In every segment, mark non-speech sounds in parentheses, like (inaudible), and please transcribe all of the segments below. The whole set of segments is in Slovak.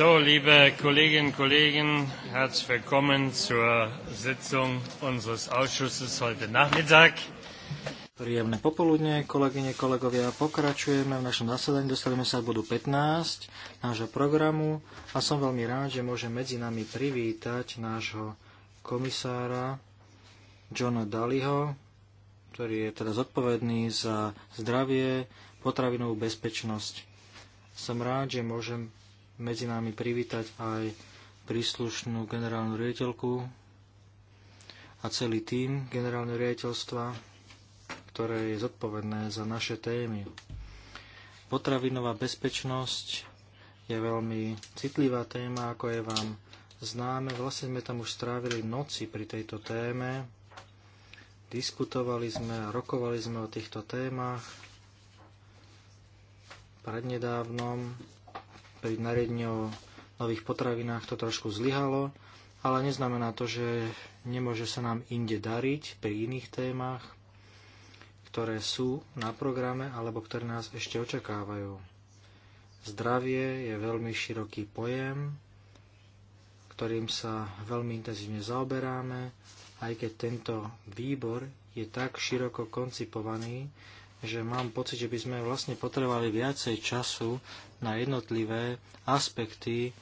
So, liebe Kolleginnen und Kollegen, herzlich willkommen zur Sitzung unseres Ausschusses heute Nachmittag. Príjemné popoludne, kolegyne, kolegovia. Pokračujeme v našom zasadaní. Dostaneme sa k bodu 15 nášho programu a som veľmi rád, že môžem medzi nami privítať nášho komisára Johna Daliho, ktorý je teda zodpovedný za zdravie, potravinovú bezpečnosť. Som rád, že môžem medzi nami privítať aj príslušnú generálnu riaditeľku a celý tím generálneho riaditeľstva, ktoré je zodpovedné za naše témy. Potravinová bezpečnosť je veľmi citlivá téma, ako je vám známe. Vlastne sme tam už strávili noci pri tejto téme. Diskutovali sme a rokovali sme o týchto témach prednedávnom pri nariadení o nových potravinách to trošku zlyhalo, ale neznamená to, že nemôže sa nám inde dariť pri iných témach, ktoré sú na programe alebo ktoré nás ešte očakávajú. Zdravie je veľmi široký pojem, ktorým sa veľmi intenzívne zaoberáme, aj keď tento výbor je tak široko koncipovaný, že mám pocit, že by sme vlastne potrebovali viacej času na jednotlivé aspekty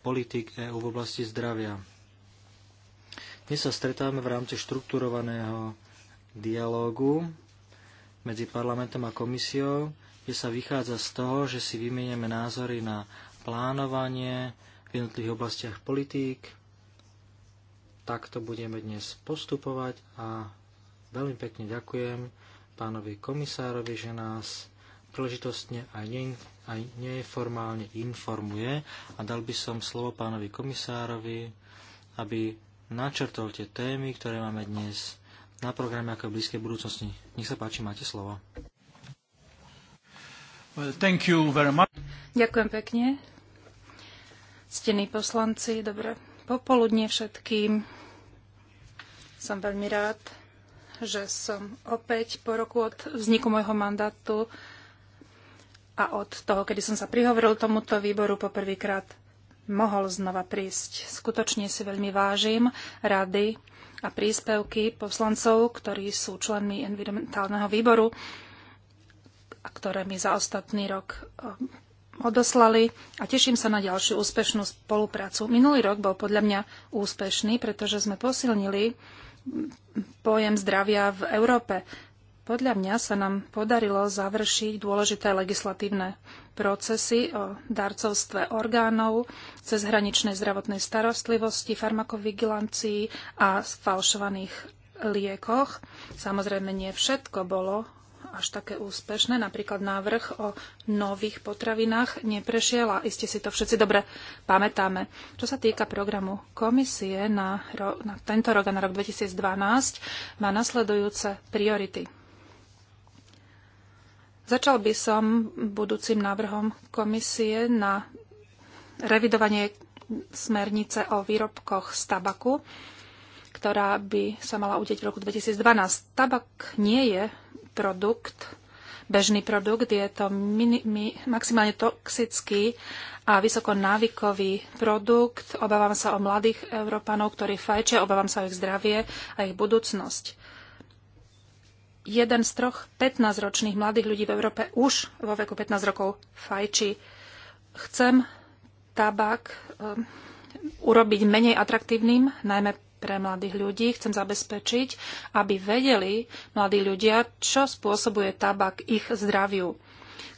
politik EÚ v oblasti zdravia. Dnes sa stretávame v rámci štruktúrovaného dialógu medzi parlamentom a komisiou, kde sa vychádza z toho, že si vymenieme názory na plánovanie v jednotlivých oblastiach politík. Takto budeme dnes postupovať a Veľmi pekne ďakujem pánovi komisárovi, že nás príležitostne aj, ne, aj neformálne informuje a dal by som slovo pánovi komisárovi, aby načrtol tie témy, ktoré máme dnes na programe ako v blízkej budúcnosti. Nech sa páči, máte slovo. Well, thank you very much. Ďakujem pekne. Ctení poslanci, dobré popoludne všetkým. Som veľmi rád, že som opäť po roku od vzniku môjho mandátu a od toho, kedy som sa prihovoril tomuto výboru poprvýkrát, mohol znova prísť. Skutočne si veľmi vážim rady a príspevky poslancov, ktorí sú členmi environmentálneho výboru a ktoré mi za ostatný rok eh, odoslali a teším sa na ďalšiu úspešnú spoluprácu. Minulý rok bol podľa mňa úspešný, pretože sme posilnili pojem zdravia v Európe. Podľa mňa sa nám podarilo završiť dôležité legislatívne procesy o darcovstve orgánov, cezhraničnej zdravotnej starostlivosti, farmakovigilancii a falšovaných liekoch. Samozrejme, nie všetko bolo až také úspešné. Napríklad návrh o nových potravinách neprešiel a iste si to všetci dobre pamätáme. Čo sa týka programu komisie na, ro- na tento rok a na rok 2012, má nasledujúce priority. Začal by som budúcim návrhom komisie na revidovanie smernice o výrobkoch z tabaku, ktorá by sa mala udeť v roku 2012. Tabak nie je produkt, bežný produkt, je to mini, mi, maximálne toxický a vysokonávykový produkt. Obávam sa o mladých Európanov, ktorí fajčia, obávam sa o ich zdravie a ich budúcnosť. Jeden z troch 15-ročných mladých ľudí v Európe už vo veku 15 rokov fajčí. Chcem tabak um, urobiť menej atraktívnym, najmä pre mladých ľudí. Chcem zabezpečiť, aby vedeli mladí ľudia, čo spôsobuje tabak ich zdraviu.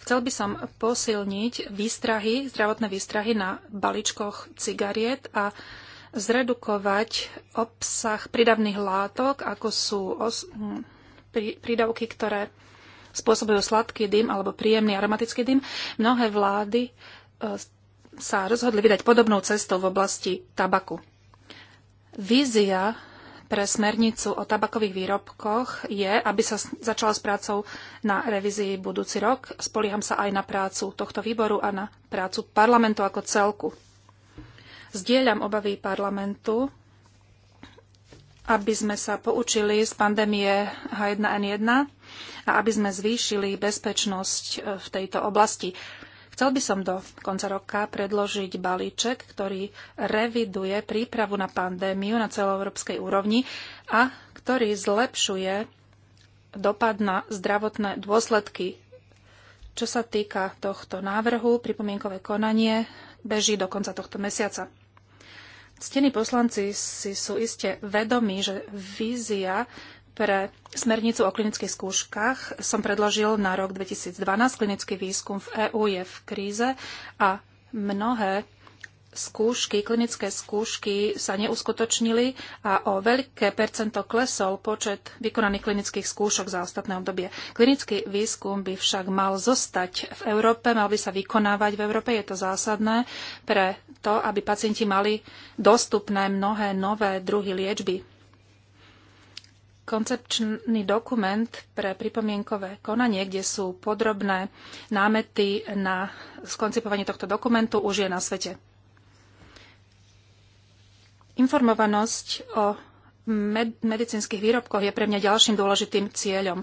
Chcel by som posilniť výstrahy, zdravotné výstrahy na baličkoch cigariet a zredukovať obsah prídavných látok, ako sú os- hm, prídavky, ktoré spôsobujú sladký dym alebo príjemný aromatický dym. Mnohé vlády e, sa rozhodli vydať podobnou cestou v oblasti tabaku. Vízia pre smernicu o tabakových výrobkoch je, aby sa začala s prácou na revízii budúci rok. Spolieham sa aj na prácu tohto výboru a na prácu parlamentu ako celku. Zdieľam obavy parlamentu, aby sme sa poučili z pandémie H1N1 a aby sme zvýšili bezpečnosť eh, v tejto oblasti. Chcel by som do konca roka predložiť balíček, ktorý reviduje prípravu na pandémiu na celoeurópskej úrovni a ktorý zlepšuje dopad na zdravotné dôsledky. Čo sa týka tohto návrhu, pripomienkové konanie beží do konca tohto mesiaca. Ctení poslanci si sú iste vedomí, že vízia pre smernicu o klinických skúškach som predložil na rok 2012. Klinický výskum v EÚ je v kríze a mnohé skúšky, klinické skúšky sa neuskutočnili a o veľké percento klesol počet vykonaných klinických skúšok za ostatné obdobie. Klinický výskum by však mal zostať v Európe, mal by sa vykonávať v Európe. Je to zásadné pre to, aby pacienti mali dostupné mnohé nové druhy liečby koncepčný dokument pre pripomienkové konanie, kde sú podrobné námety na skoncipovanie tohto dokumentu, už je na svete. Informovanosť o med- medicínskych výrobkoch je pre mňa ďalším dôležitým cieľom.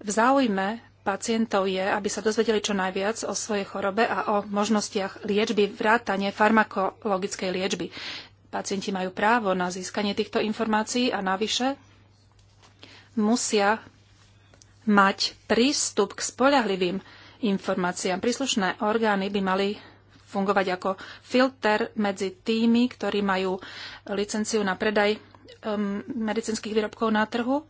V záujme pacientov je, aby sa dozvedeli čo najviac o svojej chorobe a o možnostiach liečby, vrátane farmakologickej liečby. Pacienti majú právo na získanie týchto informácií a navyše musia mať prístup k spoľahlivým informáciám. Príslušné orgány by mali fungovať ako filter medzi tými, ktorí majú licenciu na predaj um, medicínskych výrobkov na trhu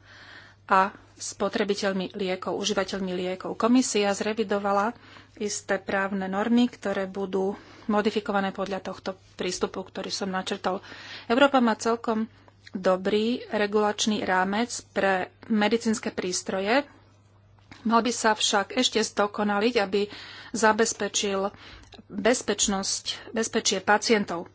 a spotrebiteľmi liekov, užívateľmi liekov. Komisia zrevidovala isté právne normy, ktoré budú modifikované podľa tohto prístupu, ktorý som načrtol. Európa má celkom dobrý regulačný rámec pre medicínske prístroje. Mal by sa však ešte zdokonaliť, aby zabezpečil bezpečnosť, bezpečie pacientov.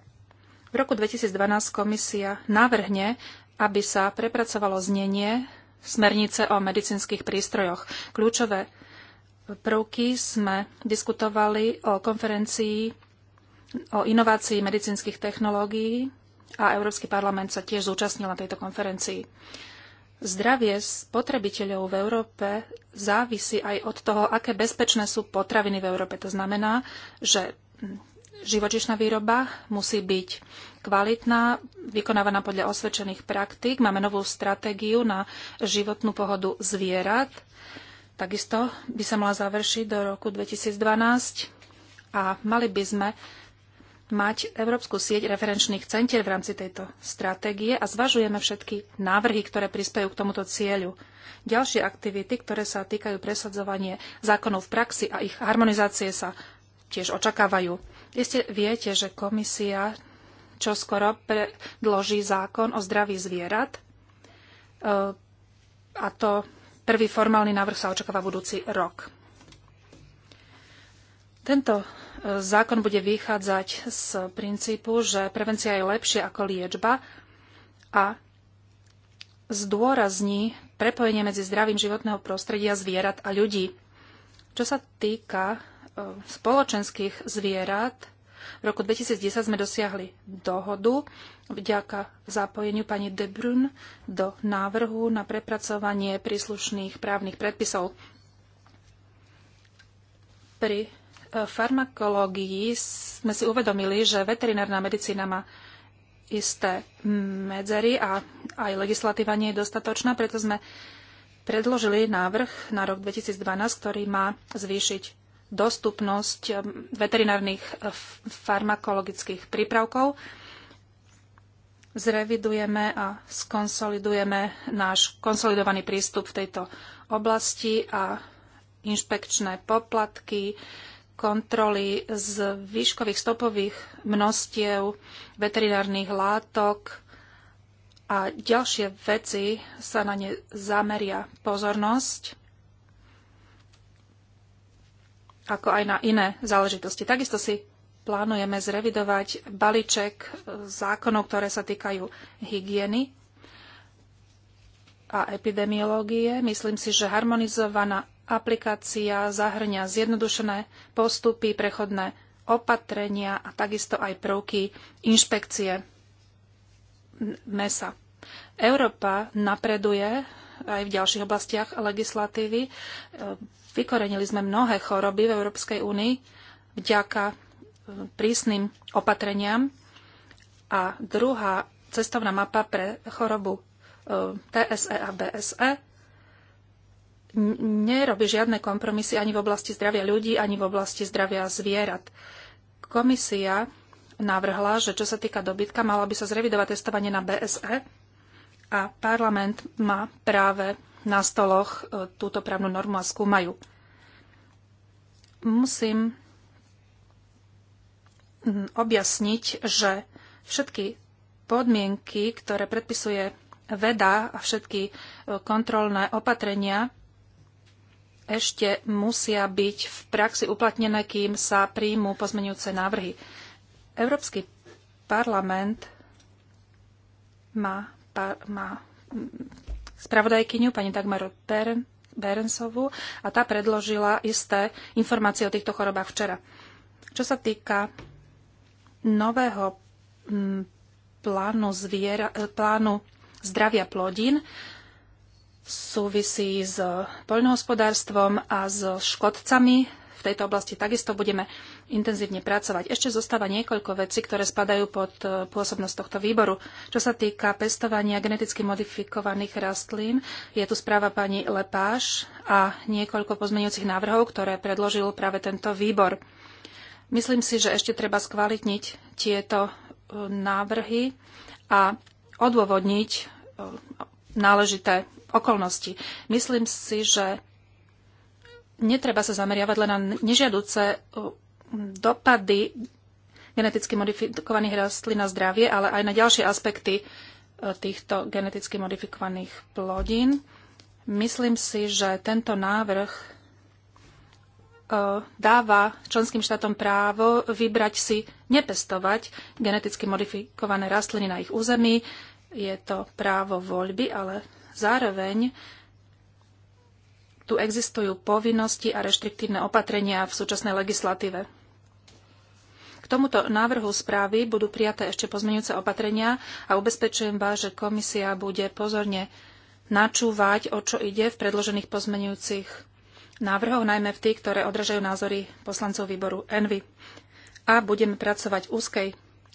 V roku 2012 komisia navrhne, aby sa prepracovalo znenie smernice o medicínskych prístrojoch. Kľúčové prvky sme diskutovali o konferencii o inovácii medicínskych technológií a Európsky parlament sa tiež zúčastnil na tejto konferencii. Zdravie spotrebiteľov v Európe závisí aj od toho, aké bezpečné sú potraviny v Európe. To znamená, že živočišná výroba musí byť kvalitná, vykonávaná podľa osvedčených praktík. Máme novú stratégiu na životnú pohodu zvierat. Takisto by sa mala završiť do roku 2012 a mali by sme mať európsku sieť referenčných centier v rámci tejto stratégie a zvažujeme všetky návrhy, ktoré prispejú k tomuto cieľu. Ďalšie aktivity, ktoré sa týkajú presadzovanie zákonov v praxi a ich harmonizácie sa tiež očakávajú. Iste viete, že komisia skoro predloží zákon o zdraví zvierat e, a to prvý formálny návrh sa očakáva budúci rok. Tento zákon bude vychádzať z princípu, že prevencia je lepšia ako liečba a zdôrazní prepojenie medzi zdravím životného prostredia zvierat a ľudí. Čo sa týka e, spoločenských zvierat, v roku 2010 sme dosiahli dohodu vďaka zapojeniu pani De Brun do návrhu na prepracovanie príslušných právnych predpisov. Pri farmakológii sme si uvedomili, že veterinárna medicína má isté medzery a aj legislatíva nie je dostatočná, preto sme predložili návrh na rok 2012, ktorý má zvýšiť dostupnosť eh, veterinárnych eh, farmakologických prípravkov. Zrevidujeme a skonsolidujeme náš konsolidovaný prístup v tejto oblasti a inšpekčné poplatky, kontroly z výškových stopových množstiev veterinárnych látok a ďalšie veci sa na ne zameria pozornosť, ako aj na iné záležitosti. Takisto si plánujeme zrevidovať balíček zákonov, ktoré sa týkajú hygieny a epidemiológie. Myslím si, že harmonizovaná Aplikácia zahrňa zjednodušené postupy, prechodné opatrenia a takisto aj prvky inšpekcie mesa. Európa napreduje aj v ďalších oblastiach legislatívy. Vykorenili sme mnohé choroby v Európskej únii vďaka e, prísnym opatreniam. A druhá cestovná mapa pre chorobu TSE e a BSE nerobí žiadne kompromisy ani v oblasti zdravia ľudí, ani v oblasti zdravia zvierat. Komisia navrhla, že čo sa týka dobytka, mala by sa zrevidovať testovanie na BSE a parlament má práve na stoloch e, túto právnu normu a skúmajú. Musím objasniť, že všetky podmienky, ktoré predpisuje veda a všetky e, kontrolné opatrenia ešte musia byť v praxi uplatnené, kým sa príjmú pozmenujúce návrhy. Európsky parlament má, pa, má spravodajkyňu pani Dagmaru Beren, Berensovu a tá predložila isté informácie o týchto chorobách včera. Čo sa týka nového plánu, zviera, plánu zdravia plodín, súvisí s poľnohospodárstvom a so škodcami. V tejto oblasti takisto budeme intenzívne pracovať. Ešte zostáva niekoľko vecí, ktoré spadajú pod e, pôsobnosť tohto výboru. Čo sa týka pestovania geneticky modifikovaných rastlín, je tu správa pani Lepáš a niekoľko pozmeňujúcich návrhov, ktoré predložil práve tento výbor. Myslím si, že ešte treba skvalitniť tieto e, návrhy a odôvodniť e, náležité okolnosti. Myslím si, že netreba sa zameriavať len na nežiaduce uh, dopady geneticky modifikovaných rastlín na zdravie, ale aj na ďalšie aspekty uh, týchto geneticky modifikovaných plodín. Myslím si, že tento návrh uh, dáva členským štátom právo vybrať si nepestovať geneticky modifikované rastliny na ich území, je to právo voľby, ale zároveň tu existujú povinnosti a reštriktívne opatrenia v súčasnej legislatíve. K tomuto návrhu správy budú prijaté ešte pozmeňujúce opatrenia a ubezpečujem vás, že komisia bude pozorne načúvať, o čo ide v predložených pozmeňujúcich návrhoch, najmä v tých, ktoré odražajú názory poslancov výboru ENVY. A budeme pracovať v úzkej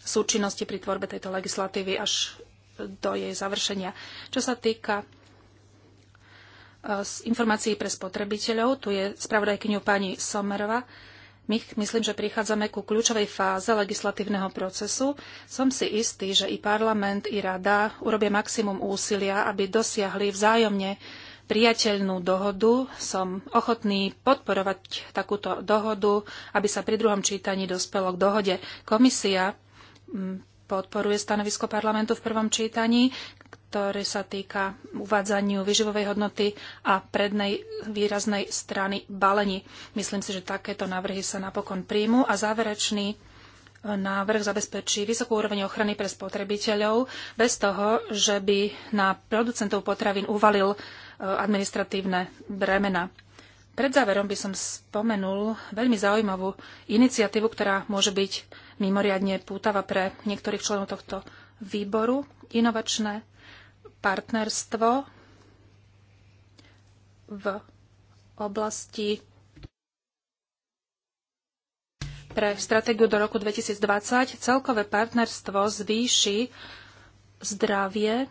súčinnosti pri tvorbe tejto legislatívy, až do jej završenia. Čo sa týka eh, informácií pre spotrebiteľov, tu je spravodajkyňou pani Somerova. My myslím, že prichádzame ku kľúčovej fáze legislatívneho procesu. Som si istý, že i parlament, i rada urobia maximum úsilia, aby dosiahli vzájomne priateľnú dohodu. Som ochotný podporovať takúto dohodu, aby sa pri druhom čítaní dospelo k dohode. Komisia mm, podporuje stanovisko parlamentu v prvom čítaní, ktoré sa týka uvádzaniu vyživovej hodnoty a prednej výraznej strany balení. Myslím si, že takéto návrhy sa napokon príjmu a záverečný návrh zabezpečí vysokú úroveň ochrany pre spotrebiteľov bez toho, že by na producentov potravín uvalil e, administratívne bremena. Pred záverom by som spomenul veľmi zaujímavú iniciatívu, ktorá môže byť mimoriadne pútava pre niektorých členov tohto výboru. Inovačné partnerstvo v oblasti pre stratégiu do roku 2020. Celkové partnerstvo zvýši zdravie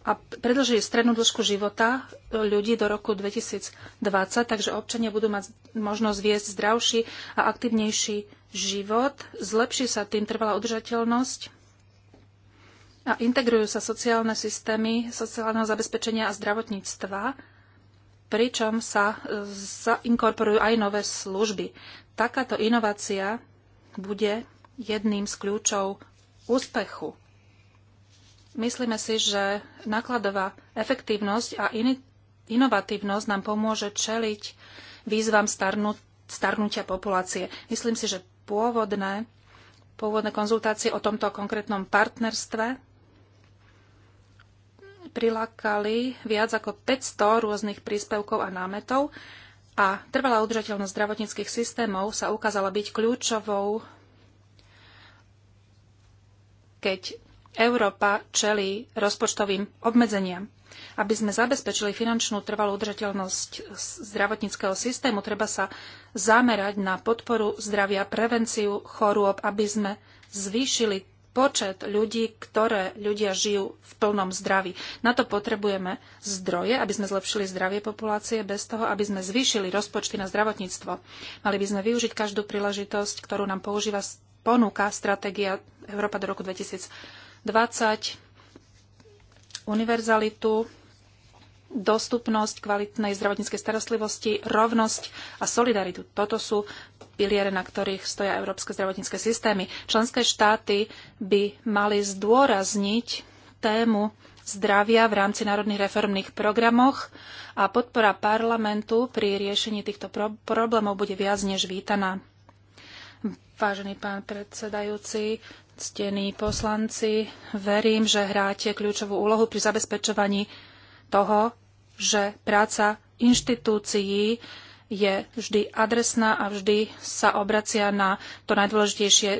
a predlží strednú dĺžku života ľudí do roku 2020, takže občania budú mať možnosť viesť zdravší a aktívnejší život, zlepší sa tým trvalá udržateľnosť a integrujú sa sociálne systémy sociálneho zabezpečenia a zdravotníctva, pričom sa zainkorporujú aj nové služby. Takáto inovácia bude jedným z kľúčov úspechu Myslíme si, že nákladová efektívnosť a inovatívnosť nám pomôže čeliť výzvam starnu- starnutia populácie. Myslím si, že pôvodné, pôvodné konzultácie o tomto konkrétnom partnerstve prilákali viac ako 500 rôznych príspevkov a námetov a trvalá udržateľnosť zdravotníckých systémov sa ukázala byť kľúčovou, keď Európa čelí rozpočtovým obmedzeniam. Aby sme zabezpečili finančnú trvalú udržateľnosť zdravotníckého systému, treba sa zamerať na podporu zdravia, prevenciu chorôb, aby sme zvýšili počet ľudí, ktoré ľudia žijú v plnom zdraví. Na to potrebujeme zdroje, aby sme zlepšili zdravie populácie, bez toho, aby sme zvýšili rozpočty na zdravotníctvo. Mali by sme využiť každú príležitosť, ktorú nám používa ponúka stratégia Európa do roku 2020 20. Univerzalitu, dostupnosť kvalitnej zdravotníckej starostlivosti, rovnosť a solidaritu. Toto sú piliere, na ktorých stoja európske zdravotnícke systémy. Členské štáty by mali zdôrazniť tému zdravia v rámci národných reformných programoch a podpora parlamentu pri riešení týchto pro- problémov bude viac než vítaná. Vážený pán predsedajúci, ctení poslanci, verím, že hráte kľúčovú úlohu pri zabezpečovaní toho, že práca inštitúcií je vždy adresná a vždy sa obracia na to najdôležitejšie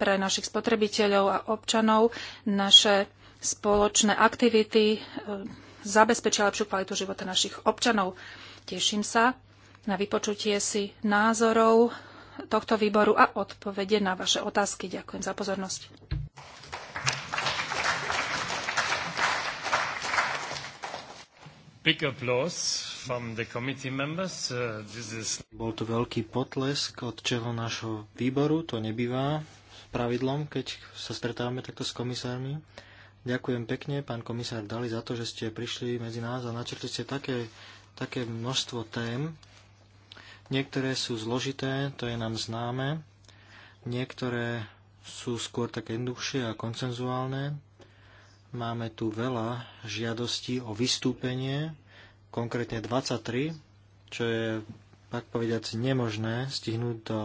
pre našich spotrebiteľov a občanov. Naše spoločné aktivity e, zabezpečia lepšiu kvalitu života našich občanov. Teším sa na vypočutie si názorov tohto výboru a odpovede na vaše otázky. Ďakujem za pozornosť. Uh, is... Bol to veľký potlesk od čeho nášho výboru, to nebýva pravidlom, keď sa stretávame takto s komisármi. Ďakujem pekne, pán komisár Dali, za to, že ste prišli medzi nás a načrtli ste také, také množstvo tém, Niektoré sú zložité, to je nám známe. Niektoré sú skôr také jednoduchšie a koncenzuálne. Máme tu veľa žiadostí o vystúpenie, konkrétne 23, čo je, tak povediac, nemožné stihnúť do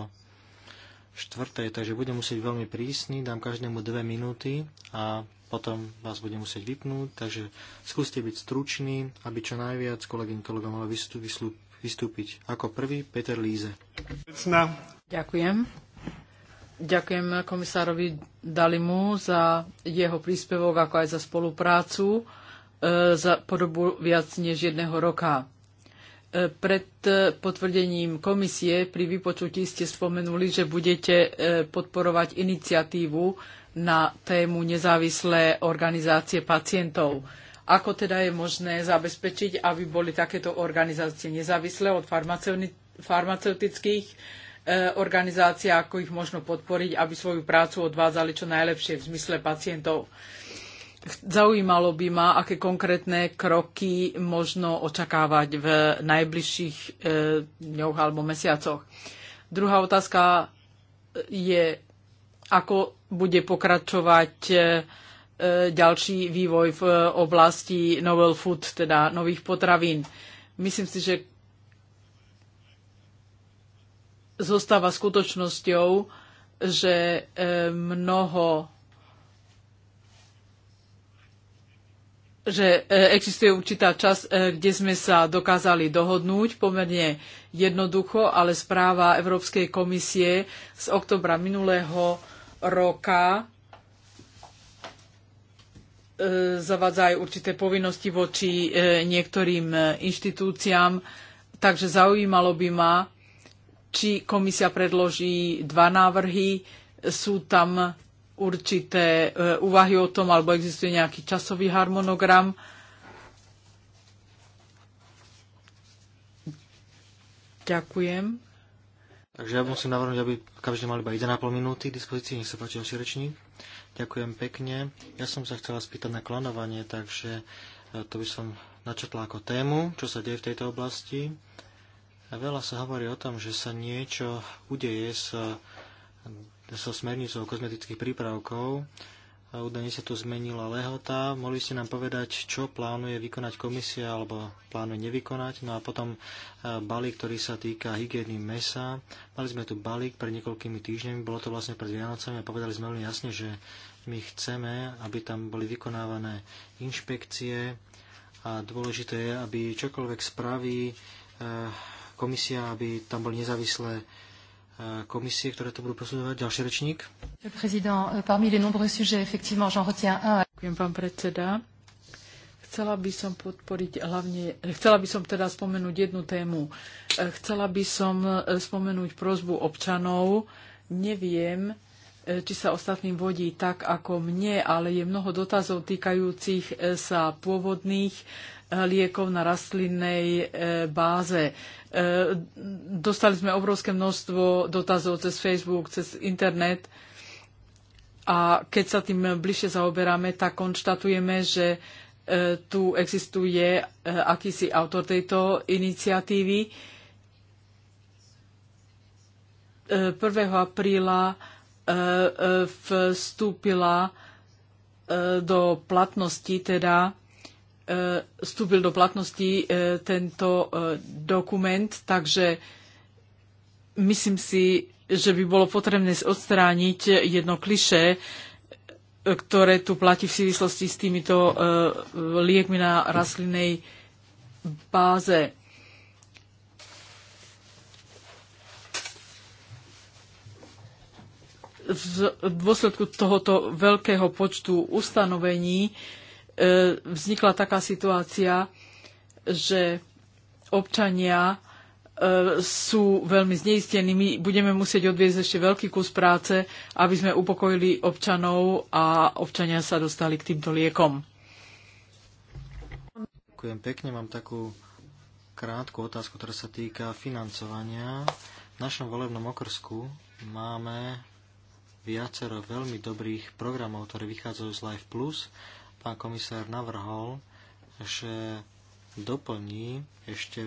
štvrtej, takže budem musieť veľmi prísny, dám každému dve minúty a potom vás budem musieť vypnúť, takže skúste byť stručný, aby čo najviac kolegyň kolegom mohlo vystúpiť. Ako prvý Peter Líze. Ďakujem. Ďakujem komisárovi Dalimu za jeho príspevok, ako aj za spoluprácu e, za podobu viac než jedného roka. E, pred e, potvrdením komisie pri vypočutí ste spomenuli, že budete podporovať iniciatívu na tému nezávislé organizácie pacientov. Ako teda je možné zabezpečiť, aby boli takéto organizácie nezávislé od farmaceutických e, organizácií, ako ich možno podporiť, aby svoju prácu odvádzali čo najlepšie v zmysle pacientov. Zaujímalo by ma, aké konkrétne kroky možno očakávať v najbližších e, dňoch alebo mesiacoch. Druhá otázka je, ako bude pokračovať e, E, ďalší vývoj v e, oblasti novel food, teda nových potravín. Myslím si, že zostáva skutočnosťou, že e, mnoho že existuje určitá časť, kde sme sa dokázali dohodnúť pomerne jednoducho, ale správa Európskej komisie z oktobra minulého roka E, zavádza aj určité povinnosti voči e, niektorým e, inštitúciám, takže zaujímalo by ma, či komisia predloží dva návrhy, sú tam určité úvahy o tom, alebo existuje nejaký časový harmonogram. Ďakujem. Takže ja musím navrhnúť, aby každý mal iba 1,5 minúty k dispozícii. Nech sa páči, ďalší rečník. Ďakujem pekne. Ja som sa chcela spýtať na klonovanie, takže e, to by som načetla ako tému, čo sa deje v tejto oblasti. A veľa sa hovorí o tom, že sa niečo udeje so, so smernicou kozmetických prípravkov. Údajne sa tu zmenila lehota. Mohli ste nám povedať, čo plánuje vykonať komisia alebo plánuje nevykonať. No a potom e, balík, ktorý sa týka hygieny mesa. Mali sme tu balík pred niekoľkými týždňami, bolo to vlastne pred Vianocami a povedali sme veľmi jasne, že my chceme, aby tam boli vykonávané inšpekcie a dôležité je, aby čokoľvek spraví eh, komisia, aby tam boli nezávislé eh, komisie, ktoré to budú posudovať Ďalší rečník. Eh, Ďakujem, pán predseda. Chcela by som podporiť hlavne, chcela by som teda spomenúť jednu tému. Chcela by som spomenúť prozbu občanov. Neviem, či sa ostatným vodí tak ako mne, ale je mnoho dotazov týkajúcich e, sa pôvodných e, liekov na rastlinnej e, báze. Dostali sme obrovské množstvo dotazov cez Facebook, cez internet a keď sa tým bližšie zaoberáme, tak konštatujeme, že tu existuje akýsi autor tejto iniciatívy. 1. apríla E, e, vstúpila e, do platnosti, teda vstúpil do platnosti tento dokument, takže myslím si, že by bolo potrebné odstrániť jedno kliše, ktoré tu platí v súvislosti s týmito liekmi na rastlinnej báze. v dôsledku tohoto veľkého počtu ustanovení e, vznikla taká situácia, že občania e, sú veľmi zneistení. My budeme musieť odviezť ešte veľký kus práce, aby sme upokojili občanov a občania sa dostali k týmto liekom. Ďakujem pekne. Mám takú krátku otázku, ktorá sa týka financovania. V našom volebnom okrsku máme viacero veľmi dobrých programov, ktoré vychádzajú z Life Plus. Pán komisár navrhol, že doplní ešte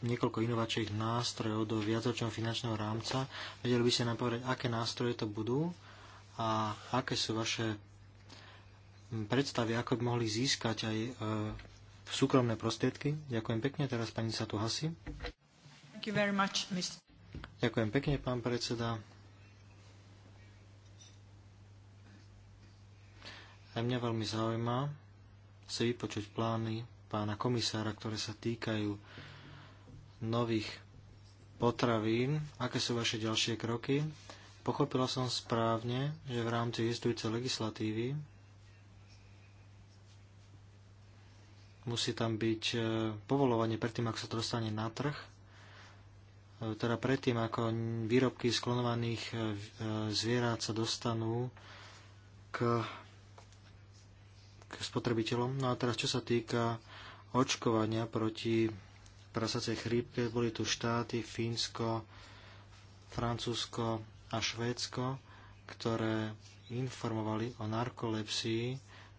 niekoľko inovačných nástrojov do viacročného finančného rámca. Vedeli by ste nám povedať, aké nástroje to budú a aké sú vaše predstavy, ako by mohli získať aj e, súkromné prostriedky. Ďakujem pekne. Teraz pani Satu Hasi. Much, Ďakujem pekne, pán predseda. Aj mňa veľmi zaujíma si vypočuť plány pána komisára, ktoré sa týkajú nových potravín. Aké sú vaše ďalšie kroky? Pochopila som správne, že v rámci existujúcej legislatívy musí tam byť e, povolovanie predtým, ako sa to dostane na trh, e, teda predtým, ako výrobky sklonovaných e, zvierat sa dostanú k k spotrebiteľom. No a teraz, čo sa týka očkovania proti prasacej chrípke, boli tu štáty Fínsko, Francúzsko a Švédsko, ktoré informovali o narkolepsii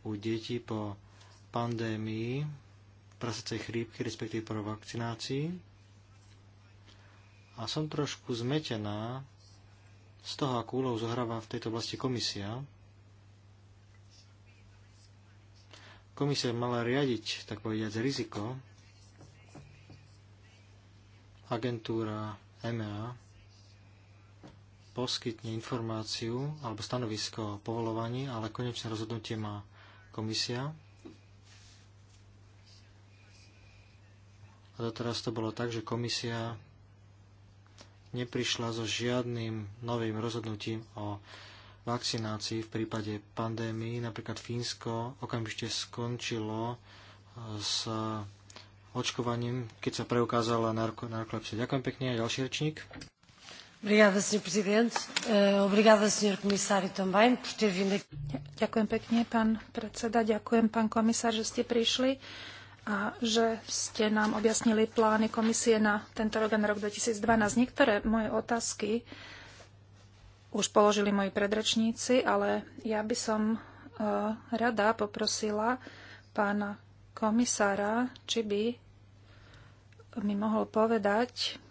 u detí po pandémii prasacej chrípky, respektíve po vakcinácii. A som trošku zmetená z toho, akú úlohu zohráva v tejto oblasti komisia, komisia mala riadiť, tak povediať, riziko, agentúra EMEA poskytne informáciu alebo stanovisko o povolovaní, ale konečné rozhodnutie má komisia. A doteraz to bolo tak, že komisia neprišla so žiadnym novým rozhodnutím o vakcinácií v prípade pandémii. Napríklad Fínsko okamžite skončilo eh, s očkovaním, keď sa preukázala narkolepsia. Ďakujem pekne. A ďalší rečník. Eh, Ďakujem pekne, pán predseda. Ďakujem, pán komisár, že ste prišli a že ste nám objasnili plány komisie na tento rok a na rok 2012. Niektoré moje otázky uh, už položili moji predrečníci, ale ja by som e, rada poprosila pána komisára, či by mi mohol povedať,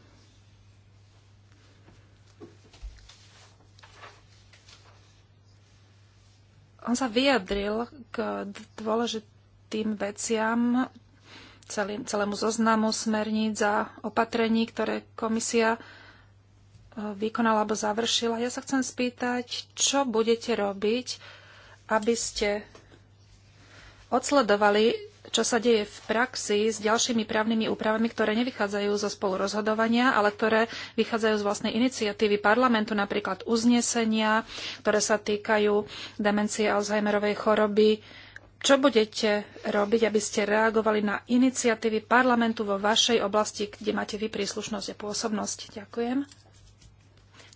on sa vyjadril k dôležitým veciam, celému zoznamu smerníc a opatrení, ktoré komisia vykonala alebo završila. Ja sa chcem spýtať, čo budete robiť, aby ste odsledovali, čo sa deje v praxi s ďalšími právnymi úpravami, ktoré nevychádzajú zo spolurozhodovania, ale ktoré vychádzajú z vlastnej iniciatívy parlamentu, napríklad uznesenia, ktoré sa týkajú demencie Alzheimerovej choroby. Čo budete robiť, aby ste reagovali na iniciatívy parlamentu vo vašej oblasti, kde máte vy príslušnosť a pôsobnosť? Ďakujem.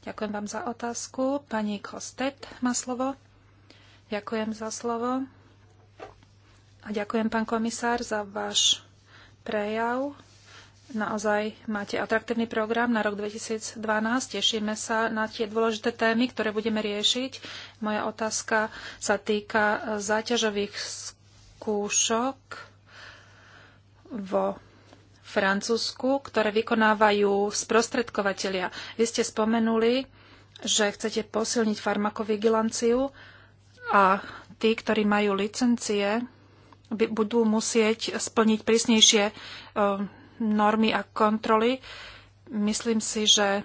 Ďakujem vám za otázku. Pani Kostet má slovo. Ďakujem za slovo. A ďakujem, pán komisár, za váš prejav. Naozaj máte atraktívny program na rok 2012. Tešíme sa na tie dôležité témy, ktoré budeme riešiť. Moja otázka sa týka záťažových skúšok vo Francúzsku, ktoré vykonávajú sprostredkovateľia. Vy ste spomenuli, že chcete posilniť farmakovigilanciu a tí, ktorí majú licencie, budú musieť splniť prísnejšie e, normy a kontroly. Myslím si, že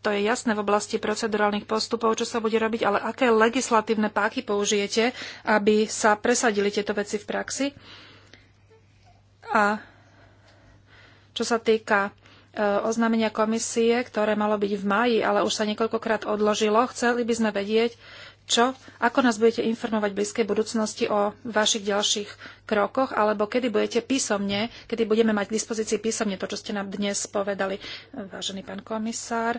to je jasné v oblasti procedurálnych postupov, čo sa bude robiť, ale aké legislatívne páky použijete, aby sa presadili tieto veci v praxi? A čo sa týka e, oznámenia komisie, ktoré malo byť v maji, ale už sa niekoľkokrát odložilo, chceli by sme vedieť, čo, ako nás budete informovať v blízkej budúcnosti o vašich ďalších krokoch, alebo kedy budete písomne, kedy budeme mať k dispozícii písomne to, čo ste nám dnes povedali, vážený pán komisár.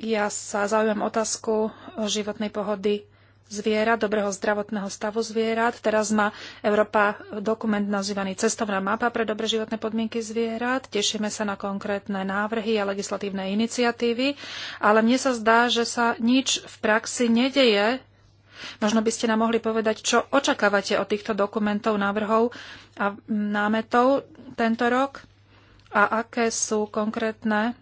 Ja sa zaujímam otázku životnej pohody zvierat, dobrého zdravotného stavu zvierat. Teraz má Európa dokument nazývaný Cestovná mapa pre dobre životné podmienky zvierat. Tešíme sa na konkrétne návrhy a legislatívne iniciatívy, ale mne sa zdá, že sa nič v praxi nedeje. Možno by ste nám mohli povedať, čo očakávate od týchto dokumentov, návrhov a námetov tento rok a aké sú konkrétne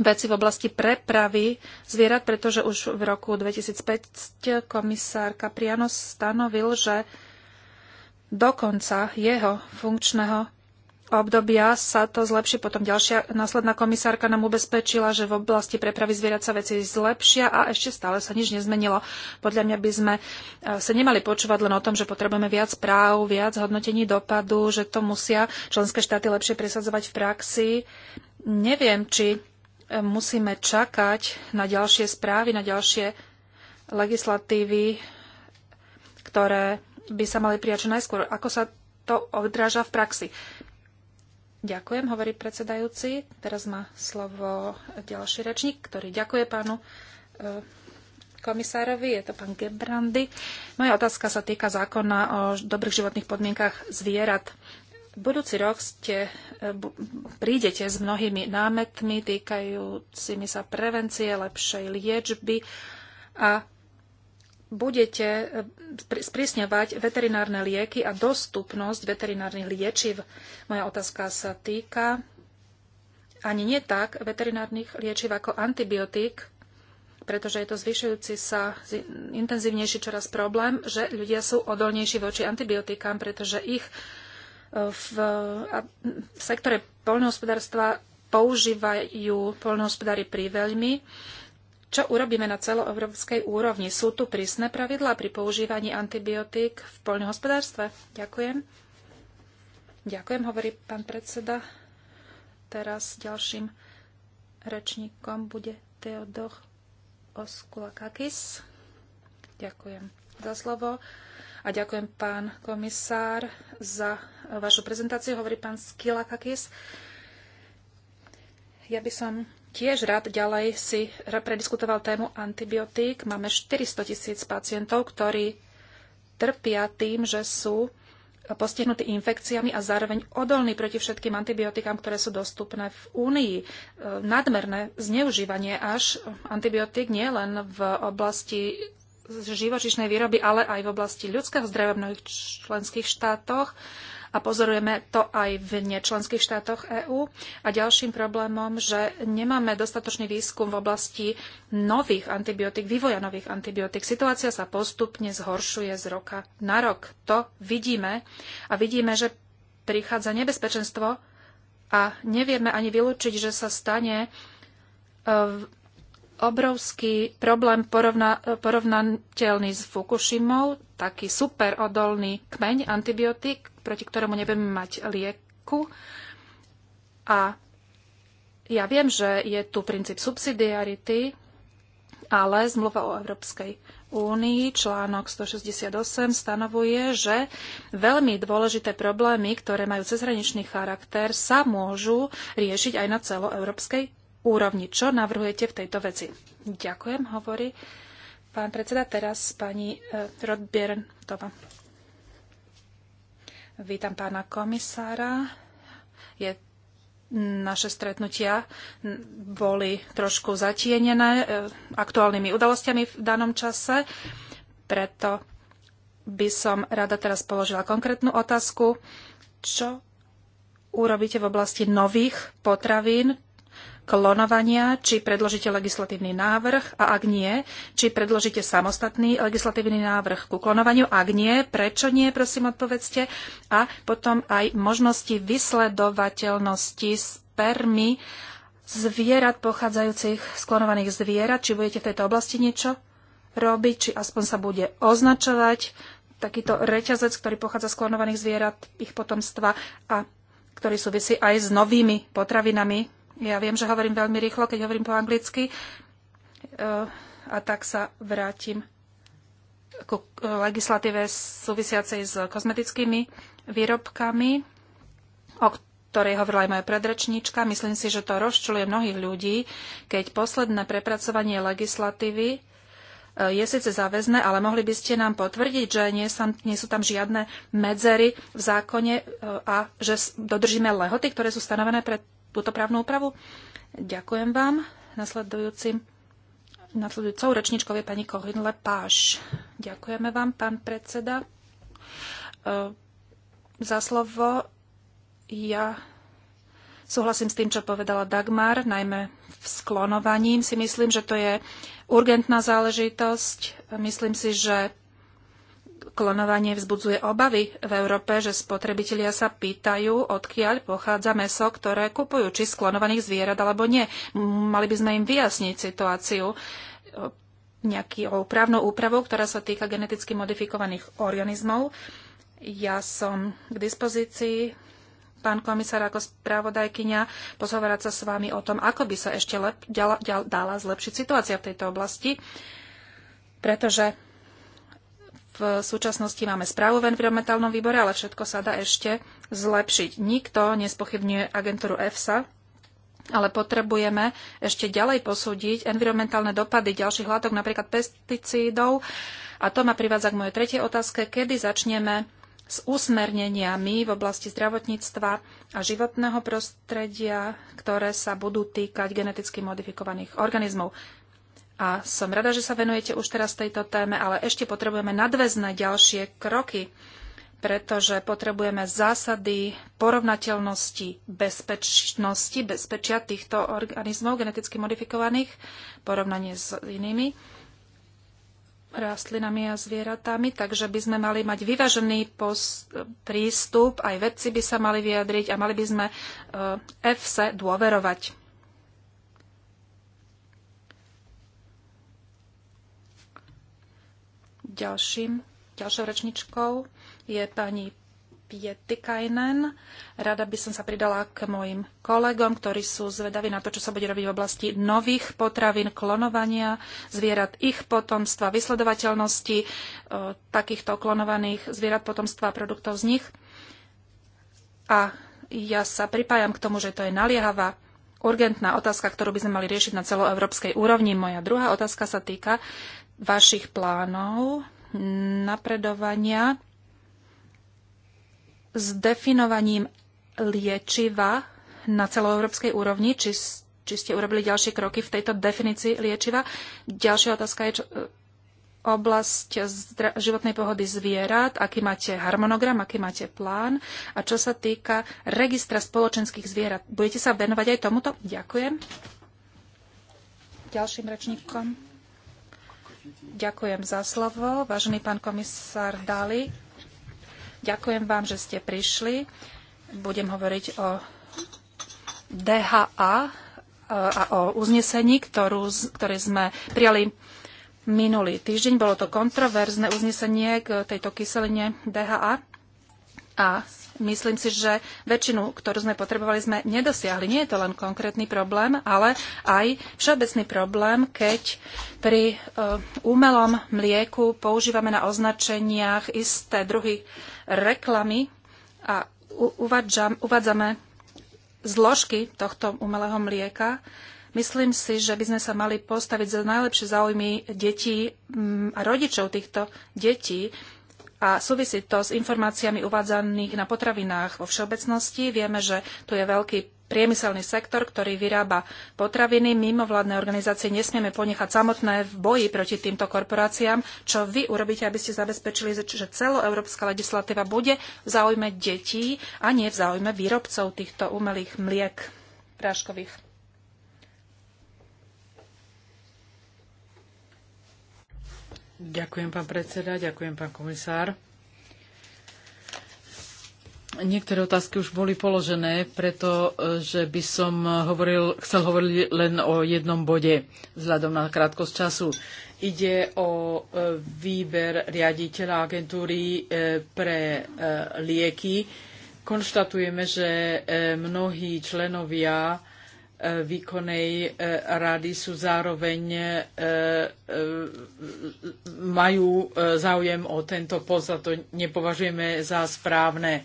veci v oblasti prepravy zvierat, pretože už v roku 2005 komisár Capriano stanovil, že do konca jeho funkčného obdobia sa to zlepší. Potom ďalšia následná komisárka nám ubezpečila, že v oblasti prepravy zvierat sa veci zlepšia a ešte stále sa nič nezmenilo. Podľa mňa by sme eh, sa nemali počúvať len o tom, že potrebujeme viac práv, viac hodnotení dopadu, že to musia členské štáty lepšie presadzovať v praxi. Neviem, či musíme čakať na ďalšie správy, na ďalšie legislatívy, ktoré by sa mali prijať čo najskôr. Ako sa to odráža v praxi? Ďakujem, hovorí predsedajúci. Teraz má slovo ďalší rečník, ktorý ďakuje pánu e, komisárovi, je to pán Gebrandy. Moja otázka sa týka zákona o dobrých životných podmienkach zvierat. Budúci rok ste, e, prídete s mnohými námetmi týkajúcimi sa prevencie, lepšej liečby a budete e, sprísňovať veterinárne lieky a dostupnosť veterinárnych liečiv. Moja otázka sa týka ani nie tak veterinárnych liečiv ako antibiotík, pretože je to zvyšujúci sa, intenzívnejší čoraz problém, že ľudia sú odolnejší voči antibiotikám, pretože ich v, v sektore poľnohospodárstva používajú poľnohospodári príveľmi. Čo urobíme na celoeurópskej úrovni? Sú tu prísne pravidlá pri používaní antibiotík v poľnohospodárstve? Ďakujem. Ďakujem, hovorí pán predseda. Teraz ďalším rečníkom bude Teodor Oskulakakis. Ďakujem za slovo a ďakujem pán komisár za vašu prezentáciu, hovorí pán Skilakakis. Ja by som tiež rád ďalej si prediskutoval tému antibiotík. Máme 400 tisíc pacientov, ktorí trpia tým, že sú postihnutí infekciami a zároveň odolní proti všetkým antibiotikám, ktoré sú dostupné v Únii. E, nadmerné zneužívanie až antibiotík nie len v oblasti živočišnej výroby, ale aj v oblasti ľudského zdravia v mnohých členských štátoch a pozorujeme to aj v nečlenských štátoch EÚ. A ďalším problémom, že nemáme dostatočný výskum v oblasti nových antibiotík, vývoja nových antibiotík. Situácia sa postupne zhoršuje z roka na rok. To vidíme a vidíme, že prichádza nebezpečenstvo a nevieme ani vylúčiť, že sa stane e, obrovský problém porovna, porovnateľný s Fukushimou, taký superodolný kmeň antibiotík, proti ktorému nebudeme mať lieku. A ja viem, že je tu princíp subsidiarity, ale zmluva o Európskej únii, článok 168, stanovuje, že veľmi dôležité problémy, ktoré majú cezhraničný charakter, sa môžu riešiť aj na celoeurópskej úrovni. Čo navrhujete v tejto veci? Ďakujem, hovorí pán predseda. Teraz pani eh, Rodbierntova. Vítam pána komisára. Je, naše stretnutia boli trošku zatienené e, aktuálnymi udalosťami v danom čase, preto by som rada teraz položila konkrétnu otázku. Čo urobíte v oblasti nových potravín, klonovania, či predložíte legislatívny návrh a ak nie, či predložíte samostatný legislatívny návrh ku klonovaniu. Ak nie, prečo nie, prosím odpovedzte. A potom aj možnosti vysledovateľnosti spermy zvierat pochádzajúcich z klonovaných zvierat, či budete v tejto oblasti niečo robiť, či aspoň sa bude označovať takýto reťazec, ktorý pochádza z klonovaných zvierat, ich potomstva a ktorý súvisí aj s novými potravinami, ja viem, že hovorím veľmi rýchlo, keď hovorím po anglicky. E, a tak sa vrátim ku legislatíve súvisiacej s kozmetickými výrobkami, o ktorej hovorila aj moja predrečníčka. Myslím si, že to rozčuluje mnohých ľudí, keď posledné prepracovanie legislatívy e, je síce záväzné, ale mohli by ste nám potvrdiť, že nie, nie sú tam žiadne medzery v zákone e, a že dodržíme lehoty, ktoré sú stanovené pre túto právnu úpravu. Ďakujem vám. Nasledujúcim Nasledujúcou rečničkou je pani Kohlin Lepáš. Ďakujeme vám, pán predseda, e, za slovo. Ja súhlasím s tým, čo povedala Dagmar, najmä v sklonovaním. Si myslím, že to je urgentná záležitosť. Myslím si, že klonovanie vzbudzuje obavy v Európe, že spotrebitelia sa pýtajú, odkiaľ pochádza meso, ktoré kupujú, či z klonovaných zvierat alebo nie. Mali by sme im vyjasniť situáciu nejaký právnou úpravou, ktorá sa týka geneticky modifikovaných organizmov. Ja som k dispozícii, pán komisár, ako správodajkynia, pozhovorať sa s vami o tom, ako by sa ešte lep, ďala, ďala, dala zlepšiť situácia v tejto oblasti, pretože v súčasnosti máme správu v environmentálnom výbore, ale všetko sa dá ešte zlepšiť. Nikto nespochybňuje agentúru EFSA, ale potrebujeme ešte ďalej posúdiť environmentálne dopady ďalších látok, napríklad pesticídov. A to ma privádza k mojej tretej otázke, kedy začneme s usmerneniami v oblasti zdravotníctva a životného prostredia, ktoré sa budú týkať geneticky modifikovaných organizmov a som rada, že sa venujete už teraz tejto téme, ale ešte potrebujeme nadväzné ďalšie kroky, pretože potrebujeme zásady porovnateľnosti bezpečnosti, bezpečia týchto organizmov geneticky modifikovaných, porovnanie s inými rastlinami a zvieratami, takže by sme mali mať vyvážený prístup, aj vedci by sa mali vyjadriť a mali by sme EFSE eh, dôverovať. Ďalším, ďalšou rečničkou je pani Pietikainen. Rada by som sa pridala k mojim kolegom, ktorí sú zvedaví na to, čo sa bude robiť v oblasti nových potravín, klonovania zvierat, ich potomstva, vysledovateľnosti e, takýchto klonovaných zvierat, potomstva a produktov z nich. A ja sa pripájam k tomu, že to je naliehavá urgentná otázka, ktorú by sme mali riešiť na celoeurópskej úrovni. Moja druhá otázka sa týka vašich plánov napredovania s definovaním liečiva na celoeurópskej úrovni, či, či ste urobili ďalšie kroky v tejto definícii liečiva. Ďalšia otázka je čo, oblasť životnej pohody zvierat, aký máte harmonogram, aký máte plán a čo sa týka registra spoločenských zvierat. Budete sa venovať aj tomuto? Ďakujem. Ďalším rečníkom. Ďakujem za slovo, vážený pán komisár Dali. Ďakujem vám, že ste prišli. Budem hovoriť o DHA e, a o uznesení, ktorú, ktoré sme prijali minulý týždeň. Bolo to kontroverzne uznesenie k tejto kyseline DHA a myslím si, že väčšinu, ktorú sme potrebovali, sme nedosiahli. Nie je to len konkrétny problém, ale aj všeobecný problém, keď pri e, umelom mlieku používame na označeniach isté druhy reklamy a uvádzame zložky tohto umelého mlieka. Myslím si, že by sme sa mali postaviť za najlepšie záujmy detí mm, a rodičov týchto detí a súvisí to s informáciami uvádzaných na potravinách vo všeobecnosti. Vieme, že tu je veľký priemyselný sektor, ktorý vyrába potraviny. Mimovládne organizácie nesmieme ponechať samotné v boji proti týmto korporáciám. Čo vy urobíte, aby ste zabezpečili, že celoeurópska legislatíva bude v záujme detí a nie v záujme výrobcov týchto umelých mliek práškových? Ďakujem, pán predseda, ďakujem, pán komisár. Niektoré otázky už boli položené, pretože by som hovoril, chcel hovoriť len o jednom bode, vzhľadom na krátkosť času. Ide o e, výber riaditeľa agentúry e, pre e, lieky. Konštatujeme, že mnohí členovia E, výkonnej e, rady sú zároveň e, majú záujem o tento post a to nepovažujeme za správne.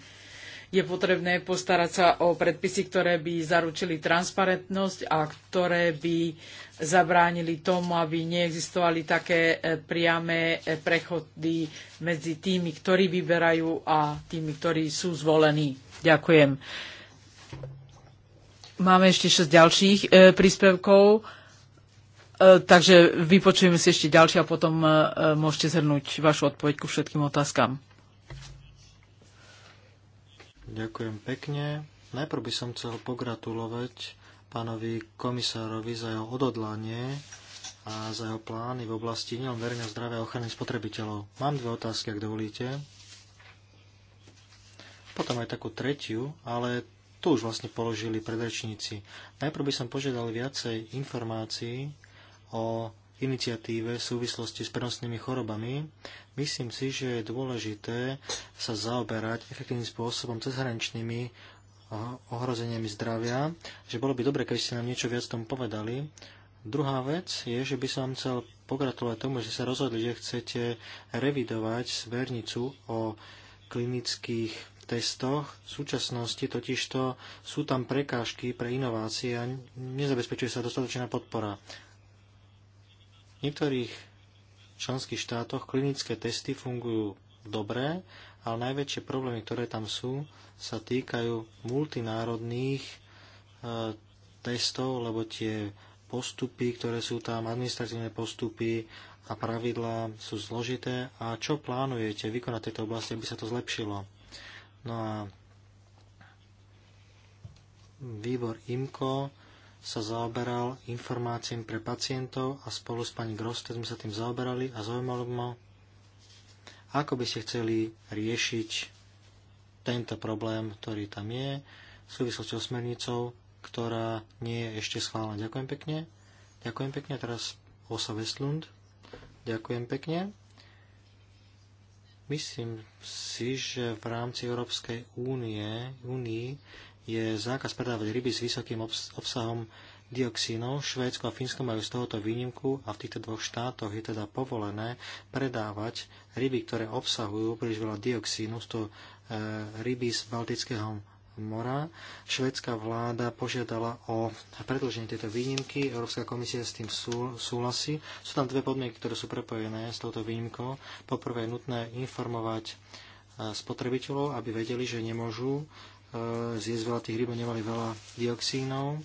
Je potrebné postarať sa o predpisy, ktoré by zaručili transparentnosť a ktoré by zabránili tomu, aby neexistovali také priame prechody medzi tými, ktorí vyberajú a tými, ktorí sú zvolení. Ďakujem. Máme ešte 6 ďalších e, príspevkov, e, takže vypočujeme si ešte ďalšie a potom e, e, môžete zhrnúť vašu odpoveď ku všetkým otázkam. Ďakujem pekne. Najprv by som chcel pogratulovať pánovi komisárovi za jeho ododlanie a za jeho plány v oblasti nielen verejného zdravia a ochrany spotrebiteľov. Mám dve otázky, ak dovolíte. Potom aj takú tretiu, ale to už vlastne položili predrečníci. Najprv by som požiadal viacej informácií o iniciatíve v súvislosti s prenosnými chorobami. Myslím si, že je dôležité sa zaoberať efektívnym spôsobom cezhraničnými eh, ohrozeniami zdravia, že bolo by dobre, keby ste nám niečo viac tomu povedali. Druhá vec je, že by som chcel pogratulovať tomu, že sa rozhodli, že chcete revidovať smernicu o klinických testoch. V súčasnosti totižto sú tam prekážky pre inovácie a nezabezpečuje sa dostatočná podpora. V niektorých členských štátoch klinické testy fungujú dobre, ale najväčšie problémy, ktoré tam sú, sa týkajú multinárodných e, testov, lebo tie postupy, ktoré sú tam, administratívne postupy a pravidlá sú zložité. A čo plánujete vykonať v tejto oblasti, aby sa to zlepšilo? No a výbor IMCO sa zaoberal informáciám pre pacientov a spolu s pani Groste sme sa tým zaoberali a zaujímalo ma, ako by ste chceli riešiť tento problém, ktorý tam je, v súvislosti s osmernicou, ktorá nie je ešte schválená. Ďakujem pekne. Ďakujem pekne. Teraz Osa Westlund. Ďakujem pekne. Myslím si, že v rámci Európskej únie únii je zákaz predávať ryby s vysokým obsahom dioxínov. Švédsko a Fínsko majú z tohoto výnimku a v týchto dvoch štátoch je teda povolené predávať ryby, ktoré obsahujú príliš veľa dioxínu, to e, ryby z Baltického mora. Švedská vláda požiadala o predlženie tejto výnimky, Európska komisia s tým sú, súhlasí. Sú tam dve podmienky, ktoré sú prepojené s touto výnimkou. Poprvé je nutné informovať e, spotrebiteľov, aby vedeli, že nemôžu e, zjesť veľa tých rýb, nemali veľa dioxínov.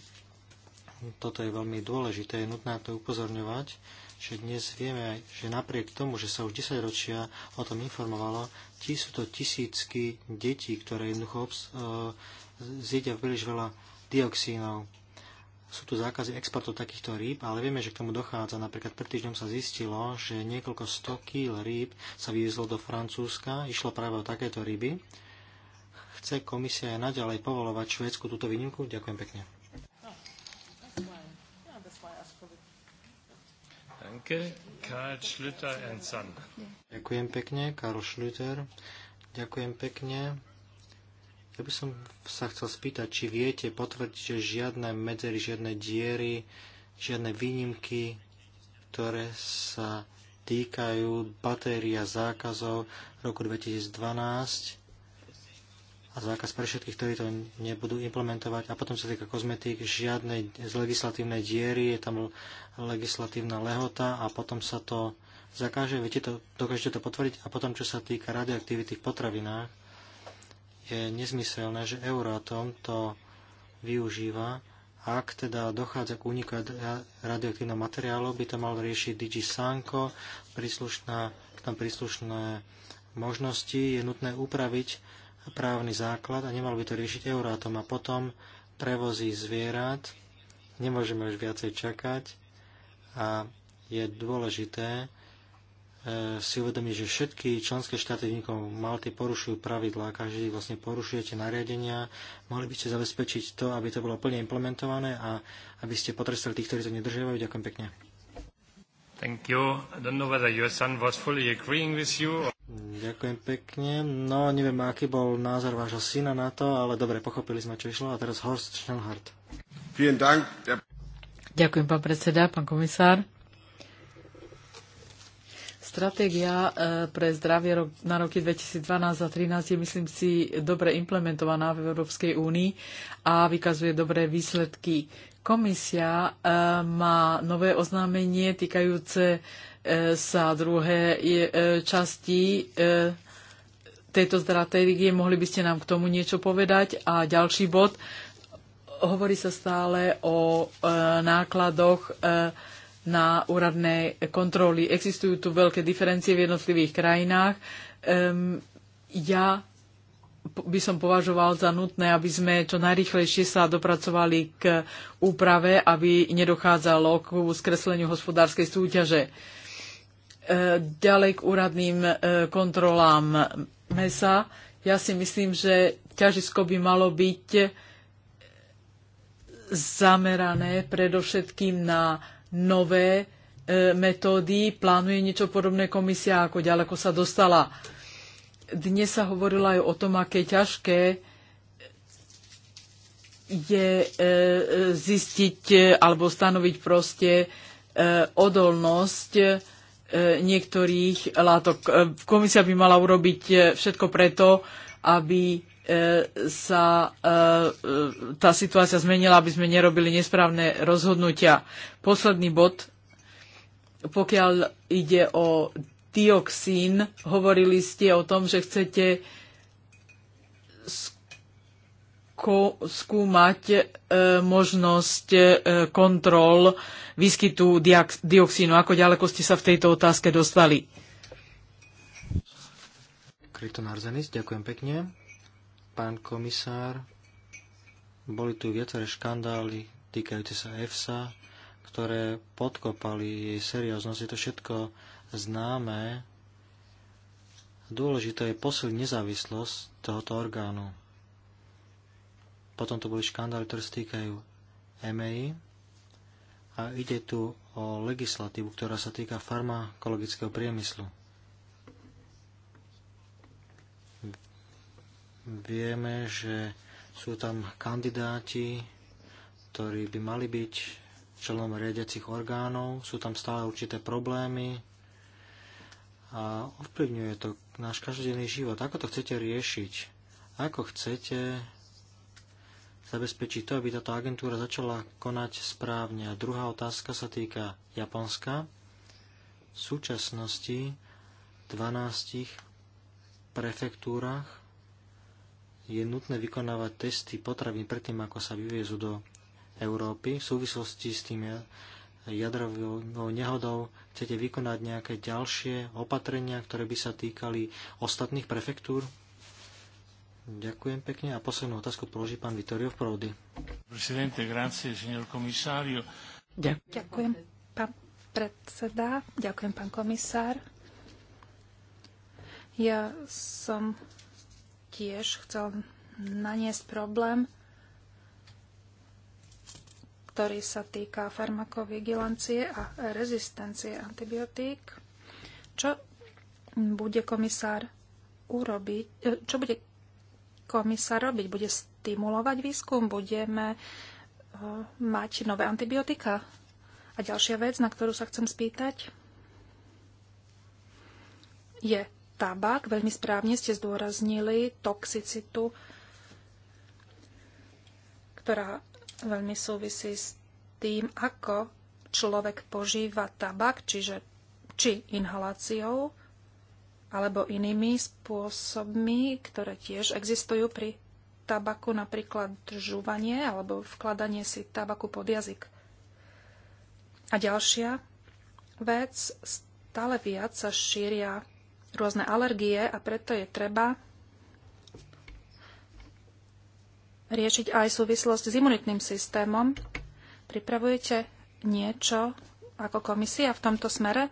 Toto je veľmi dôležité, je nutné to upozorňovať že dnes vieme, že napriek tomu, že sa už 10 ročia o tom informovalo, tí sú to tisícky detí, ktoré jednoducho obs- e, zjedia príliš veľa dioxínov. Sú tu zákazy exportu takýchto rýb, ale vieme, že k tomu dochádza. Napríklad pred týždňom sa zistilo, že niekoľko 100 kg rýb sa vyviezlo do Francúzska, išlo práve o takéto ryby. Chce komisia aj naďalej povolovať Švédsku túto výnimku? Ďakujem pekne. No, Ďakujem pekne, Karl Schlüter. Ďakujem pekne. Ja by som sa chcel spýtať, či viete potvrdiť, že žiadne medzery, žiadne diery, žiadne výnimky, ktoré sa týkajú batéria zákazov roku 2012 a zákaz pre všetkých, ktorí to nebudú implementovať. A potom sa týka kozmetík, žiadnej z legislatívnej diery, je tam legislatívna lehota a potom sa to zakáže. Viete to, dokážete to potvrdiť? A potom, čo sa týka radioaktivity v potravinách, je nezmyselné, že Euratom to využíva. Ak teda dochádza k úniku radioaktívneho materiálu, by to mal riešiť DG Sanko, príslušná, tam príslušné možnosti je nutné upraviť právny základ a nemal by to riešiť Eurátom. A potom prevozí zvierat, nemôžeme už viacej čakať a je dôležité e, si uvedomiť, že všetky členské štáty vnikov Malty porušujú pravidlá, každý vlastne porušuje tie nariadenia, mohli by ste zabezpečiť to, aby to bolo plne implementované a aby ste potrestali tých, ktorí to nedržiavajú. Ďakujem pekne. Thank you. I don't know whether your son was fully agreeing with you. Or... Ďakujem pekne. No, neviem, aký bol názor vášho syna na to, ale dobre, pochopili sme, čo išlo. A teraz Horst Schnellhardt. Ďakujem, pán predseda, pán komisár. Stratégia e, pre zdravie na roky 2012 a 2013 je, myslím si, dobre implementovaná v Európskej únii a vykazuje dobré výsledky. Komisia e, má nové oznámenie týkajúce e, sa druhé e, časti tejto stratégie. Mohli by ste nám k tomu niečo povedať? A ďalší bod. Hovorí sa stále o nákladoch na úradné kontroly. Existujú tu veľké diferencie v jednotlivých krajinách. Ja by som považoval za nutné, aby sme čo najrychlejšie sa dopracovali k úprave, aby nedochádzalo k skresleniu hospodárskej súťaže. E, ďalej k úradným e, kontrolám mesa. Ja si myslím, že ťažisko by malo byť zamerané predovšetkým na nové e, metódy. Plánuje niečo podobné komisia, ako ďaleko sa dostala dnes sa hovorilo aj o tom, aké ťažké je e, zistiť e, alebo stanoviť proste e, odolnosť niektorých látok. Komisia by mala urobiť všetko preto, aby sa tá situácia zmenila, aby sme nerobili nesprávne rozhodnutia. Posledný bod, pokiaľ ide o dioxín. Hovorili ste o tom, že chcete skúmať e, možnosť e, kontrol výskytu dioxínu. Ako ďaleko ste sa v tejto otázke dostali? Kryton Arzenis, ďakujem pekne. Pán komisár, boli tu viaceré škandály týkajúce sa EFSA, ktoré podkopali jej serióznosť. Je to všetko známe. Dôležité je posilniť nezávislosť tohoto orgánu. Potom to boli škandály, ktoré stýkajú týkajú EMEI a ide tu o legislatívu, ktorá sa týka farmakologického priemyslu. Vieme, že sú tam kandidáti, ktorí by mali byť členom riadiacich orgánov, sú tam stále určité problémy, a ovplyvňuje to náš každodenný život. Ako to chcete riešiť? Ako chcete zabezpečiť to, aby táto agentúra začala konať správne? A druhá otázka sa týka Japonska. V súčasnosti 12 prefektúrach je nutné vykonávať testy potravín predtým, ako sa vyviezú do Európy v súvislosti s tým jadrovou nehodou chcete vykonať nejaké ďalšie opatrenia, ktoré by sa týkali ostatných prefektúr? Ďakujem pekne a poslednú otázku položí pán Vittorio Prodi. Ďakujem, pán predseda, ďakujem, pán komisár. Ja som tiež chcel naniesť problém ktorý sa týka farmakovigilancie a rezistencie antibiotík. Čo bude komisár urobiť? E, čo bude komisár robiť? Bude stimulovať výskum? Budeme e, mať nové antibiotika? A ďalšia vec, na ktorú sa chcem spýtať, je tabak. Veľmi správne ste zdôraznili toxicitu, ktorá veľmi súvisí s tým, ako človek požíva tabak, čiže či inhaláciou alebo inými spôsobmi, ktoré tiež existujú pri tabaku, napríklad žúvanie alebo vkladanie si tabaku pod jazyk. A ďalšia vec, stále viac sa šíria rôzne alergie a preto je treba riešiť aj súvislosť s imunitným systémom. Pripravujete niečo ako komisia v tomto smere?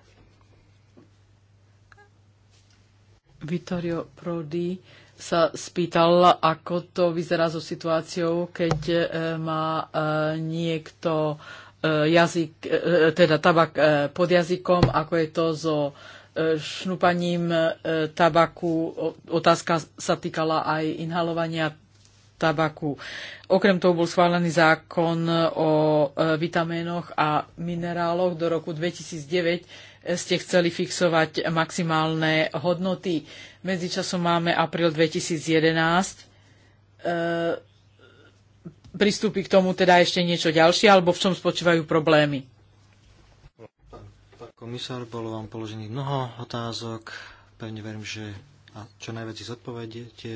Vittorio Prodi sa spýtal, ako to vyzerá so situáciou, keď e, má e, niekto e, jazyk, teda tabak pod jazykom, ako je to so šnupaním tabaku. Otázka sa týkala aj inhalovania tabaku. Okrem toho bol schválený zákon o e, vitamínoch a mineráloch. Do roku 2009 ste chceli fixovať maximálne hodnoty. Medzičasom máme apríl 2011. E, pristúpi k tomu teda ešte niečo ďalšie, alebo v čom spočívajú problémy? Pán, komisár, bolo vám položených mnoho otázok. Pevne verím, že a čo najviac ich zodpovediete.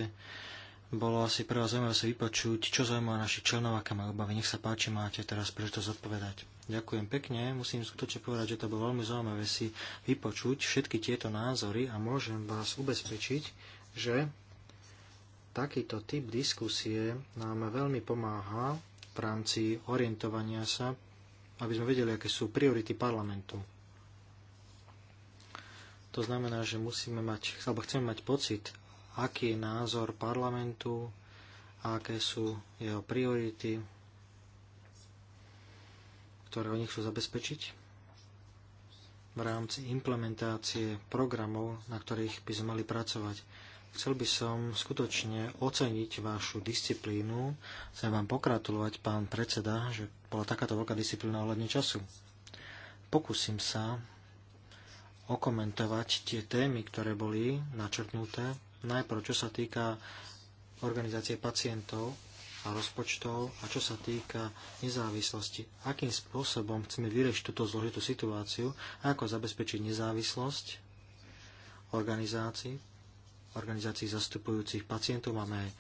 Bolo asi prvá zaujímavé sa vypočuť, čo zaujímavé naši členov, aké majú obavy. Nech sa páči, máte teraz príležitosť odpovedať. Ďakujem pekne. Musím skutočne povedať, že to bolo veľmi zaujímavé si vypočuť všetky tieto názory a môžem vás ubezpečiť, že takýto typ diskusie nám veľmi pomáha v rámci orientovania sa, aby sme vedeli, aké sú priority parlamentu. To znamená, že musíme mať, alebo chceme mať pocit, aký je názor parlamentu a aké sú jeho priority, ktoré oni chcú zabezpečiť v rámci implementácie programov, na ktorých by sme mali pracovať. Chcel by som skutočne oceniť vašu disciplínu. Chcem vám pokratulovať pán predseda, že bola takáto veľká disciplína ohľadne času. Pokúsim sa okomentovať tie témy, ktoré boli načrtnuté Najprv, čo sa týka organizácie pacientov a rozpočtov a čo sa týka nezávislosti. Akým spôsobom chceme vyriešiť túto zložitú situáciu a ako zabezpečiť nezávislosť organizácií, organizácií zastupujúcich pacientov, máme aj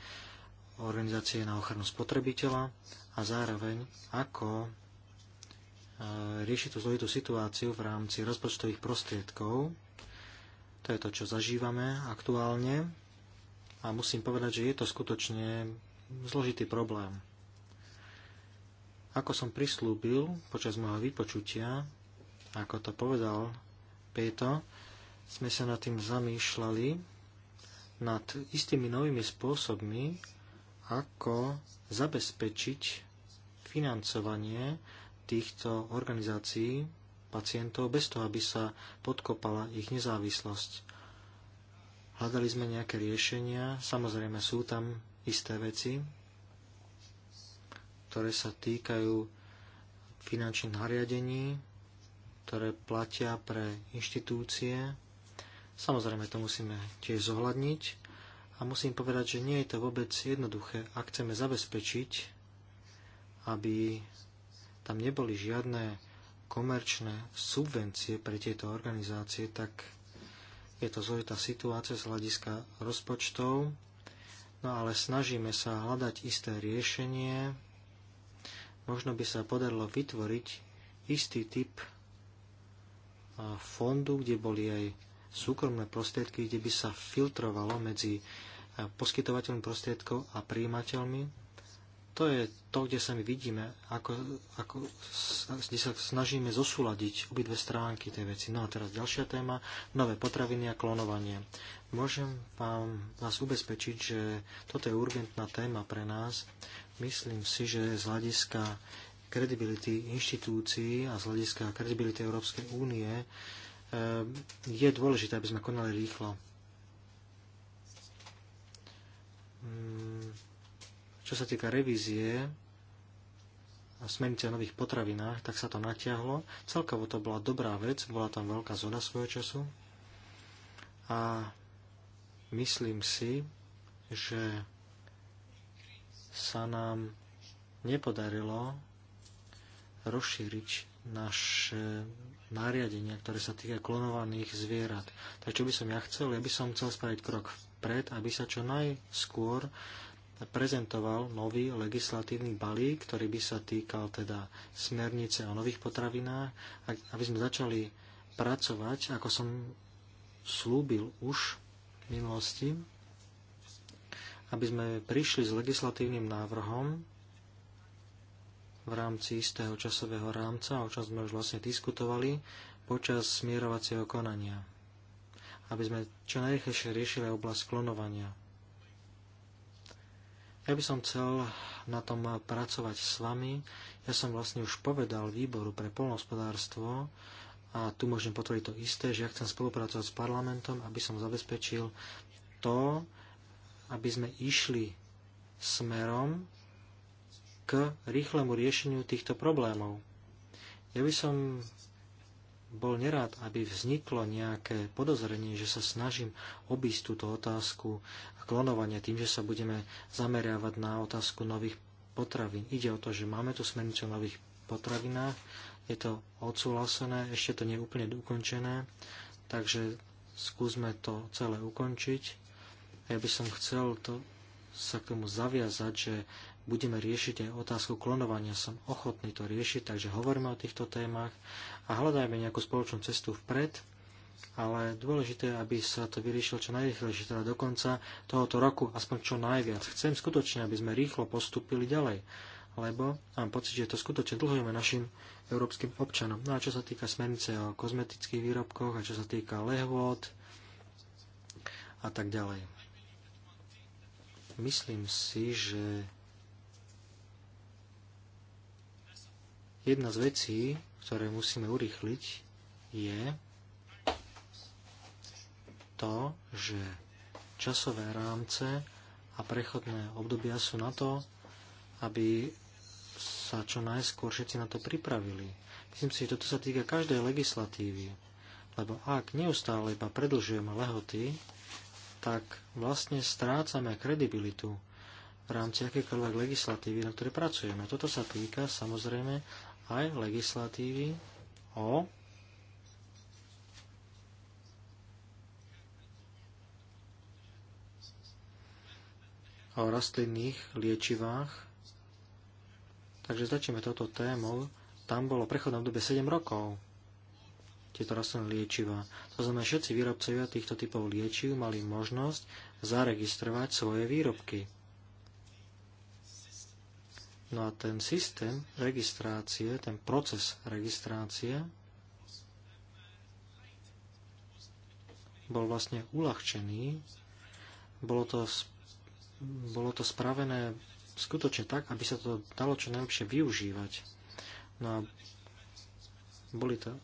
organizácie na ochranu spotrebiteľa a zároveň ako e, riešiť tú zložitú situáciu v rámci rozpočtových prostriedkov to je to, čo zažívame aktuálne. A musím povedať, že je to skutočne zložitý problém. Ako som prislúbil počas môjho vypočutia, ako to povedal Peto, sme sa nad tým zamýšľali, nad istými novými spôsobmi, ako zabezpečiť financovanie týchto organizácií pacientov bez toho, aby sa podkopala ich nezávislosť. Hľadali sme nejaké riešenia, samozrejme sú tam isté veci, ktoré sa týkajú finančných nariadení, ktoré platia pre inštitúcie. Samozrejme to musíme tiež zohľadniť a musím povedať, že nie je to vôbec jednoduché, ak chceme zabezpečiť, aby tam neboli žiadne komerčné subvencie pre tieto organizácie, tak je to zložitá situácia z hľadiska rozpočtov, no ale snažíme sa hľadať isté riešenie. Možno by sa podarilo vytvoriť istý typ fondu, kde boli aj súkromné prostriedky, kde by sa filtrovalo medzi poskytovateľmi prostriedkov a príjimateľmi to je to, kde sa my vidíme, ako, ako kde sa snažíme zosúľadiť obidve stránky tej veci. No a teraz ďalšia téma, nové potraviny a klonovanie. Môžem vám, vás ubezpečiť, že toto je urgentná téma pre nás. Myslím si, že z hľadiska kredibility inštitúcií a z hľadiska kredibility Európskej únie eh, je dôležité, aby sme konali rýchlo. Hmm. Čo sa týka revízie a smernice o nových potravinách, tak sa to natiahlo. Celkovo to bola dobrá vec, bola tam veľká zhoda svojho času. A myslím si, že sa nám nepodarilo rozšíriť naše nariadenia, ktoré sa týka klonovaných zvierat. Tak čo by som ja chcel? Ja by som chcel spraviť krok vpred, aby sa čo najskôr prezentoval nový legislatívny balík, ktorý by sa týkal teda smernice o nových potravinách, aby sme začali pracovať, ako som slúbil už v minulosti, aby sme prišli s legislatívnym návrhom v rámci istého časového rámca, o čom sme už vlastne diskutovali, počas smierovacieho konania. Aby sme čo najrychlejšie riešili oblasť klonovania. Ja by som chcel na tom pracovať s vami. Ja som vlastne už povedal výboru pre polnohospodárstvo, a tu môžem potvrdiť to isté, že ja chcem spolupracovať s parlamentom, aby som zabezpečil to, aby sme išli smerom k rýchlemu riešeniu týchto problémov. Ja by som bol nerád, aby vzniklo nejaké podozrenie, že sa snažím obísť túto otázku klonovanie klonovania tým, že sa budeme zameriavať na otázku nových potravín. Ide o to, že máme tu smernicu o nových potravinách, je to odsúhlasené, ešte to nie je úplne ukončené, takže skúsme to celé ukončiť. Ja by som chcel to, sa k tomu zaviazať, že budeme riešiť aj otázku klonovania. Som ochotný to riešiť, takže hovoríme o týchto témach a hľadajme nejakú spoločnú cestu vpred, ale dôležité, aby sa to vyriešilo čo najrychlejšie, teda do konca tohoto roku, aspoň čo najviac. Chcem skutočne, aby sme rýchlo postúpili ďalej, lebo mám pocit, že to skutočne dlhujeme našim európskym občanom. No a čo sa týka smernice o kozmetických výrobkoch a čo sa týka lehôd a tak ďalej. Myslím si, že jedna z vecí, ktoré musíme urýchliť, je to, že časové rámce a prechodné obdobia sú na to, aby sa čo najskôr všetci na to pripravili. Myslím si, že toto sa týka každej legislatívy, lebo ak neustále iba predlžujeme lehoty, tak vlastne strácame kredibilitu v rámci akékoľvek legislatívy, na ktorej pracujeme. Toto sa týka samozrejme aj legislatívy o o rastlinných liečivách. Takže začneme toto témou. Tam bolo prechodné obdobie 7 rokov tieto rastlinné liečiva. To znamená, všetci výrobcovia týchto typov liečiv mali možnosť zaregistrovať svoje výrobky. No a ten systém registrácie, ten proces registrácie bol vlastne uľahčený. Bolo to bolo to spravené skutočne tak, aby sa to dalo čo najlepšie využívať. No a boli to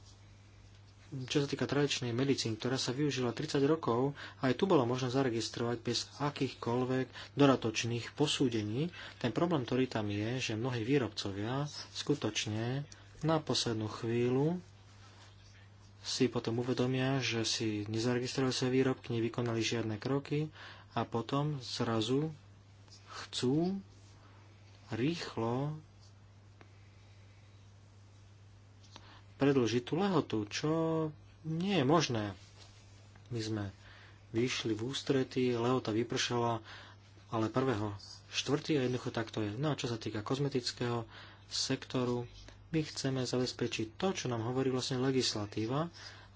čo sa týka tradičnej medicíny, ktorá sa využila 30 rokov, aj tu bolo možné zaregistrovať bez akýchkoľvek doratočných posúdení. Ten problém, ktorý tam je, že mnohí výrobcovia skutočne na poslednú chvíľu si potom uvedomia, že si nezaregistrovali svoje výrobky, nevykonali žiadne kroky a potom zrazu chcú rýchlo predlžiť tú lehotu, čo nie je možné. My sme vyšli v ústrety, lehota vypršala, ale prvého štvrtý a jednoducho takto je. No a čo sa týka kozmetického sektoru, my chceme zabezpečiť to, čo nám hovorí vlastne legislatíva.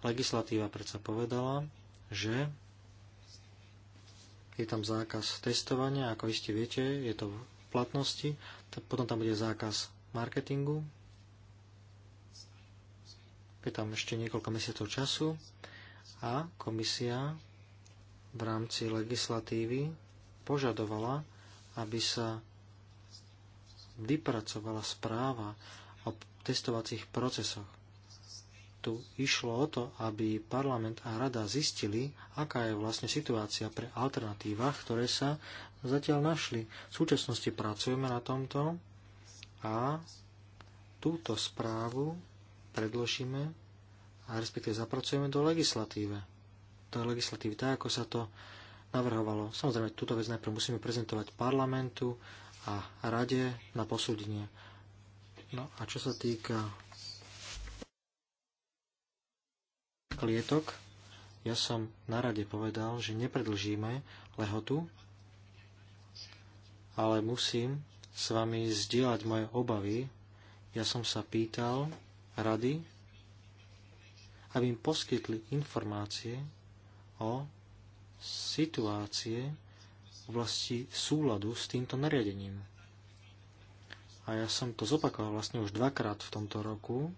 Legislatíva predsa povedala, že je tam zákaz testovania, ako iste viete, je to v platnosti, potom tam bude zákaz marketingu, je tam ešte niekoľko mesiacov času a komisia v rámci legislatívy požadovala, aby sa vypracovala správa o testovacích procesoch tu išlo o to, aby parlament a rada zistili, aká je vlastne situácia pre alternatívach, ktoré sa zatiaľ našli. V súčasnosti pracujeme na tomto a túto správu predložíme a respektíve zapracujeme do legislatíve. Do legislatívy, tak ako sa to navrhovalo. Samozrejme, túto vec najprv musíme prezentovať parlamentu a rade na posúdenie. No a čo sa týka klietok, ja som na rade povedal, že nepredlžíme lehotu, ale musím s vami zdieľať moje obavy. Ja som sa pýtal rady, aby im poskytli informácie o situácie v oblasti súladu s týmto nariadením. A ja som to zopakoval vlastne už dvakrát v tomto roku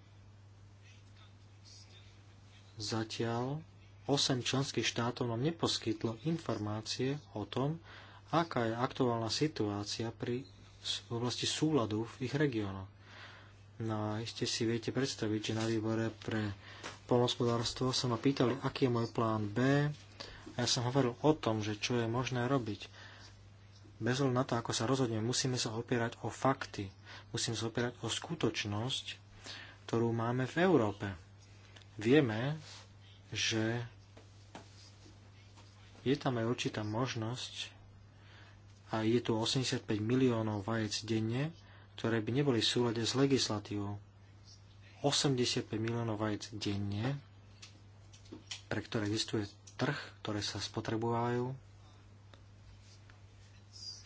Zatiaľ 8 členských štátov nám neposkytlo informácie o tom, aká je aktuálna situácia pri v oblasti súladu v ich regiónoch. No a ešte si viete predstaviť, že na výbore pre polnospodárstvo sa ma pýtali, aký je môj plán B a ja som hovoril o tom, že čo je možné robiť. Bez na to, ako sa rozhodneme, musíme sa opierať o fakty, musíme sa opierať o skutočnosť, ktorú máme v Európe. Vieme, že je tam aj určitá možnosť a je tu 85 miliónov vajec denne, ktoré by neboli v súlade s legislatívou. 85 miliónov vajec denne, pre ktoré existuje trh, ktoré sa spotrebovajú,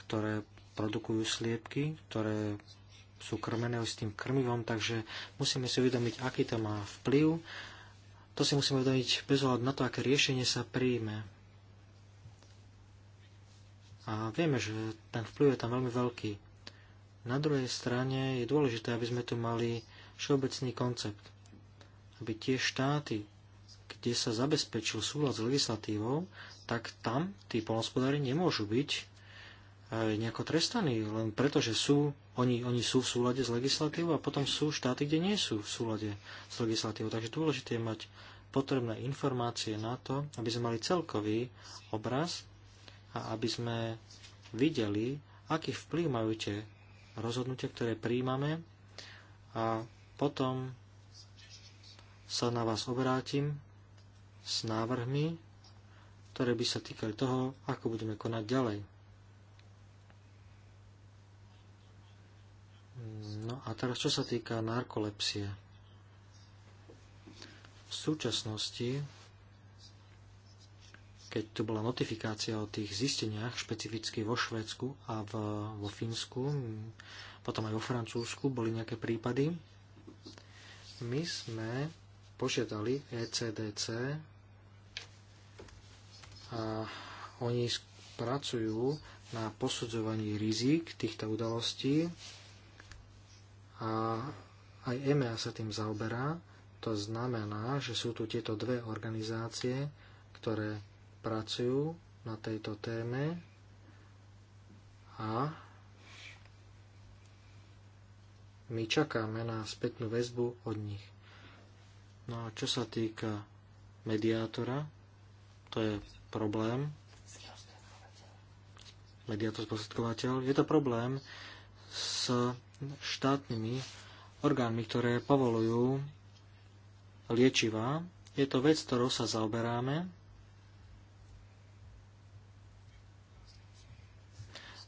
ktoré produkujú sliepky, ktoré sú krmené s tým krmivom, takže musíme si uvedomiť, aký to má vplyv to si musíme uvedomiť bez ohľadu na to, aké riešenie sa príjme. A vieme, že ten vplyv je tam veľmi veľký. Na druhej strane je dôležité, aby sme tu mali všeobecný koncept. Aby tie štáty, kde sa zabezpečil súhlas s legislatívou, tak tam tí polnospodári nemôžu byť nejako trestaní, len preto, že sú, oni, oni sú v súlade s legislatívou a potom sú štáty, kde nie sú v súlade s legislatívou. Takže dôležité je mať potrebné informácie na to, aby sme mali celkový obraz a aby sme videli, aký vplyv majú tie rozhodnutia, ktoré príjmame a potom sa na vás obrátim s návrhmi, ktoré by sa týkali toho, ako budeme konať ďalej. No a teraz, čo sa týka narkolepsie. V súčasnosti, keď tu bola notifikácia o tých zisteniach, špecificky vo Švédsku a v, vo Fínsku, potom aj vo Francúzsku boli nejaké prípady, my sme požiadali ECDC a oni pracujú na posudzovaní rizik týchto udalostí a aj EMEA sa tým zaoberá. To znamená, že sú tu tieto dve organizácie, ktoré pracujú na tejto téme a my čakáme na spätnú väzbu od nich. No a čo sa týka mediátora, to je problém. Mediátor, sprostredkovateľ. Je to problém s štátnymi orgánmi, ktoré povolujú liečivá. Je to vec, ktorou sa zaoberáme.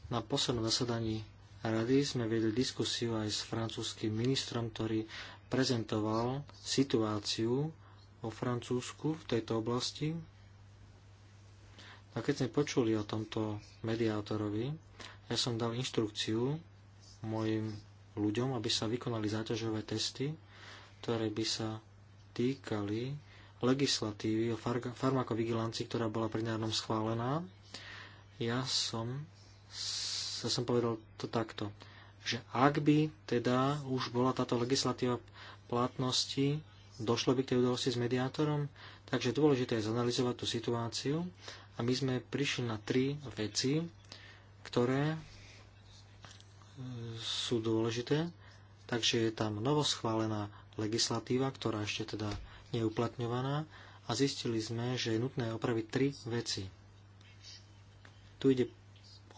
Na poslednom zasadaní rady sme vedli diskusiu aj s francúzským ministrom, ktorý prezentoval situáciu vo Francúzsku v tejto oblasti. A keď sme počuli o tomto mediátorovi, ja som dal inštrukciu mojim ľuďom, aby sa vykonali záťažové testy, ktoré by sa týkali legislatívy o farmakovigilancii, ktorá bola prinárnom schválená. Ja som, ja som povedal to takto, že ak by teda už bola táto legislatíva platnosti, došlo by k tej udalosti s mediátorom, takže dôležité je zanalizovať tú situáciu a my sme prišli na tri veci, ktoré sú dôležité, takže je tam novoschválená legislatíva, ktorá ešte teda nie je uplatňovaná a zistili sme, že je nutné opraviť tri veci. Tu ide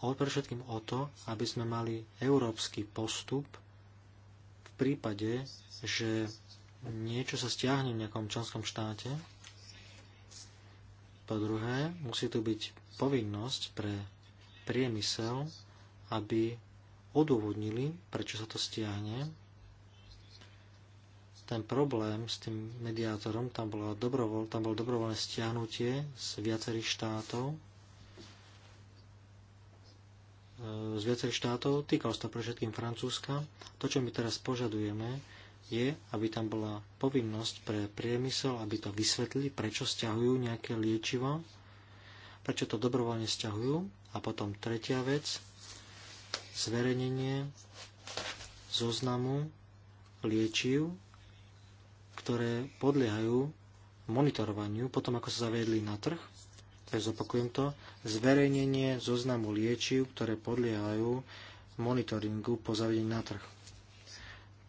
pre všetkým o to, aby sme mali európsky postup v prípade, že niečo sa stiahne v nejakom členskom štáte. Po druhé, musí tu byť povinnosť pre priemysel, aby odôvodnili, prečo sa to stiahne. Ten problém s tým mediátorom, tam bolo, dobrovoľ, tam bolo dobrovoľné stiahnutie z viacerých štátov, e, z viacerých štátov, týkalo sa to pre všetkým Francúzska. To, čo my teraz požadujeme, je, aby tam bola povinnosť pre priemysel, aby to vysvetlili, prečo stiahujú nejaké liečiva, prečo to dobrovoľne stiahujú. A potom tretia vec, zverejnenie zoznamu liečiv, ktoré podliehajú monitorovaniu potom, ako sa zaviedli na trh. Takže zopakujem to. Zverejnenie zoznamu liečiv, ktoré podliehajú monitoringu po zavedení na trh.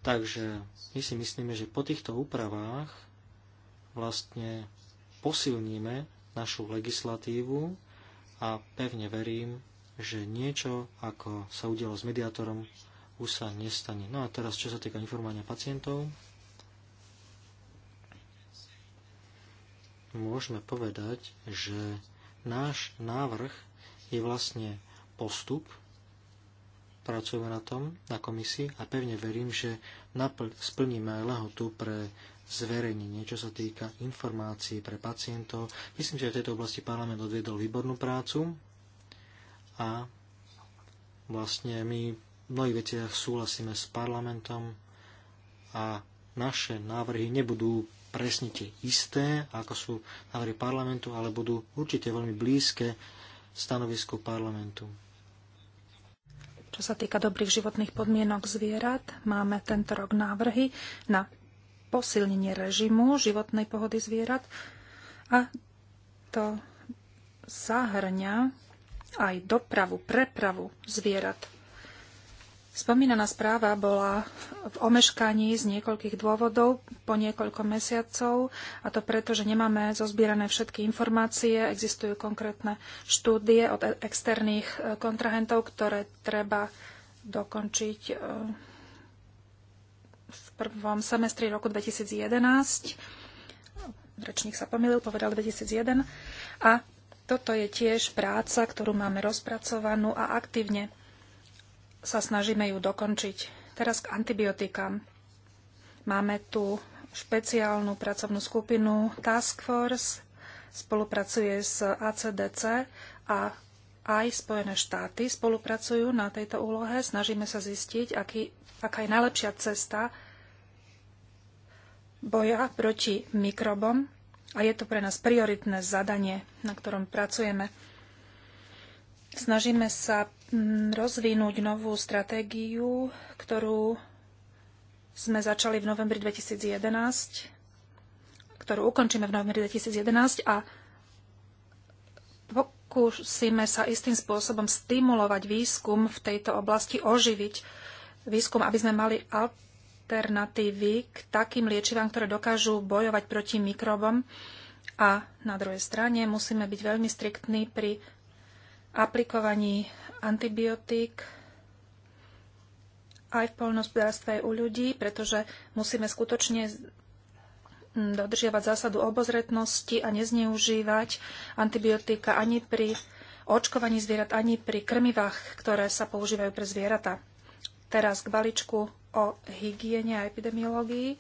Takže my si myslíme, že po týchto úpravách vlastne posilníme našu legislatívu a pevne verím, že niečo, ako sa udialo s mediátorom, už sa nestane. No a teraz, čo sa týka informovania pacientov, môžeme povedať, že náš návrh je vlastne postup, pracujeme na tom na komisii a pevne verím, že splníme aj lehotu pre zverejnenie, čo sa týka informácií pre pacientov. Myslím, že v tejto oblasti parlament odviedol výbornú prácu a vlastne my v mnohých veciach súhlasíme s parlamentom a naše návrhy nebudú presne tie isté, ako sú návrhy parlamentu, ale budú určite veľmi blízke stanovisku parlamentu. Čo sa týka dobrých životných podmienok zvierat, máme tento rok návrhy na posilnenie režimu životnej pohody zvierat a to zahrňa aj dopravu, prepravu zvierat. Spomínaná správa bola v omeškaní z niekoľkých dôvodov po niekoľko mesiacov, a to preto, že nemáme zozbierané všetky informácie, existujú konkrétne štúdie od e- externých e, kontrahentov, ktoré treba dokončiť e, v prvom semestri roku 2011. Rečník sa pomýlil, povedal 2001. A toto je tiež práca, ktorú máme rozpracovanú a aktívne sa snažíme ju dokončiť. Teraz k antibiotikám. Máme tu špeciálnu pracovnú skupinu Task Force, spolupracuje s ACDC a aj Spojené štáty spolupracujú na tejto úlohe. Snažíme sa zistiť, aký, aká je najlepšia cesta boja proti mikrobom a je to pre nás prioritné zadanie, na ktorom pracujeme. Snažíme sa mm, rozvinúť novú stratégiu, ktorú sme začali v novembri 2011, ktorú ukončíme v novembri 2011 a pokúsime sa istým spôsobom stimulovať výskum v tejto oblasti, oživiť výskum, aby sme mali alternatívy k takým liečivám, ktoré dokážu bojovať proti mikrobom. A na druhej strane musíme byť veľmi striktní pri aplikovaní antibiotík aj v polnospodárstve aj u ľudí, pretože musíme skutočne dodržiavať zásadu obozretnosti a nezneužívať antibiotika ani pri očkovaní zvierat, ani pri krmivách, ktoré sa používajú pre zvieratá. Teraz k balíčku o hygiene a epidemiológii.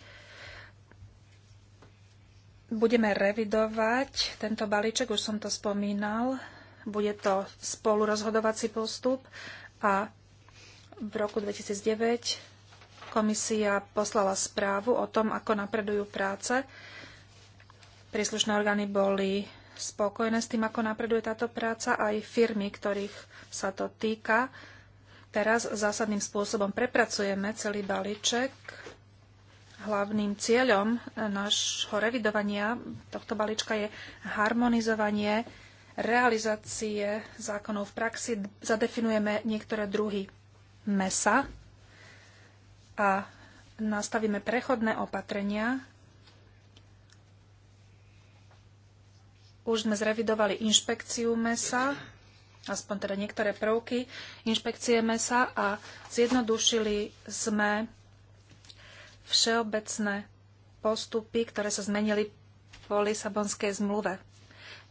Budeme revidovať tento balíček, už som to spomínal. Bude to spolurozhodovací postup a v roku 2009 komisia poslala správu o tom, ako napredujú práce. Príslušné orgány boli spokojné s tým, ako napreduje táto práca, aj firmy, ktorých sa to týka, teraz zásadným spôsobom prepracujeme celý balíček. Hlavným cieľom nášho revidovania tohto balíčka je harmonizovanie realizácie zákonov v praxi. Zadefinujeme niektoré druhy mesa a nastavíme prechodné opatrenia, už sme zrevidovali inšpekciu mesa aspoň teda niektoré prvky inšpekcie mesa a zjednodušili sme všeobecné postupy, ktoré sa zmenili po Lisabonskej zmluve.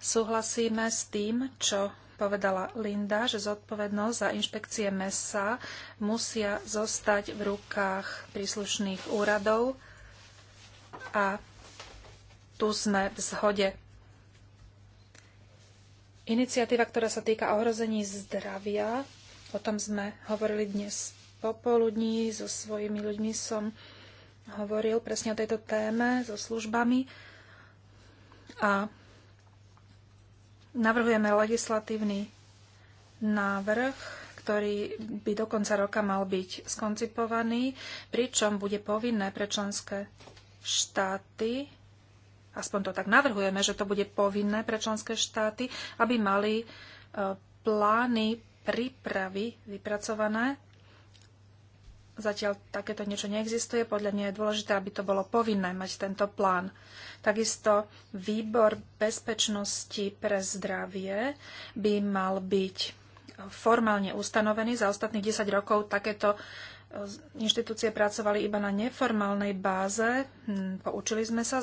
Súhlasíme s tým, čo povedala Linda, že zodpovednosť za inšpekcie mesa musia zostať v rukách príslušných úradov a tu sme v zhode. Iniciatíva, ktorá sa týka ohrození zdravia, o tom sme hovorili dnes popoludní, so svojimi ľuďmi som hovoril presne o tejto téme, so službami a navrhujeme legislatívny návrh, ktorý by do konca roka mal byť skoncipovaný, pričom bude povinné pre členské štáty aspoň to tak navrhujeme, že to bude povinné pre členské štáty, aby mali e, plány prípravy vypracované. Zatiaľ takéto niečo neexistuje. Podľa mňa je dôležité, aby to bolo povinné mať tento plán. Takisto výbor bezpečnosti pre zdravie by mal byť formálne ustanovený. Za ostatných 10 rokov takéto e, inštitúcie pracovali iba na neformálnej báze. Hm, poučili sme sa,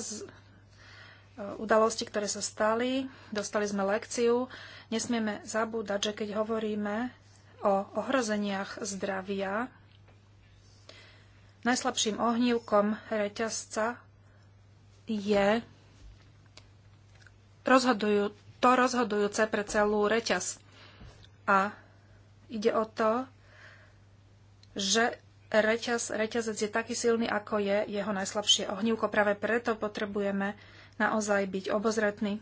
udalosti, ktoré sa stali. Dostali sme lekciu. Nesmieme zabúdať, že keď hovoríme o ohrozeniach zdravia, najslabším ohnívkom reťazca je rozhodujú, to rozhodujúce pre celú reťaz. A ide o to, že reťaz, reťazec je taký silný, ako je jeho najslabšie ohnívko. Práve preto potrebujeme naozaj byť obozretný.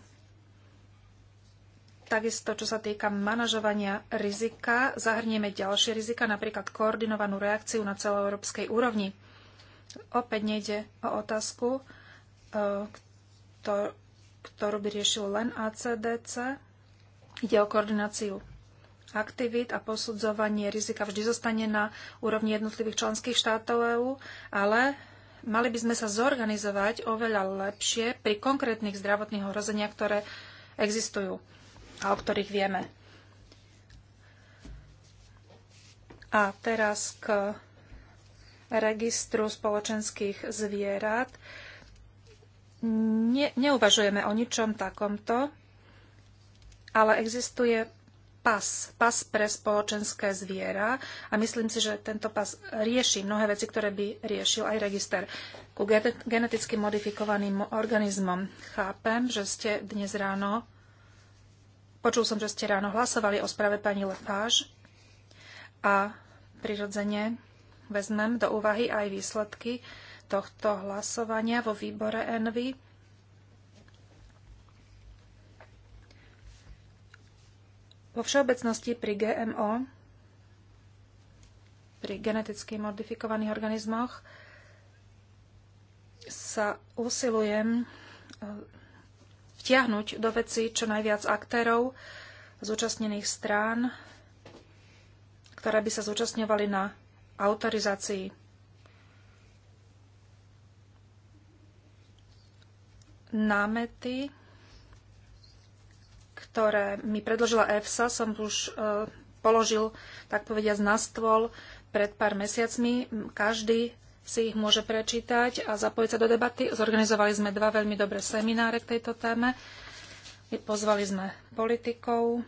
Takisto, čo sa týka manažovania rizika, zahrnieme ďalšie rizika, napríklad koordinovanú reakciu na celoeurópskej úrovni. Opäť nejde o otázku, e, ktorú by riešil len ACDC. Ide o koordináciu aktivít a posudzovanie rizika vždy zostane na úrovni jednotlivých členských štátov EÚ, ale mali by sme sa zorganizovať oveľa lepšie pri konkrétnych zdravotných ohrozeniach, ktoré existujú a o ktorých vieme. A teraz k registru spoločenských zvierat. Ne, neuvažujeme o ničom takomto, ale existuje pas, pas pre spoločenské zviera a myslím si, že tento pas rieši mnohé veci, ktoré by riešil aj register ku geneticky modifikovaným organizmom. Chápem, že ste dnes ráno, počul som, že ste ráno hlasovali o správe pani Lepáž a prirodzene vezmem do úvahy aj výsledky tohto hlasovania vo výbore ENVY Vo všeobecnosti pri GMO, pri geneticky modifikovaných organizmoch, sa usilujem e, vtiahnuť do veci čo najviac aktérov, zúčastnených strán, ktoré by sa zúčastňovali na autorizácii. Námety ktoré mi predložila EFSA, som už e, položil, tak povediať, na stôl pred pár mesiacmi. Každý si ich môže prečítať a zapojiť sa do debaty. Zorganizovali sme dva veľmi dobré semináre k tejto téme. Pozvali sme politikov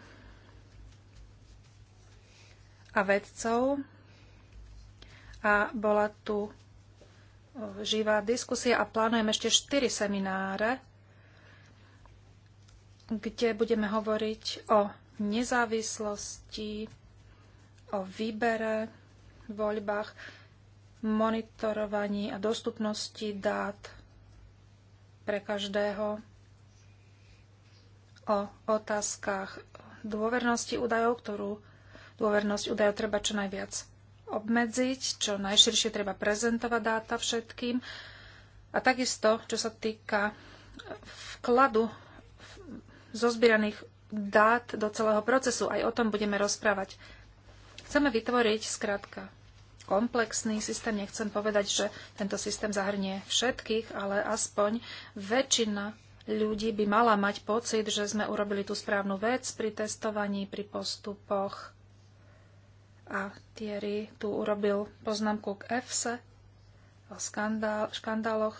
a vedcov a bola tu e, živá diskusia a plánujeme ešte 4 semináre kde budeme hovoriť o nezávislosti, o výbere, voľbách, monitorovaní a dostupnosti dát pre každého, o otázkach dôvernosti údajov, ktorú dôvernosť údajov treba čo najviac obmedziť, čo najširšie treba prezentovať dáta všetkým. A takisto, čo sa týka vkladu zo zbieraných dát do celého procesu. Aj o tom budeme rozprávať. Chceme vytvoriť skrátka komplexný systém. Nechcem povedať, že tento systém zahrnie všetkých, ale aspoň väčšina ľudí by mala mať pocit, že sme urobili tú správnu vec pri testovaní, pri postupoch. A Thierry tu urobil poznámku k EFSE o škandáloch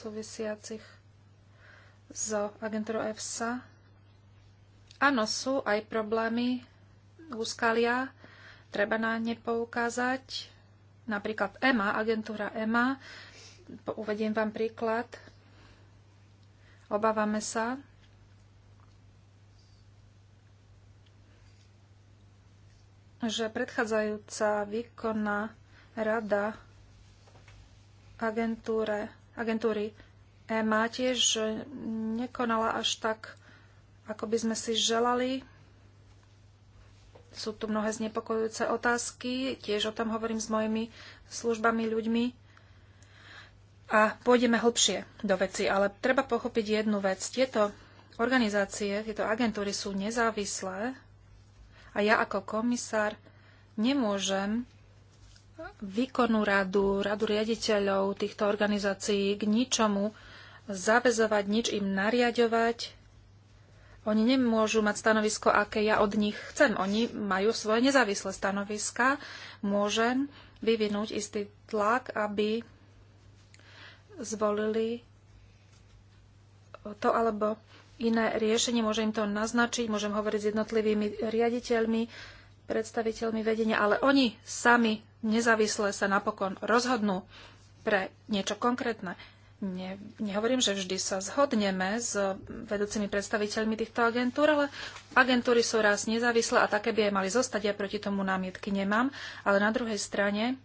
súvisiacich s agentúrou EFSA. Áno, sú aj problémy úskalia, treba na ne poukázať. Napríklad EMA, agentúra EMA, uvediem vám príklad. Obávame sa, že predchádzajúca výkonná rada agentúre, agentúry EMA tiež nekonala až tak ako by sme si želali. Sú tu mnohé znepokojujúce otázky, tiež o tom hovorím s mojimi službami, ľuďmi. A pôjdeme hlbšie do veci, ale treba pochopiť jednu vec. Tieto organizácie, tieto agentúry sú nezávislé a ja ako komisár nemôžem výkonu radu, radu riaditeľov týchto organizácií k ničomu zavezovať, nič im nariadovať, oni nemôžu mať stanovisko, aké ja od nich chcem. Oni majú svoje nezávislé stanoviska. Môžem vyvinúť istý tlak, aby zvolili to alebo iné riešenie. Môžem im to naznačiť, môžem hovoriť s jednotlivými riaditeľmi, predstaviteľmi vedenia, ale oni sami nezávisle sa napokon rozhodnú pre niečo konkrétne. Ne, nehovorím, že vždy sa zhodneme s vedúcimi predstaviteľmi týchto agentúr, ale agentúry sú raz nezávislé a také by aj mali zostať. Ja proti tomu námietky nemám, ale na druhej strane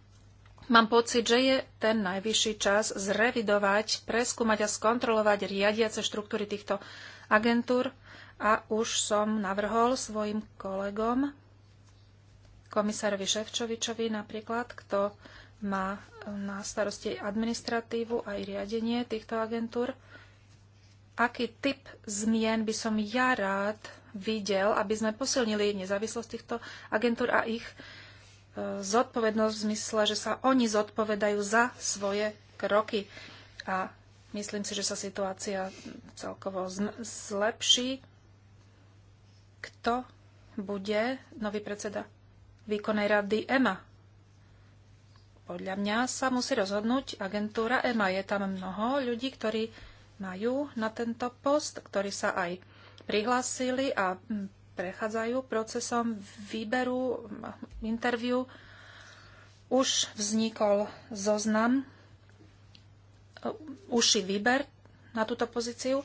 Mám pocit, že je ten najvyšší čas zrevidovať, preskúmať a skontrolovať riadiace štruktúry týchto agentúr a už som navrhol svojim kolegom, komisárovi Ševčovičovi napríklad, kto má e, na starosti administratívu aj riadenie týchto agentúr. Aký typ zmien by som ja rád videl, aby sme posilnili nezávislosť týchto agentúr a ich e, zodpovednosť v zmysle, že sa oni zodpovedajú za svoje kroky. A myslím si, že sa situácia celkovo zlepší. Kto bude nový predseda výkonnej rady EMA? Podľa mňa sa musí rozhodnúť agentúra EMA. Je tam mnoho ľudí, ktorí majú na tento post, ktorí sa aj prihlásili a mm, prechádzajú procesom výberu, mm, interviu. Už vznikol zoznam, e, uši výber na túto pozíciu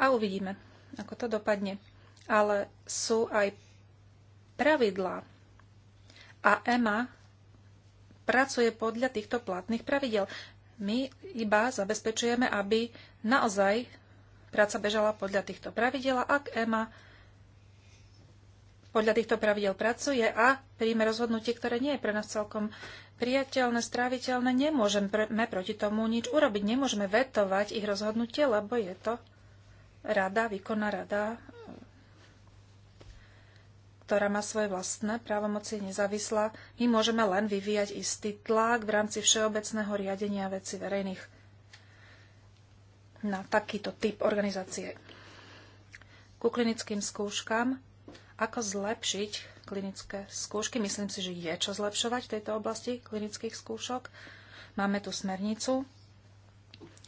a uvidíme, ako to dopadne. Ale sú aj pravidlá. A EMA pracuje podľa týchto platných pravidel. My iba zabezpečujeme, aby naozaj práca bežala podľa týchto pravidel a ak EMA podľa týchto pravidel pracuje a príjme rozhodnutie, ktoré nie je pre nás celkom priateľné, stráviteľné, nemôžeme proti tomu nič urobiť. Nemôžeme vetovať ich rozhodnutie, lebo je to rada, výkonná rada ktorá má svoje vlastné právomoci nezávislá, my môžeme len vyvíjať istý tlak v rámci všeobecného riadenia veci verejných na takýto typ organizácie. Ku klinickým skúškam, ako zlepšiť klinické skúšky, myslím si, že je čo zlepšovať v tejto oblasti klinických skúšok. Máme tu smernicu,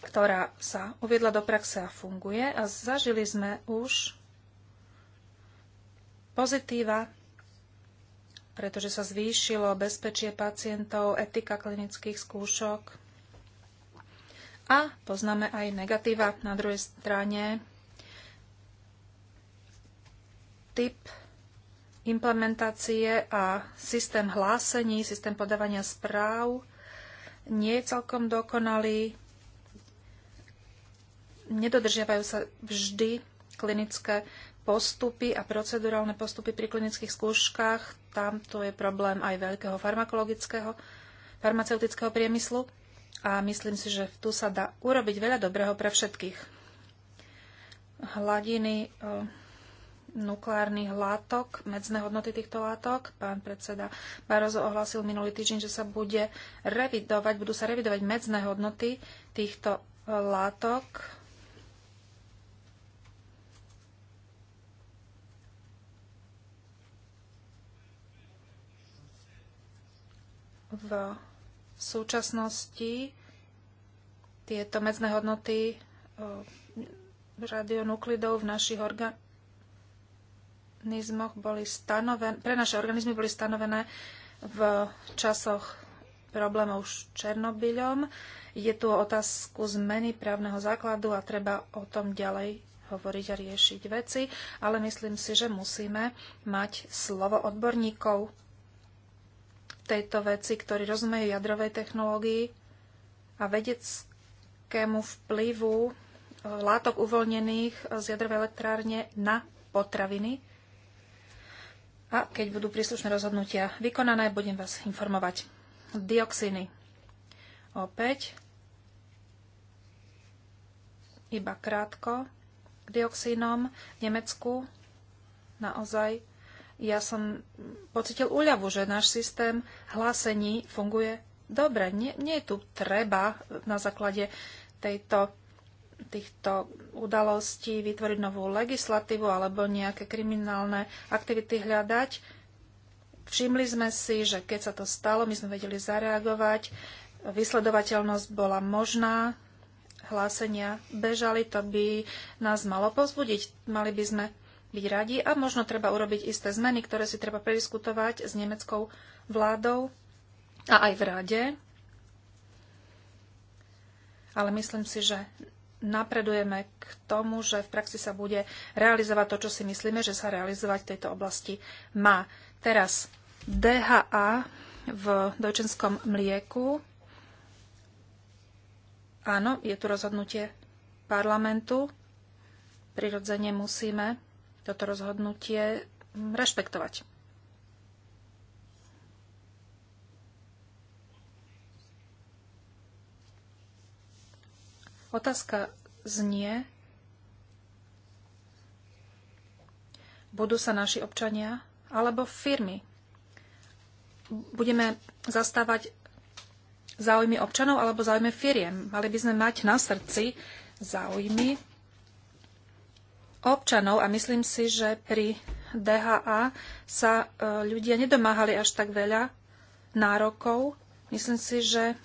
ktorá sa uviedla do praxe a funguje a zažili sme už pozitíva, pretože sa zvýšilo bezpečie pacientov, etika klinických skúšok. A poznáme aj negatíva na druhej strane. Typ implementácie a systém hlásení, systém podávania správ nie je celkom dokonalý. Nedodržiavajú sa vždy klinické postupy a procedurálne postupy pri klinických skúškach. to je problém aj veľkého farmakologického, farmaceutického priemyslu a myslím si, že tu sa dá urobiť veľa dobrého pre všetkých. Hladiny e, eh, nukleárnych látok, medzné hodnoty týchto látok. Pán predseda Barozo ohlasil minulý týždeň, že sa bude revidovať, budú sa revidovať medzné hodnoty týchto látok v súčasnosti tieto medzné hodnoty e, radionuklidov v našich organizmoch boli stanovené, pre naše organizmy boli stanovené v časoch problémov s Černobyľom. Je tu otázku zmeny právneho základu a treba o tom ďalej hovoriť a riešiť veci, ale myslím si, že musíme mať slovo odborníkov tejto veci, ktorí rozumejú jadrovej technológii a vedeckému vplyvu e, látok uvoľnených z jadrovej elektrárne na potraviny. A keď budú príslušné rozhodnutia vykonané, budem vás informovať. Dioxiny. Opäť iba krátko k dioxínom v Nemecku naozaj ja som pocitil úľavu, že náš systém hlásení funguje dobre. Nie, nie je tu treba na základe tejto, týchto udalostí vytvoriť novú legislatívu alebo nejaké kriminálne aktivity hľadať. Všimli sme si, že keď sa to stalo, my sme vedeli zareagovať. Vysledovateľnosť bola možná, hlásenia bežali, to by nás malo pozbudiť. Mali by sme byť radi a možno treba urobiť isté zmeny, ktoré si treba prediskutovať s nemeckou vládou a aj v rade. Ale myslím si, že napredujeme k tomu, že v praxi sa bude realizovať to, čo si myslíme, že sa realizovať v tejto oblasti má. Teraz DHA v dojčenskom mlieku. Áno, je tu rozhodnutie parlamentu. Prirodzene musíme toto rozhodnutie rešpektovať. Otázka znie, budú sa naši občania alebo firmy. Budeme zastávať záujmy občanov alebo záujmy firiem. Mali by sme mať na srdci záujmy občanov a myslím si, že pri DHA sa e, ľudia nedomáhali až tak veľa nárokov. Myslím si, že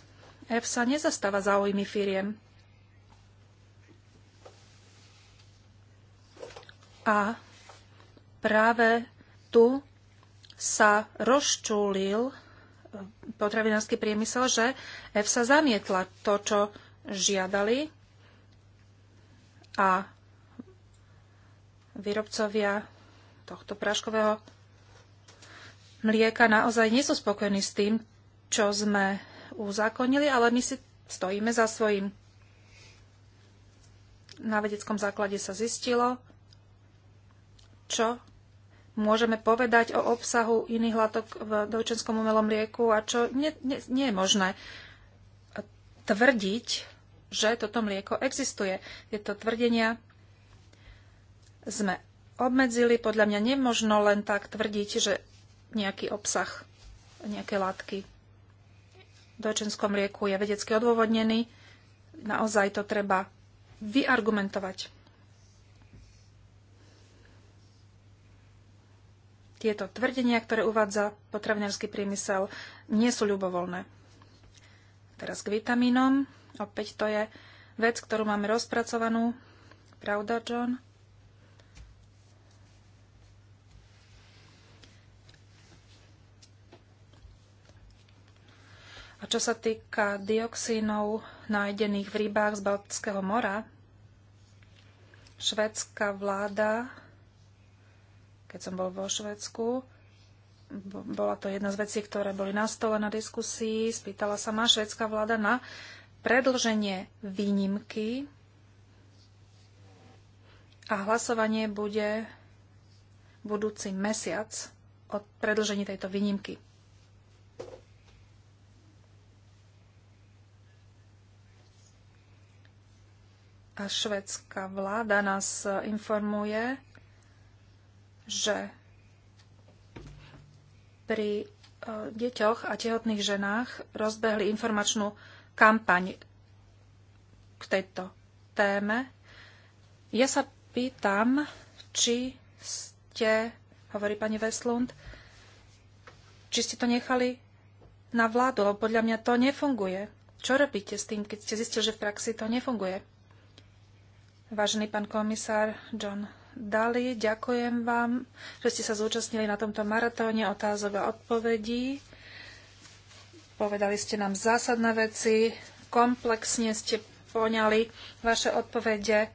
EFSA nezastáva záujmy firiem. A práve tu sa rozčúlil e, potravinársky priemysel, že EFSA zamietla to, čo žiadali a výrobcovia tohto práškového mlieka naozaj nie sú spokojní s tým, čo sme uzákonili, ale my si stojíme za svojím. Na vedeckom základe sa zistilo, čo môžeme povedať o obsahu iných látok v dojčenskom umelom mlieku a čo nie, nie, nie je možné tvrdiť, že toto mlieko existuje. Tieto tvrdenia sme obmedzili. Podľa mňa nemožno len tak tvrdiť, že nejaký obsah, nejaké látky v dojčenskom lieku je vedecky odôvodnený. Naozaj to treba vyargumentovať. Tieto tvrdenia, ktoré uvádza potravinársky priemysel, nie sú ľubovoľné. Teraz k vitamínom. Opäť to je vec, ktorú máme rozpracovanú. Pravda, John? čo sa týka dioxínov nájdených v rybách z Baltského mora, švedská vláda, keď som bol vo Švedsku, bola to jedna z vecí, ktoré boli na stole na diskusii, spýtala sa ma švedská vláda na predlženie výnimky a hlasovanie bude budúci mesiac o predlžení tejto výnimky. švedská vláda nás e, informuje, že pri e, deťoch a tehotných ženách rozbehli informačnú kampaň k tejto téme. Ja sa pýtam, či ste, hovorí pani Veslund, či ste to nechali na vládu, lebo podľa mňa to nefunguje. Čo robíte s tým, keď ste zistili, že v praxi to nefunguje? Vážený pán komisár John Daly, ďakujem vám, že ste sa zúčastnili na tomto maratóne otázok a odpovedí. Povedali ste nám zásadné veci, komplexne ste poňali vaše odpovede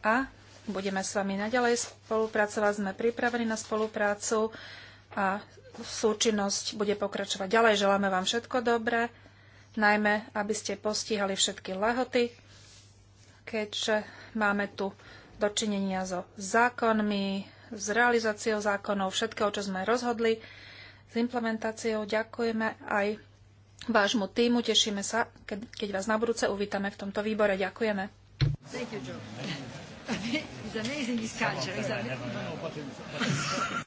a budeme s vami naďalej spolupracovať. Sme pripravení na spoluprácu a súčinnosť bude pokračovať ďalej. Želáme vám všetko dobré, najmä aby ste postihali všetky lehoty keďže máme tu dočinenia so zákonmi, s realizáciou zákonov, všetkého, čo sme rozhodli, s implementáciou. Ďakujeme aj vášmu týmu. Tešíme sa, keď vás na budúce uvítame v tomto výbore. Ďakujeme. Thank you, Joe. It's (laughs) amazing this culture. It's amazing.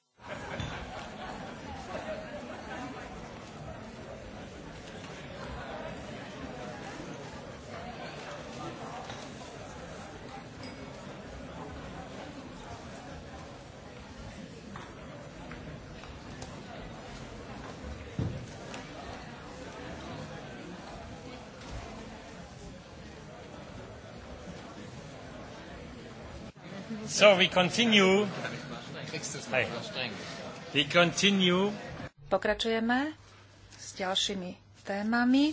So we continue. Hey. We continue. Pokračujeme s ďalšími témami.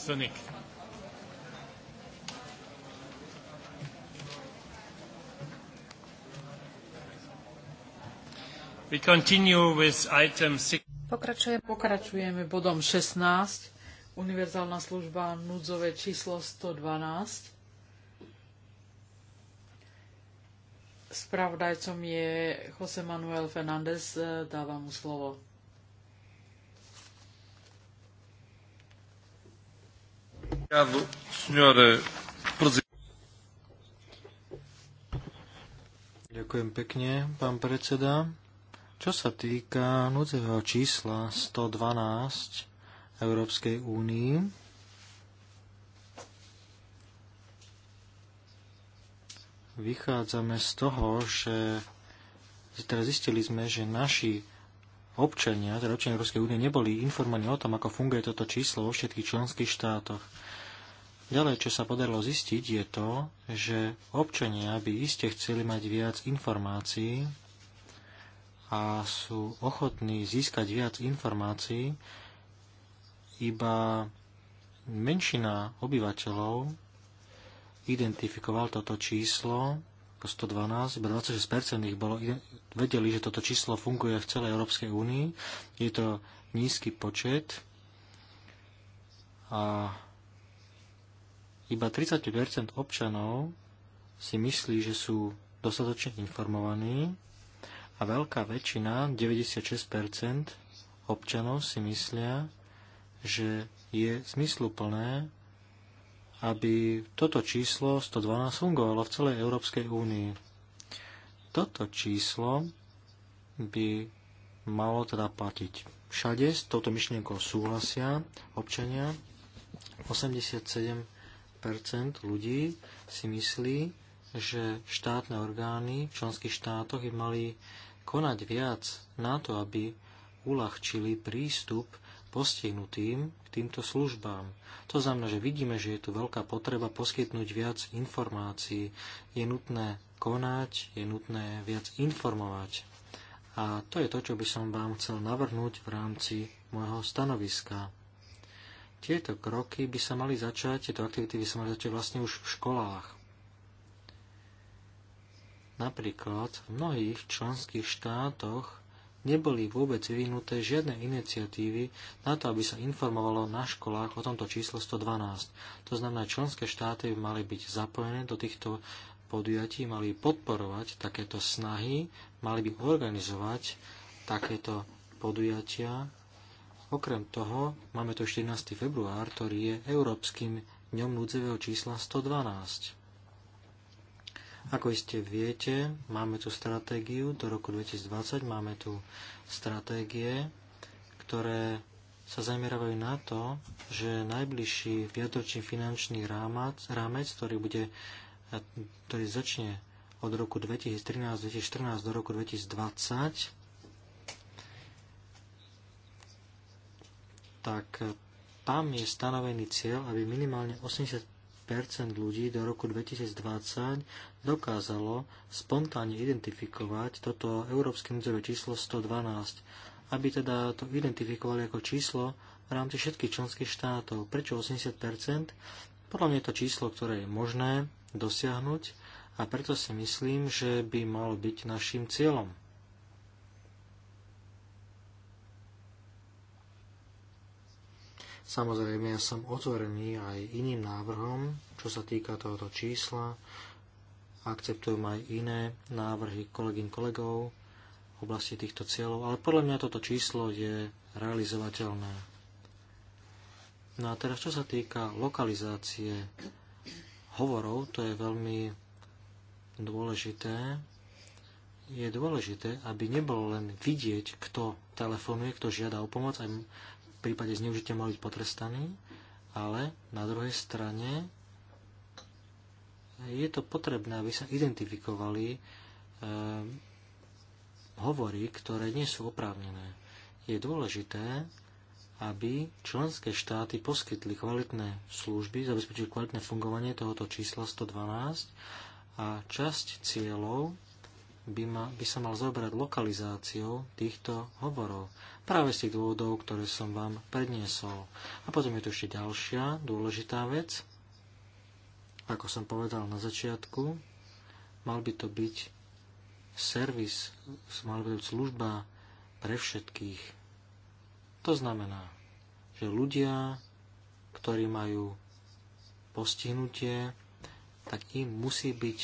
Sonic. Pokračujeme, pokračujeme bodom 16, univerzálna služba núdzové číslo 112. Spravodajcom je Jose Manuel Fernández, dávam mu slovo. Ďakujem pekne, pán predseda. Čo sa týka núdzeho čísla 112 Európskej únii, vychádzame z toho, že teraz zistili sme, že naši občania, teda občania Európskej únie, neboli informovaní o tom, ako funguje toto číslo vo všetkých členských štátoch. Ďalej, čo sa podarilo zistiť, je to, že občania by iste chceli mať viac informácií a sú ochotní získať viac informácií, iba menšina obyvateľov identifikoval toto číslo ako 112, iba 26% ich bolo, vedeli, že toto číslo funguje v celej Európskej únii. Je to nízky počet a iba 30% občanov si myslí, že sú dostatočne informovaní a veľká väčšina, 96 občanov si myslia, že je zmysluplné, aby toto číslo 112 fungovalo v celej Európskej únii. Toto číslo by malo teda platiť. Všade s touto myšlienkou súhlasia občania. 87% ľudí si myslí, že štátne orgány v členských štátoch by mali konať viac na to, aby uľahčili prístup postihnutým k týmto službám. To znamená, že vidíme, že je tu veľká potreba poskytnúť viac informácií. Je nutné konať, je nutné viac informovať. A to je to, čo by som vám chcel navrhnúť v rámci môjho stanoviska. Tieto kroky by sa mali začať, tieto aktivity by sa mali začať vlastne už v školách. Napríklad v mnohých členských štátoch neboli vôbec vyvinuté žiadne iniciatívy na to, aby sa informovalo na školách o tomto číslo 112. To znamená, členské štáty by mali byť zapojené do týchto podujatí, mali podporovať takéto snahy, mali by organizovať takéto podujatia. Okrem toho, máme tu 14. február, ktorý je Európskym dňom núdzevého čísla 112. Ako iste viete, máme tu stratégiu do roku 2020, máme tu stratégie, ktoré sa zamerajú na to, že najbližší viatočný finančný rámec, rámec ktorý, bude, ktorý začne od roku 2013-2014 do roku 2020, tak tam je stanovený cieľ, aby minimálne 80 ľudí do roku 2020 dokázalo spontánne identifikovať toto európske núdzové číslo 112, aby teda to identifikovali ako číslo v rámci všetkých členských štátov. Prečo 80 Podľa mňa je to číslo, ktoré je možné dosiahnuť a preto si myslím, že by malo byť našim cieľom. Samozrejme, ja som otvorený aj iným návrhom, čo sa týka tohoto čísla akceptujem aj iné návrhy kolegyň kolegov v oblasti týchto cieľov, ale podľa mňa toto číslo je realizovateľné. No a teraz, čo sa týka lokalizácie hovorov, to je veľmi dôležité. Je dôležité, aby nebolo len vidieť, kto telefonuje, kto žiada o pomoc, aj v prípade zneužitia mali byť potrestaný, ale na druhej strane je to potrebné, aby sa identifikovali eh, hovory, ktoré nie sú oprávnené. Je dôležité, aby členské štáty poskytli kvalitné služby, zabezpečili kvalitné fungovanie tohoto čísla 112 a časť cieľov by, ma, by sa mal zaoberať lokalizáciou týchto hovorov. Práve z tých dôvodov, ktoré som vám predniesol. A potom je tu ešte ďalšia dôležitá vec. Ako som povedal na začiatku, mal by to byť servis, mal by to byť služba pre všetkých. To znamená, že ľudia, ktorí majú postihnutie, tak im musí byť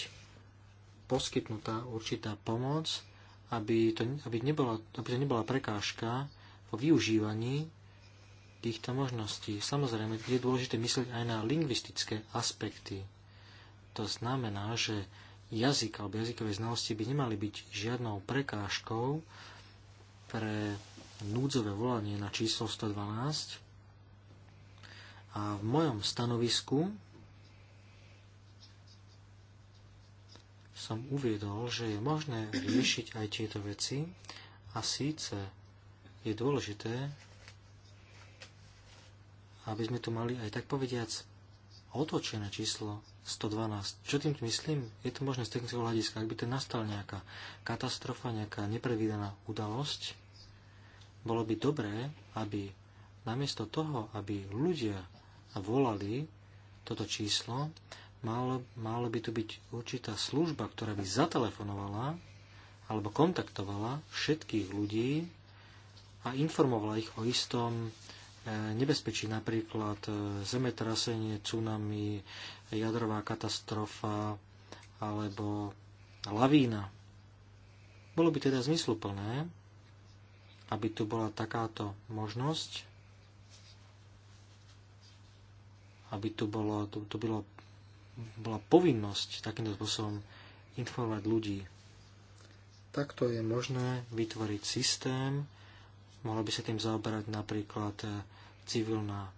poskytnutá určitá pomoc, aby to, aby nebola, aby to nebola prekážka vo využívaní týchto možností. Samozrejme, je dôležité myslieť aj na lingvistické aspekty. To znamená, že jazyk alebo jazykové znalosti by nemali byť žiadnou prekážkou pre núdzové volanie na číslo 112. A v mojom stanovisku som uviedol, že je možné riešiť aj tieto veci a síce je dôležité, aby sme tu mali aj tak povediac otočené číslo 112. Čo tým myslím? Je to možné z technického hľadiska. Ak by to nastala nejaká katastrofa, nejaká neprevídaná udalosť, bolo by dobré, aby namiesto toho, aby ľudia volali toto číslo, malo, malo by tu byť určitá služba, ktorá by zatelefonovala alebo kontaktovala všetkých ľudí a informovala ich o istom e, nebezpečí, napríklad e, zemetrasenie, tsunami, jadrová katastrofa alebo lavína. Bolo by teda zmysluplné, aby tu bola takáto možnosť, aby tu, bolo, tu, tu bylo, bola povinnosť takýmto spôsobom informovať ľudí. Takto je možné vytvoriť systém, mohla by sa tým zaoberať napríklad civilná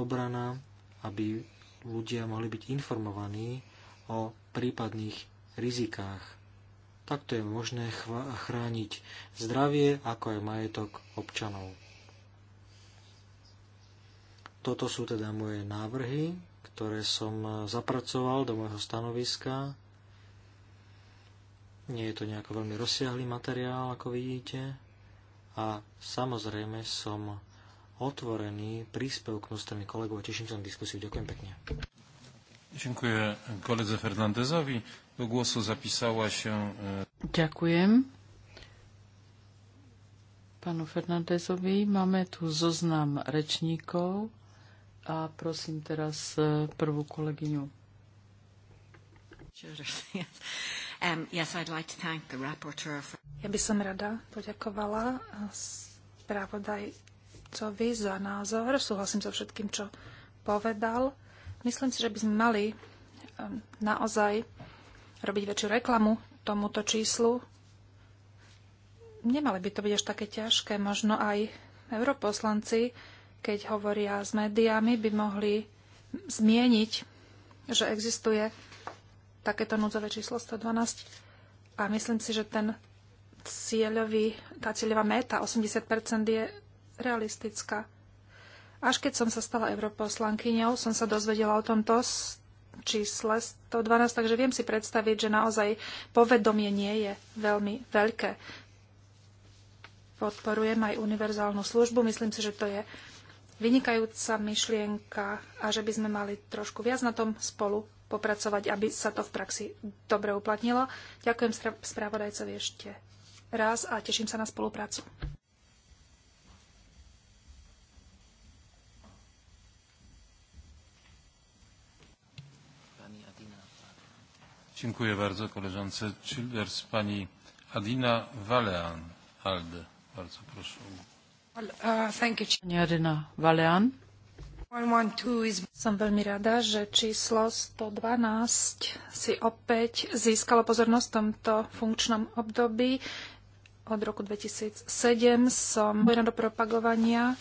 obrana, aby ľudia mohli byť informovaní o prípadných rizikách. Takto je možné chrániť zdravie ako aj majetok občanov. Toto sú teda moje návrhy, ktoré som eh, zapracoval do môjho stanoviska. Nie je to nejako veľmi rozsiahlý materiál, ako vidíte. A samozrejme som otvorený príspevok zo strany kolegov a teším sa na diskusiu. Ďakujem pekne. Dziękuję koledze Fernandezowi. Do głosu zapisała się... E, Ďakujem. Panu Fernandezovi máme tu zoznam rečníkov a prosím teraz e, prvú kolegyňu. Um, ja by som rada poďakovala spravodaj Štefancovi za názor. Súhlasím so všetkým, čo povedal. Myslím si, že by sme mali um, naozaj robiť väčšiu reklamu tomuto číslu. Nemali by to byť až také ťažké. Možno aj europoslanci, keď hovoria s médiami, by mohli zmieniť, že existuje takéto núdzové číslo 112. A myslím si, že ten cieľový, tá cieľová meta 80% je realistická. Až keď som sa stala europoslankyňou, som sa dozvedela o tomto čísle 112, takže viem si predstaviť, že naozaj povedomie nie je veľmi veľké. Podporujem aj univerzálnu službu. Myslím si, že to je vynikajúca myšlienka a že by sme mali trošku viac na tom spolu popracovať, aby sa to v praxi dobre uplatnilo. Ďakujem spravodajcovi ešte raz a teším sa na spoluprácu. Dziękuję bardzo koleżance Childers. Pani Adina Valean, ALDE. Bardzo proszę. Well, uh, thank you. Pani Adina Valean. Som veľmi rada, že číslo 112 si opäť získalo pozornosť v tomto funkčnom období. Od roku 2007 som bojena do propagovania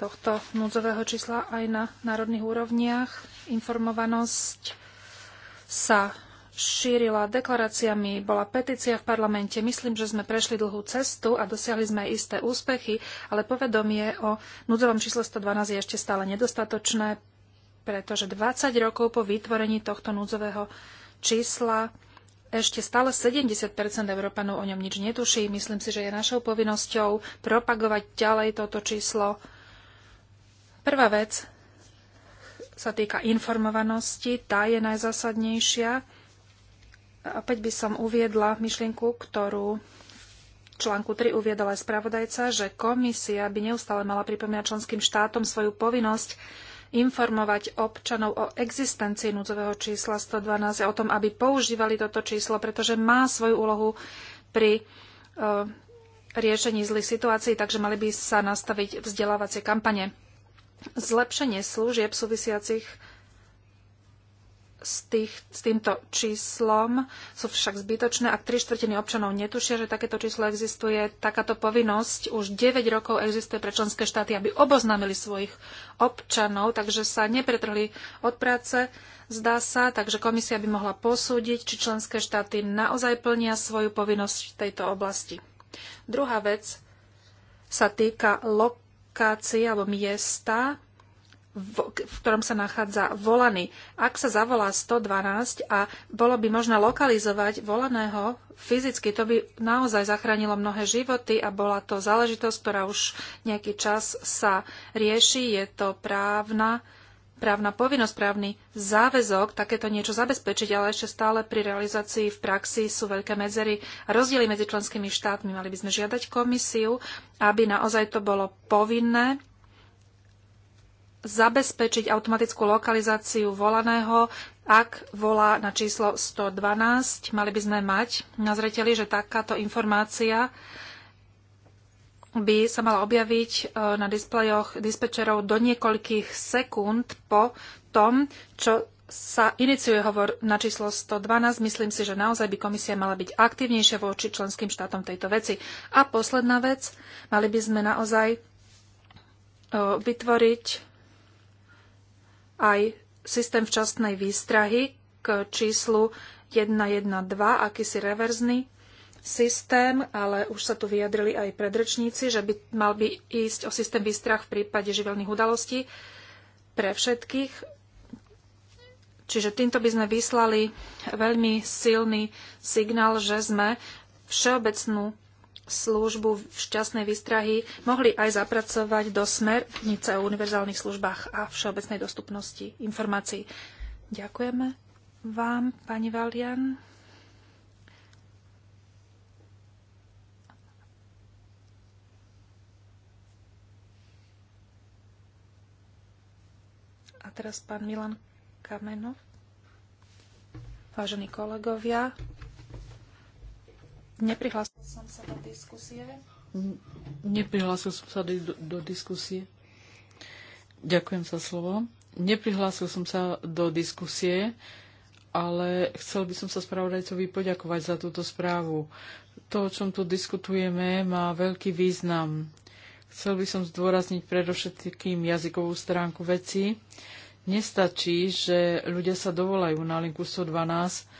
tohto núdzového čísla aj na národných úrovniach. Informovanosť sa šírila deklaráciami, bola petícia v parlamente. Myslím, že sme prešli dlhú cestu a dosiahli sme aj isté úspechy, ale povedomie o núdzovom čísle 112 je ešte stále nedostatočné, pretože 20 rokov po vytvorení tohto núdzového čísla ešte stále 70 Európanov o ňom nič netuší. Myslím si, že je našou povinnosťou propagovať ďalej toto číslo. Prvá vec sa týka informovanosti, tá je najzásadnejšia Opäť by som uviedla myšlienku, ktorú v článku 3 uviedol aj spravodajca, že komisia by neustále mala pripomínať členským štátom svoju povinnosť informovať občanov o existencii núdzového čísla 112 a o tom, aby používali toto číslo, pretože má svoju úlohu pri e, riešení zlých situácií, takže mali by sa nastaviť vzdelávacie kampane. Zlepšenie služieb súvisiacich s, tých, s týmto číslom sú však zbytočné, ak tri štvrtiny občanov netušia, že takéto číslo existuje. Takáto povinnosť už 9 rokov existuje pre členské štáty, aby oboznámili svojich občanov, takže sa nepretrhli od práce, zdá sa, takže komisia by mohla posúdiť, či členské štáty naozaj plnia svoju povinnosť v tejto oblasti. Druhá vec sa týka lokácie alebo miesta, v, ktorom sa nachádza volaný. Ak sa zavolá 112 a bolo by možné lokalizovať volaného fyzicky, to by naozaj zachránilo mnohé životy a bola to záležitosť, ktorá už nejaký čas sa rieši. Je to právna, právna povinnosť, právny záväzok takéto niečo zabezpečiť, ale ešte stále pri realizácii v praxi sú veľké medzery a rozdiely medzi členskými štátmi. Mali by sme žiadať komisiu, aby naozaj to bolo povinné zabezpečiť automatickú lokalizáciu volaného, ak volá na číslo 112. Mali by sme mať na zreteli, že takáto informácia by sa mala objaviť e, na displejoch dispečerov do niekoľkých sekúnd po tom, čo sa iniciuje hovor na číslo 112. Myslím si, že naozaj by komisia mala byť aktívnejšia voči členským štátom tejto veci. A posledná vec, mali by sme naozaj e, vytvoriť aj systém včasnej výstrahy k číslu 112, akýsi reverzný systém, ale už sa tu vyjadrili aj predrečníci, že by mal by ísť o systém výstrach v prípade živelných udalostí pre všetkých. Čiže týmto by sme vyslali veľmi silný signál, že sme všeobecnú službu v šťastnej výstrahy mohli aj zapracovať do smernice o univerzálnych službách a všeobecnej dostupnosti informácií. Ďakujeme vám, pani Valian. A teraz pán Milan Kamenov. Vážení kolegovia, Neprihlásil som sa do diskusie. Neprihlásil som sa do, do diskusie. Ďakujem za slovo. Neprihlásil som sa do diskusie, ale chcel by som sa spravodajcovi poďakovať za túto správu. To, o čom tu diskutujeme, má veľký význam. Chcel by som zdôrazniť predovšetkým jazykovú stránku veci. Nestačí, že ľudia sa dovolajú na linku 112,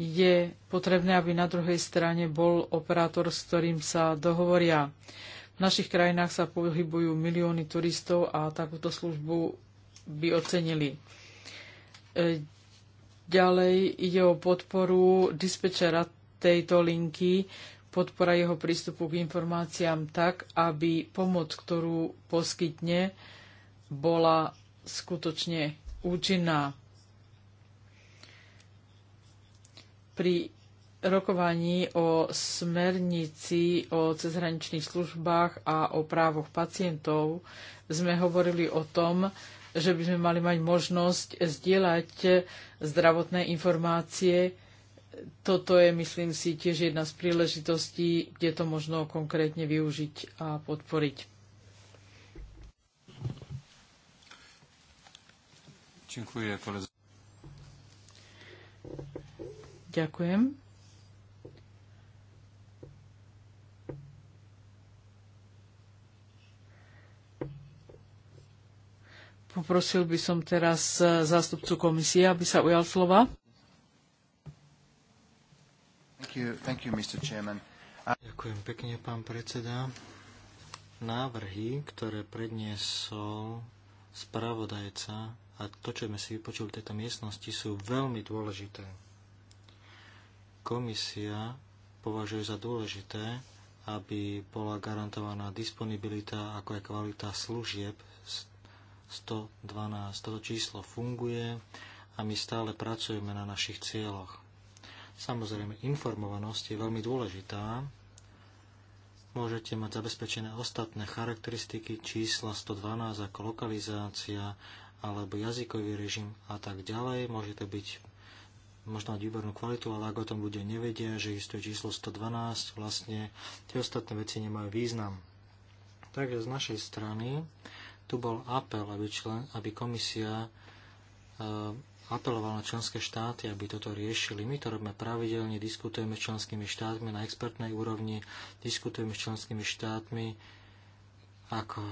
je potrebné, aby na druhej strane bol operátor, s ktorým sa dohovoria. V našich krajinách sa pohybujú milióny turistov a takúto službu by ocenili. E, ďalej ide o podporu dispečera tejto linky, podpora jeho prístupu k informáciám tak, aby pomoc, ktorú poskytne, bola skutočne účinná. pri rokovaní o smernici o cezhraničných službách a o právoch pacientov sme hovorili o tom, že by sme mali mať možnosť zdieľať zdravotné informácie. Toto je, myslím si, tiež jedna z príležitostí, kde to možno konkrétne využiť a podporiť. Ďakujem, kolega. Ďakujem. Poprosil by som teraz e, zástupcu komisie, aby sa ujal slova. Thank you, thank you, Ďakujem pekne, pán predseda. Návrhy, ktoré predniesol spravodajca a to, čo sme si vypočuli v tejto miestnosti, sú veľmi dôležité. Komisia považuje za dôležité, aby bola garantovaná disponibilita ako aj kvalita služieb 112. Toto číslo funguje a my stále pracujeme na našich cieľoch. Samozrejme, informovanosť je veľmi dôležitá. Môžete mať zabezpečené ostatné charakteristiky čísla 112 ako lokalizácia alebo jazykový režim a tak ďalej. Môže to byť možno mať výbornú kvalitu, ale ak o tom ľudia nevedia, že existuje číslo 112, vlastne tie ostatné veci nemajú význam. Takže z našej strany tu bol apel, aby, člen, aby komisia eh, apelovala na členské štáty, aby toto riešili. My to robíme pravidelne, diskutujeme s členskými štátmi na expertnej úrovni, diskutujeme s členskými štátmi ako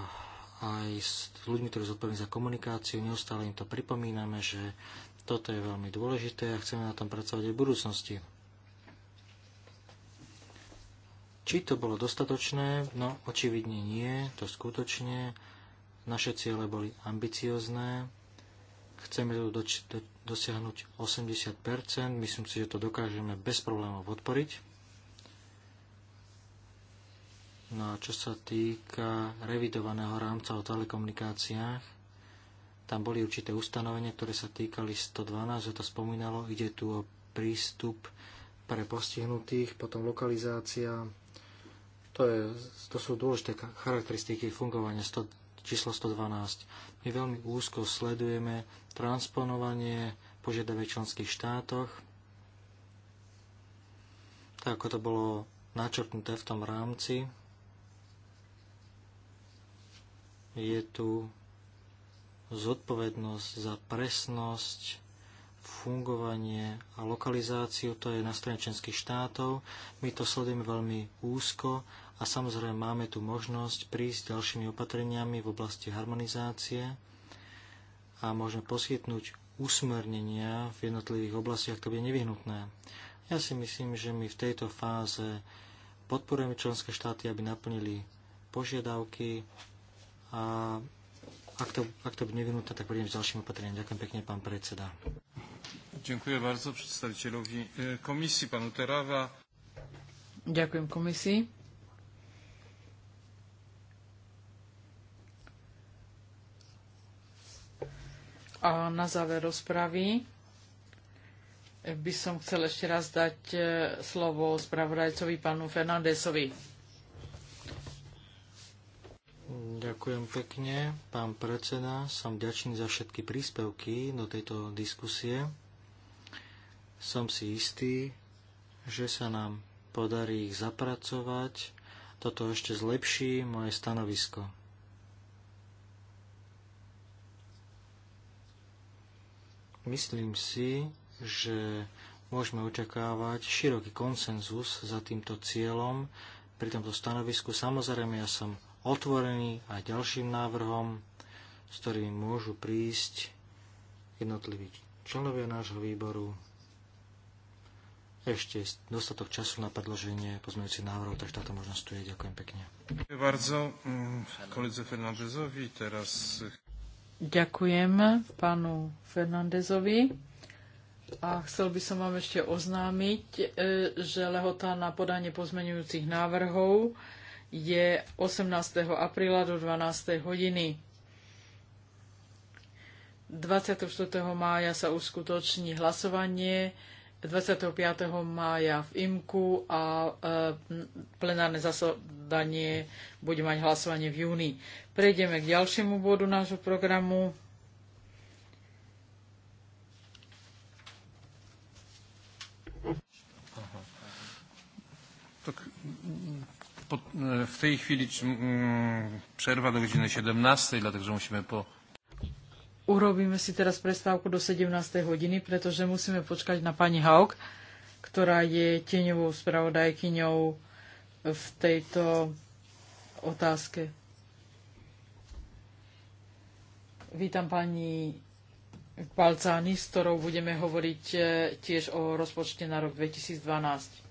aj s ľuďmi, ktorí sú zodpovední za komunikáciu. Neustále im to pripomíname, že toto je veľmi dôležité a chceme na tom pracovať aj v budúcnosti. Či to bolo dostatočné? No, očividne nie, to skutočne. Naše ciele boli ambiciozné. Chceme to do, do, dosiahnuť 80%. Myslím si, že to dokážeme bez problémov odporiť. No a čo sa týka revidovaného rámca o telekomunikáciách, tam boli určité ustanovenia, ktoré sa týkali 112, že to spomínalo, ide tu o prístup pre postihnutých, potom lokalizácia. To, je, to sú dôležité charakteristiky fungovania 100, číslo 112. My veľmi úzko sledujeme transponovanie požiadavek členských štátoch, tak ako to bolo načrtnuté v tom rámci. Je tu zodpovednosť za presnosť, fungovanie a lokalizáciu, to je na strane členských štátov. My to sledujeme veľmi úzko a samozrejme máme tu možnosť prísť ďalšími opatreniami v oblasti harmonizácie a môžeme poskytnúť usmernenia v jednotlivých oblastiach, to bude nevyhnutné. Ja si myslím, že my v tejto fáze podporujeme členské štáty, aby naplnili požiadavky a ak to, ak to by nevyhnuté, tak budem s ďalším opatrením. Ďakujem pekne, pán predseda. Ďakujem bardzo predstaviteľovi e, komisji, panu Terava. Ďakujem komisii. A na záver rozpravy by som chcel ešte raz dať e, slovo spravodajcovi panu Fernandesovi. Ďakujem pekne, pán predseda. Som ďačný za všetky príspevky do tejto diskusie. Som si istý, že sa nám podarí ich zapracovať. Toto ešte zlepší moje stanovisko. Myslím si, že môžeme očakávať široký konsenzus za týmto cieľom pri tomto stanovisku. Samozrejme, ja som otvorení aj ďalším návrhom, s ktorými môžu prísť jednotliví členovia nášho výboru. Ešte dostatok času na predloženie pozmeňujúcich návrhov, takže táto možnosť tu je. Ďakujem pekne. Ďakujem mm, pánu Fernandezovi. A chcel by som vám ešte oznámiť, e, že lehota na podanie pozmeňujúcich návrhov je 18. apríla do 12. hodiny. 24. mája sa uskutoční hlasovanie, 25. mája v IMKU a e, plenárne zasadanie bude mať hlasovanie v júni. Prejdeme k ďalšiemu bodu nášho programu. po, e, w tej chwili mm, przerwa do godziny 17, dlatego że musimy po... Urobíme si teraz przestawkę do 17. hodiny, pretože musíme počkať na pani która ktorá je sprawodajkinią w v tejto otázke. Vítam pani Balcani, z ktorou budeme hovoriť e, tiež o rozpočte na rok 2012.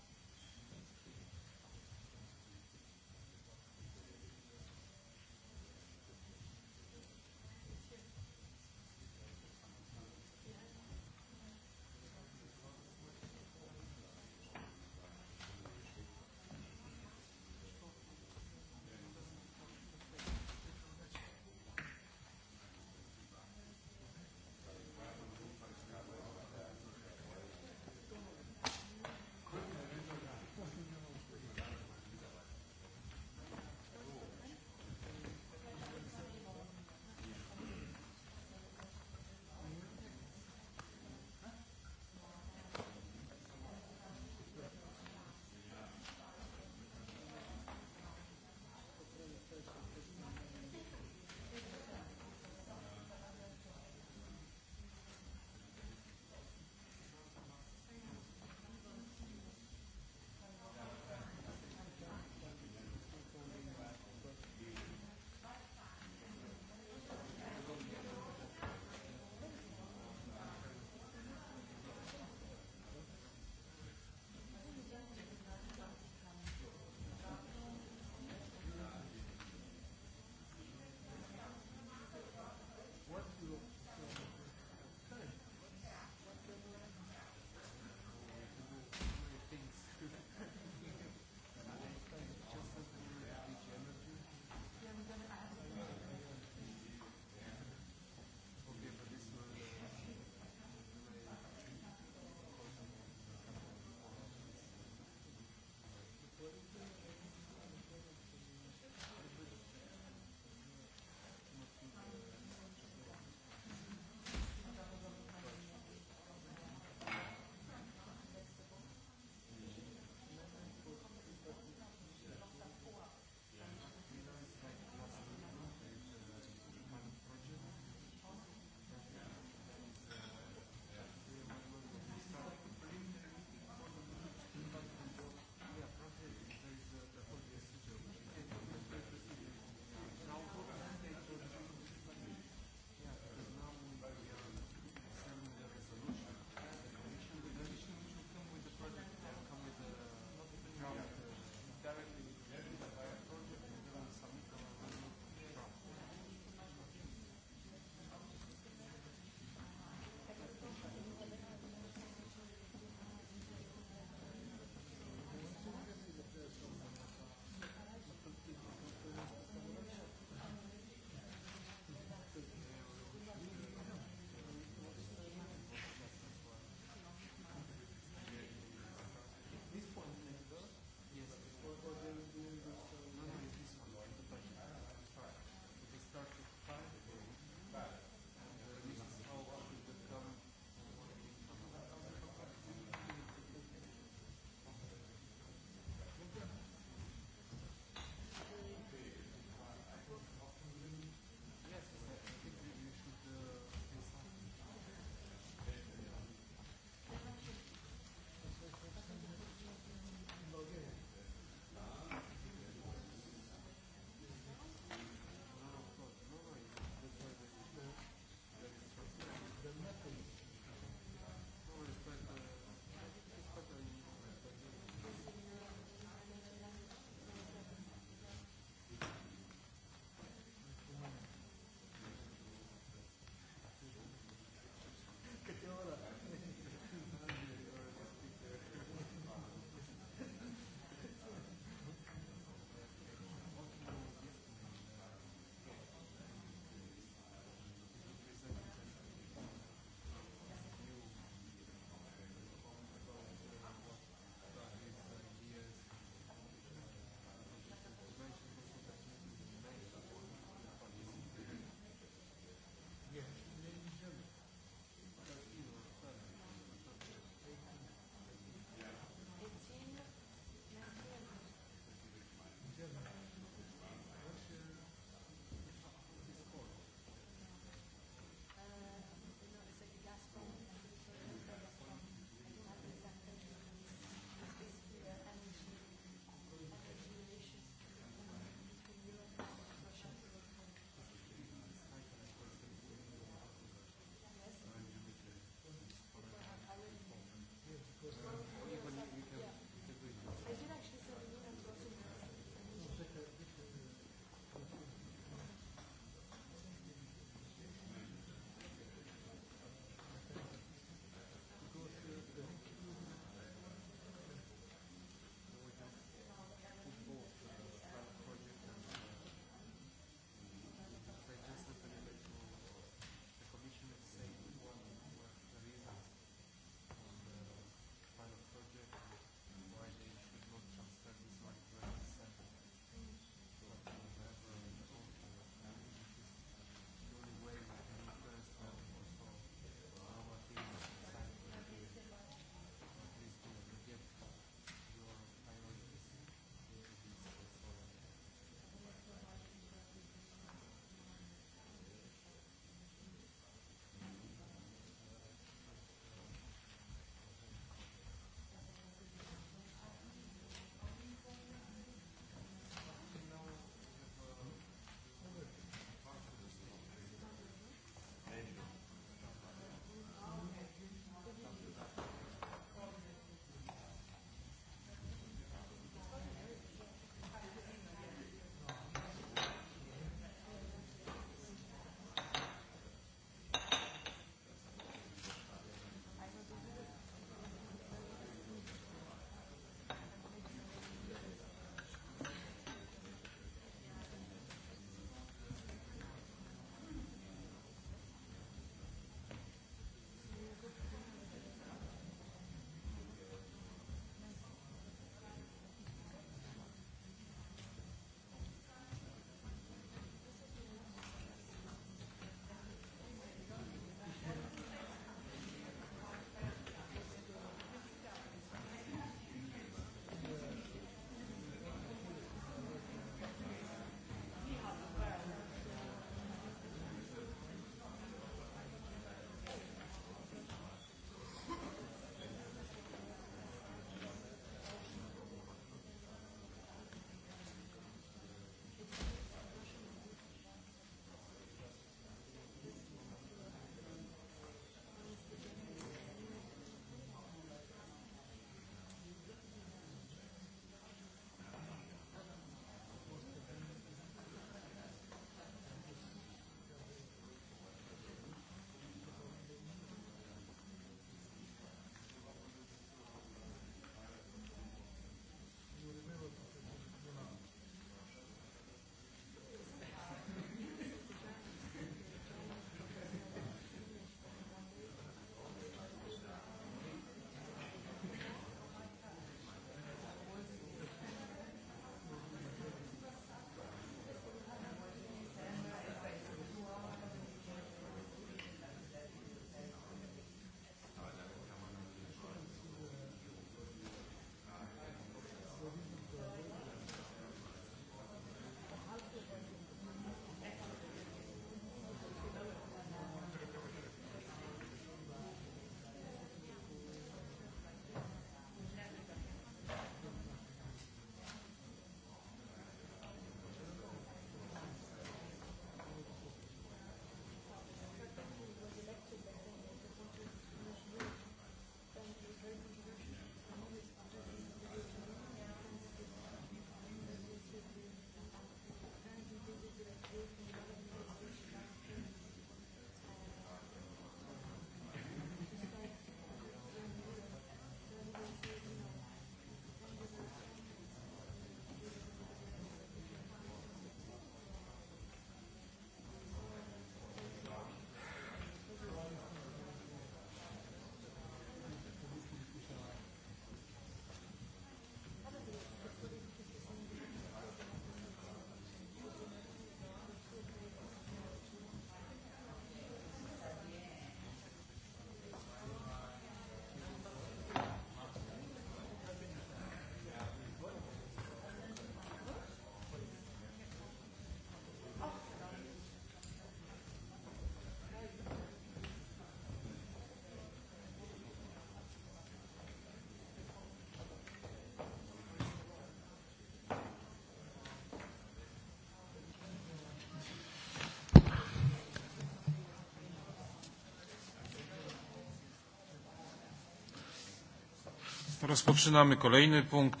Rozpoczynamy kolejny punkt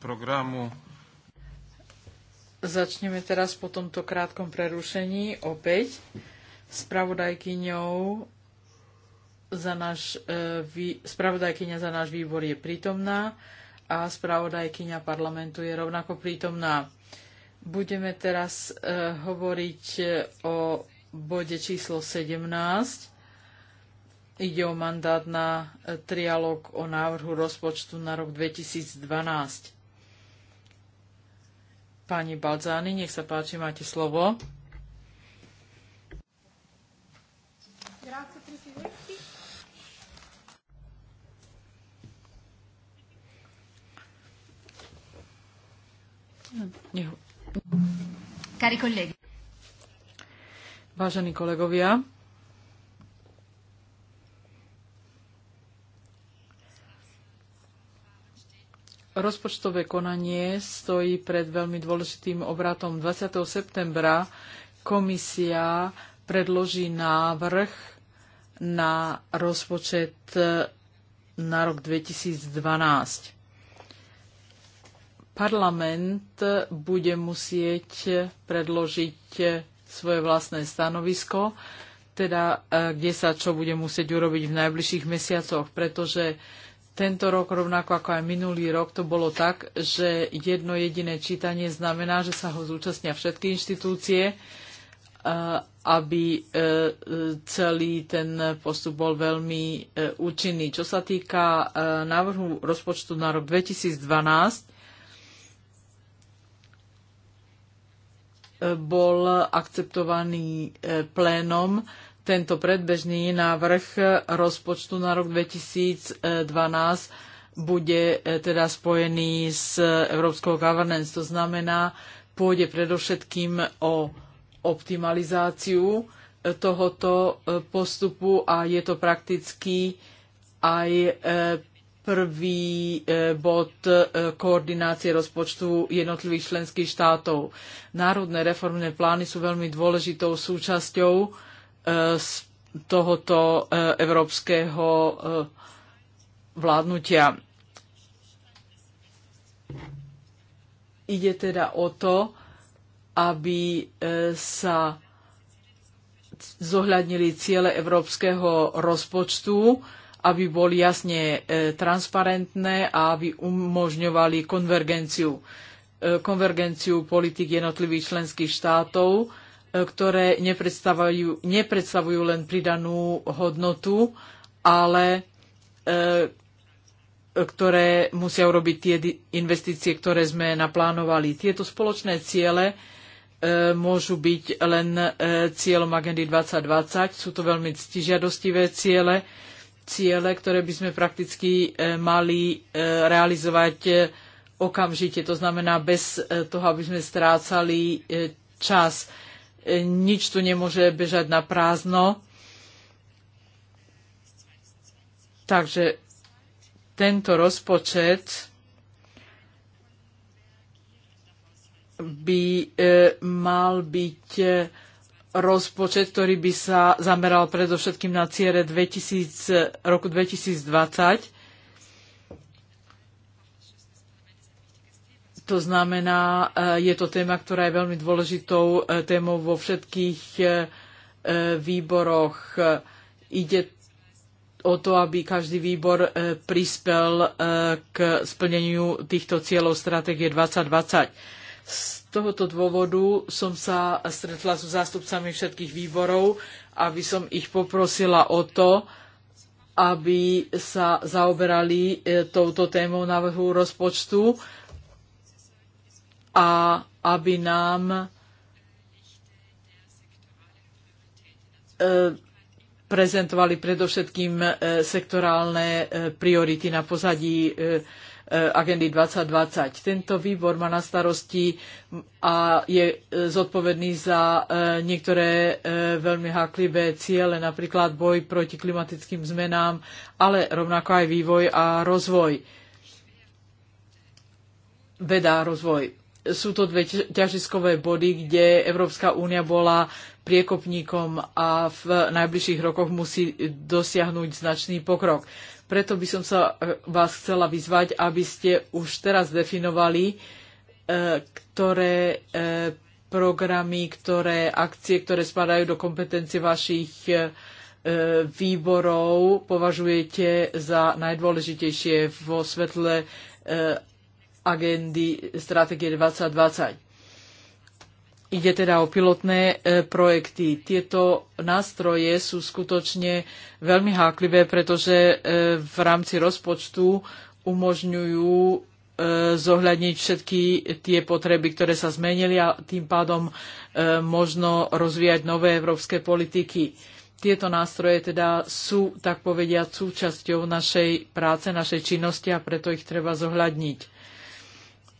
programu. Začneme teraz po tomto krátkom prerušení opäť spravodajkyňou za náš, e, spravodajkyňa za náš výbor je prítomná a spravodajkyňa parlamentu je rovnako prítomná. Budeme teraz e, hovoriť o bode číslo 17 Ide o mandát na e, trialog o návrhu rozpočtu na rok 2012. Pani Balzány, nech sa páči, máte slovo. Cari colleghi. Vážení kolegovia, rozpočtové konanie stojí pred veľmi dôležitým obratom. 20. septembra komisia predloží návrh na rozpočet eh, na rok 2012. Parlament bude musieť predložiť eh, svoje vlastné stanovisko, teda eh, kde sa čo bude musieť urobiť v najbližších mesiacoch, pretože tento rok, rovnako ako aj minulý rok, to bolo tak, že jedno jediné čítanie znamená, že sa ho zúčastnia všetky inštitúcie, eh, aby eh, celý ten postup bol veľmi eh, účinný. Čo sa týka návrhu rozpočtu na rok 2012, bol akceptovaný plénom tento predbežný návrh rozpočtu na rok 2012 bude e, teda spojený s Európskou governance. To znamená, pôjde predovšetkým o optimalizáciu e, tohoto e, postupu a je to prakticky aj prvý bod koordinácie rozpočtu jednotlivých členských štátov. Národné reformné plány sú veľmi dôležitou súčasťou E, z tohoto e, európskeho e, vládnutia. Ide teda o to, aby sa zohľadnili ciele európskeho rozpočtu, aby boli jasne transparentné a aby umožňovali konvergenciu, konvergenciu politik jednotlivých členských štátov ktoré nepredstavujú, nepredstavujú len pridanú hodnotu, ale e, ktoré musia urobiť tie investície, ktoré sme naplánovali. Tieto spoločné ciele e, môžu byť len e, cieľom agendy 2020. Sú to veľmi ctižiadostivé ciele, ciele, ktoré by sme prakticky mali realizovať okamžite. To znamená bez toho, aby sme strácali čas nič tu nemôže bežať na prázdno. Takže tento rozpočet by e, mal byť e, rozpočet, ktorý by sa zameral predovšetkým na ciere 2000, roku 2020 To znamená, e, je to téma, ktorá je veľmi dôležitou e, témou vo všetkých e, výboroch. Ide o to, aby každý výbor prispel k splneniu týchto cieľov stratégie 2020. Z tohoto dôvodu som sa stretla so zástupcami všetkých výborov, aby som ich poprosila o to, aby sa zaoberali touto témou návrhu rozpočtu a aby nám e, prezentovali predovšetkým e, sektorálne e, priority na pozadí agendy 2020. Tento výbor má na starosti a je zodpovedný za niektoré veľmi háklivé ciele, napríklad boj proti klimatickým zmenám, ale rovnako aj vývoj a rozvoj. Veda a rozvoj sú to dve ťažiskové body, kde Európska únia bola priekopníkom a v najbližších rokoch musí dosiahnuť značný pokrok. Preto by som sa eh, vás chcela vyzvať, aby ste už teraz definovali, eh, ktoré eh, programy, ktoré akcie, ktoré spadajú do kompetencie vašich výborov, považujete za najdôležitejšie vo svetle agendy stratégie 2020. Ide teda o pilotné e, projekty. Tieto nástroje sú skutočne veľmi háklivé, pretože e, v rámci rozpočtu umožňujú e, zohľadniť všetky tie potreby, ktoré sa zmenili a tým pádom možno rozvíjať nové európske politiky. Tieto nástroje teda sú, tak povediať, súčasťou našej práce, našej činnosti a preto ich treba zohľadniť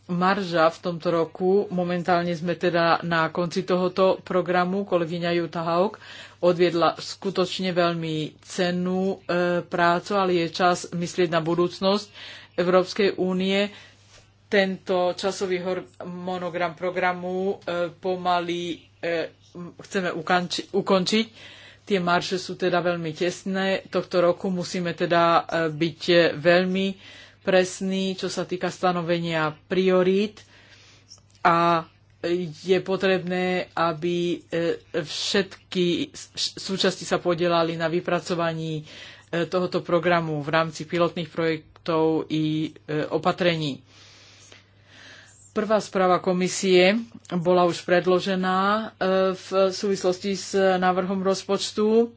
marža v tomto roku. Momentálne sme teda na konci tohoto programu. Kolegyňa Juta Haug odviedla skutočne veľmi cennú e, prácu, ale je čas myslieť na budúcnosť Európskej únie. Tento časový monogram programu e, pomaly e, chceme ukanči- ukončiť. Tie marže sú teda veľmi tesné. Tohto roku musíme teda e, byť e, veľmi presný, čo sa týka stanovenia priorít a je potrebné, aby e, všetky súčasti sa podielali na vypracovaní e, tohoto programu v rámci pilotných projektov i e, opatrení. Prvá správa komisie bola už predložená v súvislosti s návrhom rozpočtu.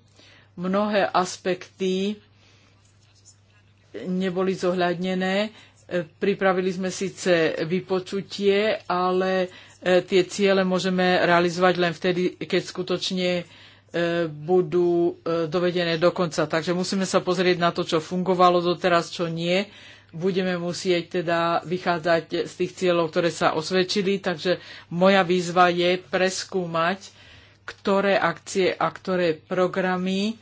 Mnohé aspekty neboli zohľadnené. E, pripravili sme síce vypočutie, ale e, tie ciele môžeme realizovať len vtedy, keď skutočne e, budú dovedené do konca. Takže musíme sa pozrieť na to, čo fungovalo doteraz, čo nie. Budeme musieť teda vychádzať z tých cieľov, ktoré sa osvedčili. Takže moja výzva je preskúmať, ktoré akcie a ktoré programy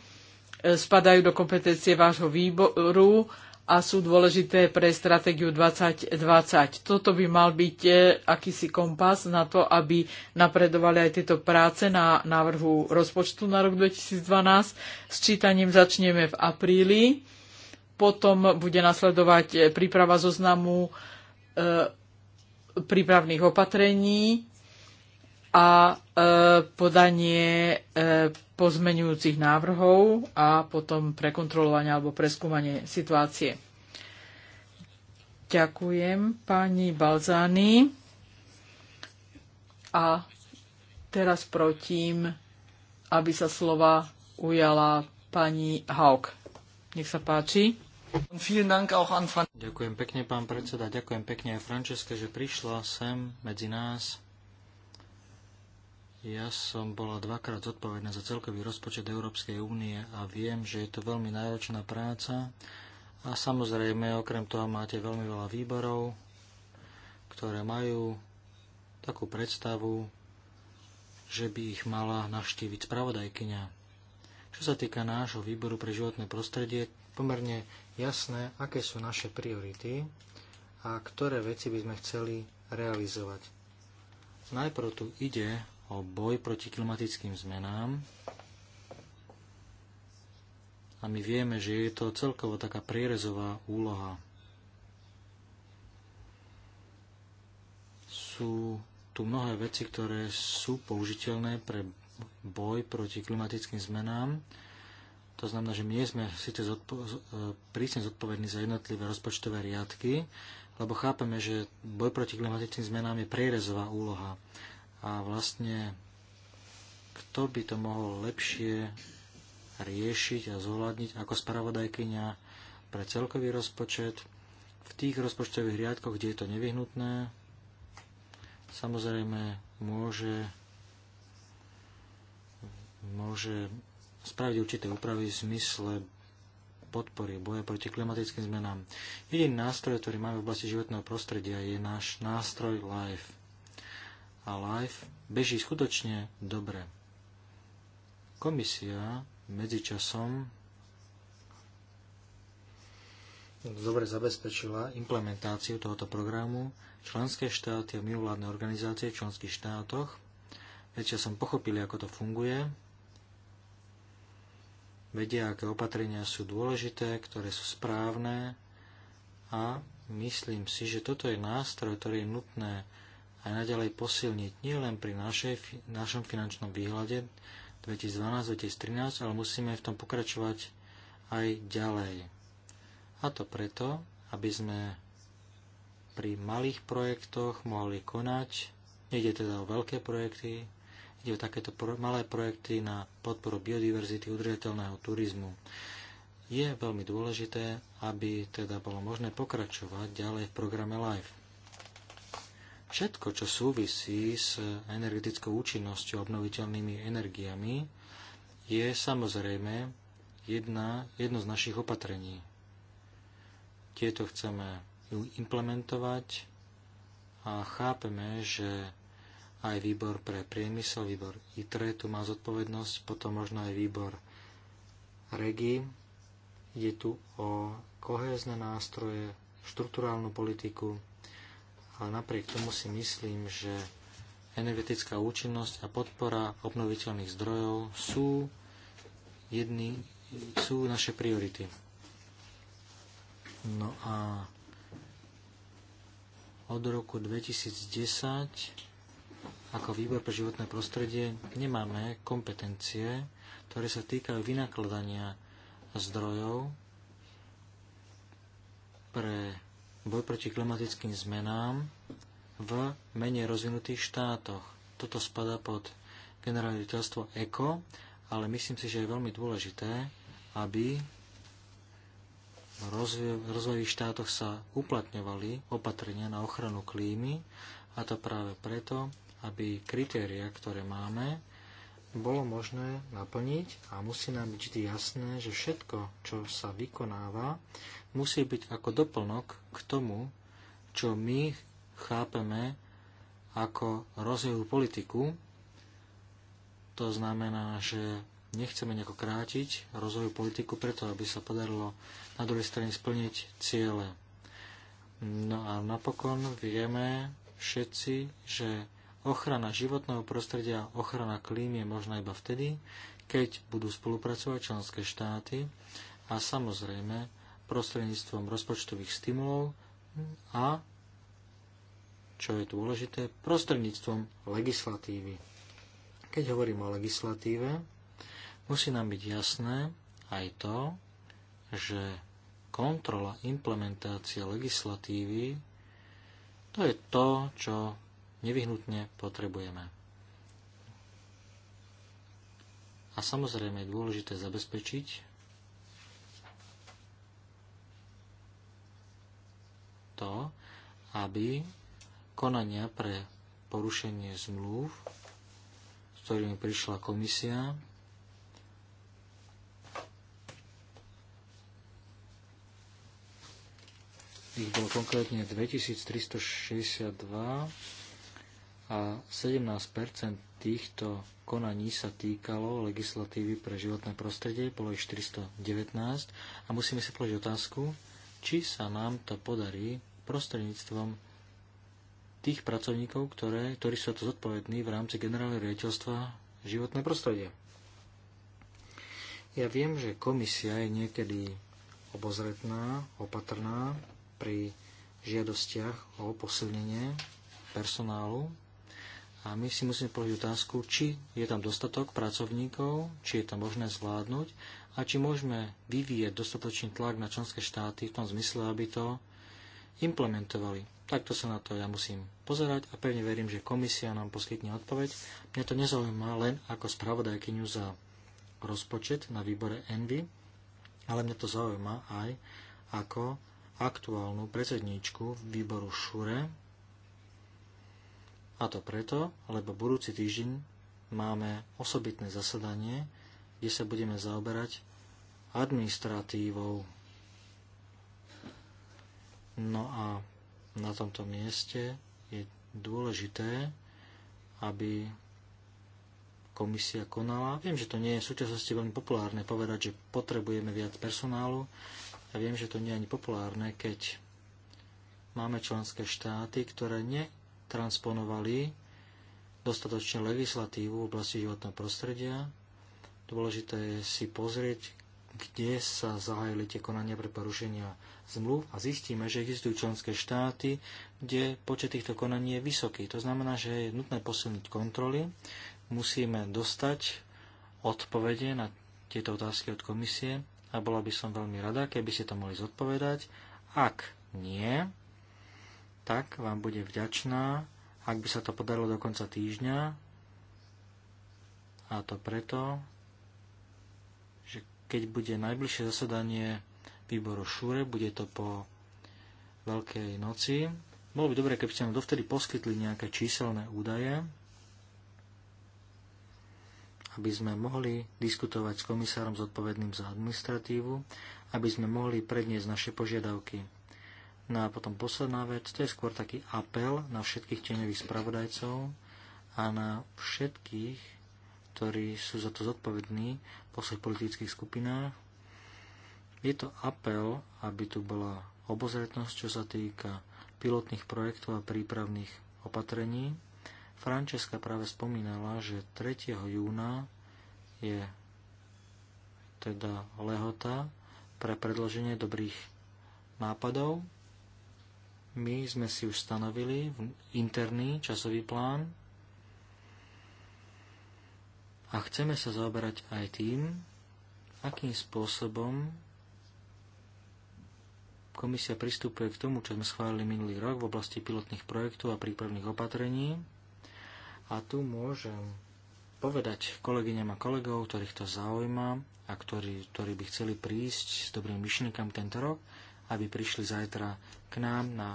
spadajú do kompetencie vášho výboru a sú dôležité pre stratégiu 2020. Toto by mal byť e, akýsi kompas na to, aby napredovali aj tieto práce na návrhu rozpočtu na rok 2012. S čítaním začneme v apríli. Potom bude nasledovať e, príprava zoznamu e, prípravných opatrení a e, podanie e, pozmenujúcich návrhov a potom prekontrolovanie alebo preskúmanie situácie. Ďakujem pani Balzány. A teraz protím, aby sa slova ujala pani Haug. Nech sa páči. Ďakujem pekne, pán predseda. Ďakujem pekne aj Franceske, že prišla sem medzi nás ja som bola dvakrát zodpovedná za celkový rozpočet Európskej únie a viem, že je to veľmi náročná práca. A samozrejme, okrem toho máte veľmi veľa výborov, ktoré majú takú predstavu, že by ich mala navštíviť spravodajkyňa. Čo sa týka nášho výboru pre životné prostredie, pomerne jasné, aké sú naše priority a ktoré veci by sme chceli realizovať. Najprv tu ide o boj proti klimatickým zmenám. A my vieme, že je to celkovo taká prierezová úloha. Sú tu mnohé veci, ktoré sú použiteľné pre boj proti klimatickým zmenám. To znamená, že my nie sme síce zodpo- e, prísne zodpovední za jednotlivé rozpočtové riadky, lebo chápeme, že boj proti klimatickým zmenám je prierezová úloha a vlastne kto by to mohol lepšie riešiť a zohľadniť ako spravodajkyňa pre celkový rozpočet v tých rozpočtových riadkoch, kde je to nevyhnutné. Samozrejme môže, môže spraviť určité úpravy v zmysle podpory boja proti klimatickým zmenám. Jediný nástroj, ktorý máme v oblasti životného prostredia, je náš nástroj LIFE a Life beží skutočne dobre. Komisia medzičasom dobre zabezpečila implementáciu tohoto programu. Členské štáty a mimovládne organizácie v členských štátoch som pochopili, ako to funguje, vedia, aké opatrenia sú dôležité, ktoré sú správne a myslím si, že toto je nástroj, ktorý je nutné aj naďalej posilniť nielen pri našej, našom finančnom výhľade 2012-2013, ale musíme v tom pokračovať aj ďalej. A to preto, aby sme pri malých projektoch mohli konať. Nejde teda o veľké projekty, ide o takéto pro- malé projekty na podporu biodiverzity udržateľného turizmu. Je veľmi dôležité, aby teda bolo možné pokračovať ďalej v programe LIFE. Všetko, čo súvisí s energetickou účinnosťou obnoviteľnými energiami, je samozrejme jedna, jedno z našich opatrení. Tieto chceme implementovať a chápeme, že aj výbor pre priemysel, výbor ITRE tu má zodpovednosť, potom možno aj výbor REGI. Ide tu o kohézne nástroje, štruktúrálnu politiku, ale napriek tomu si myslím, že energetická účinnosť a podpora obnoviteľných zdrojov sú, jedny, sú naše priority. No a od roku 2010 ako výbor pre životné prostredie nemáme kompetencie, ktoré sa týkajú vynakladania zdrojov pre boj proti klimatickým zmenám v menej rozvinutých štátoch. Toto spada pod generálne ECO, ale myslím si, že je veľmi dôležité, aby v rozvojových štátoch sa uplatňovali opatrenia na ochranu klímy a to práve preto, aby kritéria, ktoré máme, bolo možné naplniť a musí nám byť vždy jasné, že všetko, čo sa vykonáva, musí byť ako doplnok k tomu, čo my chápeme ako rozvojovú politiku. To znamená, že nechceme nejako krátiť rozvoju politiku preto, aby sa podarilo na druhej strane splniť ciele. No a napokon vieme všetci, že Ochrana životného prostredia a ochrana klímy je možná iba vtedy, keď budú spolupracovať členské štáty a samozrejme prostredníctvom rozpočtových stimulov a, čo je dôležité, prostredníctvom legislatívy. Keď hovorím o legislatíve, musí nám byť jasné aj to, že kontrola implementácie legislatívy to je to, čo nevyhnutne potrebujeme. A samozrejme je dôležité zabezpečiť to, aby konania pre porušenie zmluv, s ktorými prišla komisia, ich bolo konkrétne 2362 a 17 týchto konaní sa týkalo legislatívy pre životné prostredie, bolo ich 419 a musíme si položiť otázku, či sa nám to podarí prostredníctvom tých pracovníkov, ktoré, ktorí sú to zodpovední v rámci generálneho riaditeľstva životné prostredie. Ja viem, že komisia je niekedy obozretná, opatrná pri žiadostiach o posilnenie personálu a my si musíme položiť otázku, či je tam dostatok pracovníkov, či je to možné zvládnuť a či môžeme vyvíjať dostatočný tlak na členské štáty v tom zmysle, aby to implementovali. Takto sa na to ja musím pozerať a pevne verím, že komisia nám poskytne odpoveď. Mňa to nezaujíma len ako spravodajkyňu za rozpočet na výbore Envy, ale mňa to zaujíma aj ako aktuálnu predsedníčku výboru Šure, a to preto, lebo budúci týždeň máme osobitné zasadanie, kde sa budeme zaoberať administratívou. No a na tomto mieste je dôležité, aby komisia konala. Viem, že to nie je v súčasnosti veľmi populárne povedať, že potrebujeme viac personálu. a viem, že to nie je ani populárne, keď máme členské štáty, ktoré ne transponovali dostatočne legislatívu v oblasti životného prostredia. Dôležité je si pozrieť, kde sa zahájili tie konania pre porušenia zmluv a zistíme, že existujú členské štáty, kde počet týchto konaní je vysoký. To znamená, že je nutné posilniť kontroly, musíme dostať odpovede na tieto otázky od komisie a bola by som veľmi rada, keby ste to mohli zodpovedať. Ak nie, tak vám bude vďačná, ak by sa to podarilo do konca týždňa. A to preto, že keď bude najbližšie zasadanie výboru Šúre, bude to po Veľkej noci. Bolo by dobre, keby ste nám dovtedy poskytli nejaké číselné údaje, aby sme mohli diskutovať s komisárom zodpovedným za administratívu, aby sme mohli predniesť naše požiadavky. No a potom posledná vec, to je skôr taký apel na všetkých tieňových spravodajcov a na všetkých, ktorí sú za to zodpovední po svojich politických skupinách. Je to apel, aby tu bola obozretnosť, čo sa týka pilotných projektov a prípravných opatrení. Francesca práve spomínala, že 3. júna je teda lehota pre predloženie dobrých nápadov my sme si už stanovili interný časový plán a chceme sa zaoberať aj tým, akým spôsobom komisia pristupuje k tomu, čo sme schválili minulý rok v oblasti pilotných projektov a prípravných opatrení. A tu môžem povedať kolegyňam a kolegov, ktorých to zaujíma a ktorí, ktorí by chceli prísť s dobrým myšlienkam tento rok, aby prišli zajtra k nám na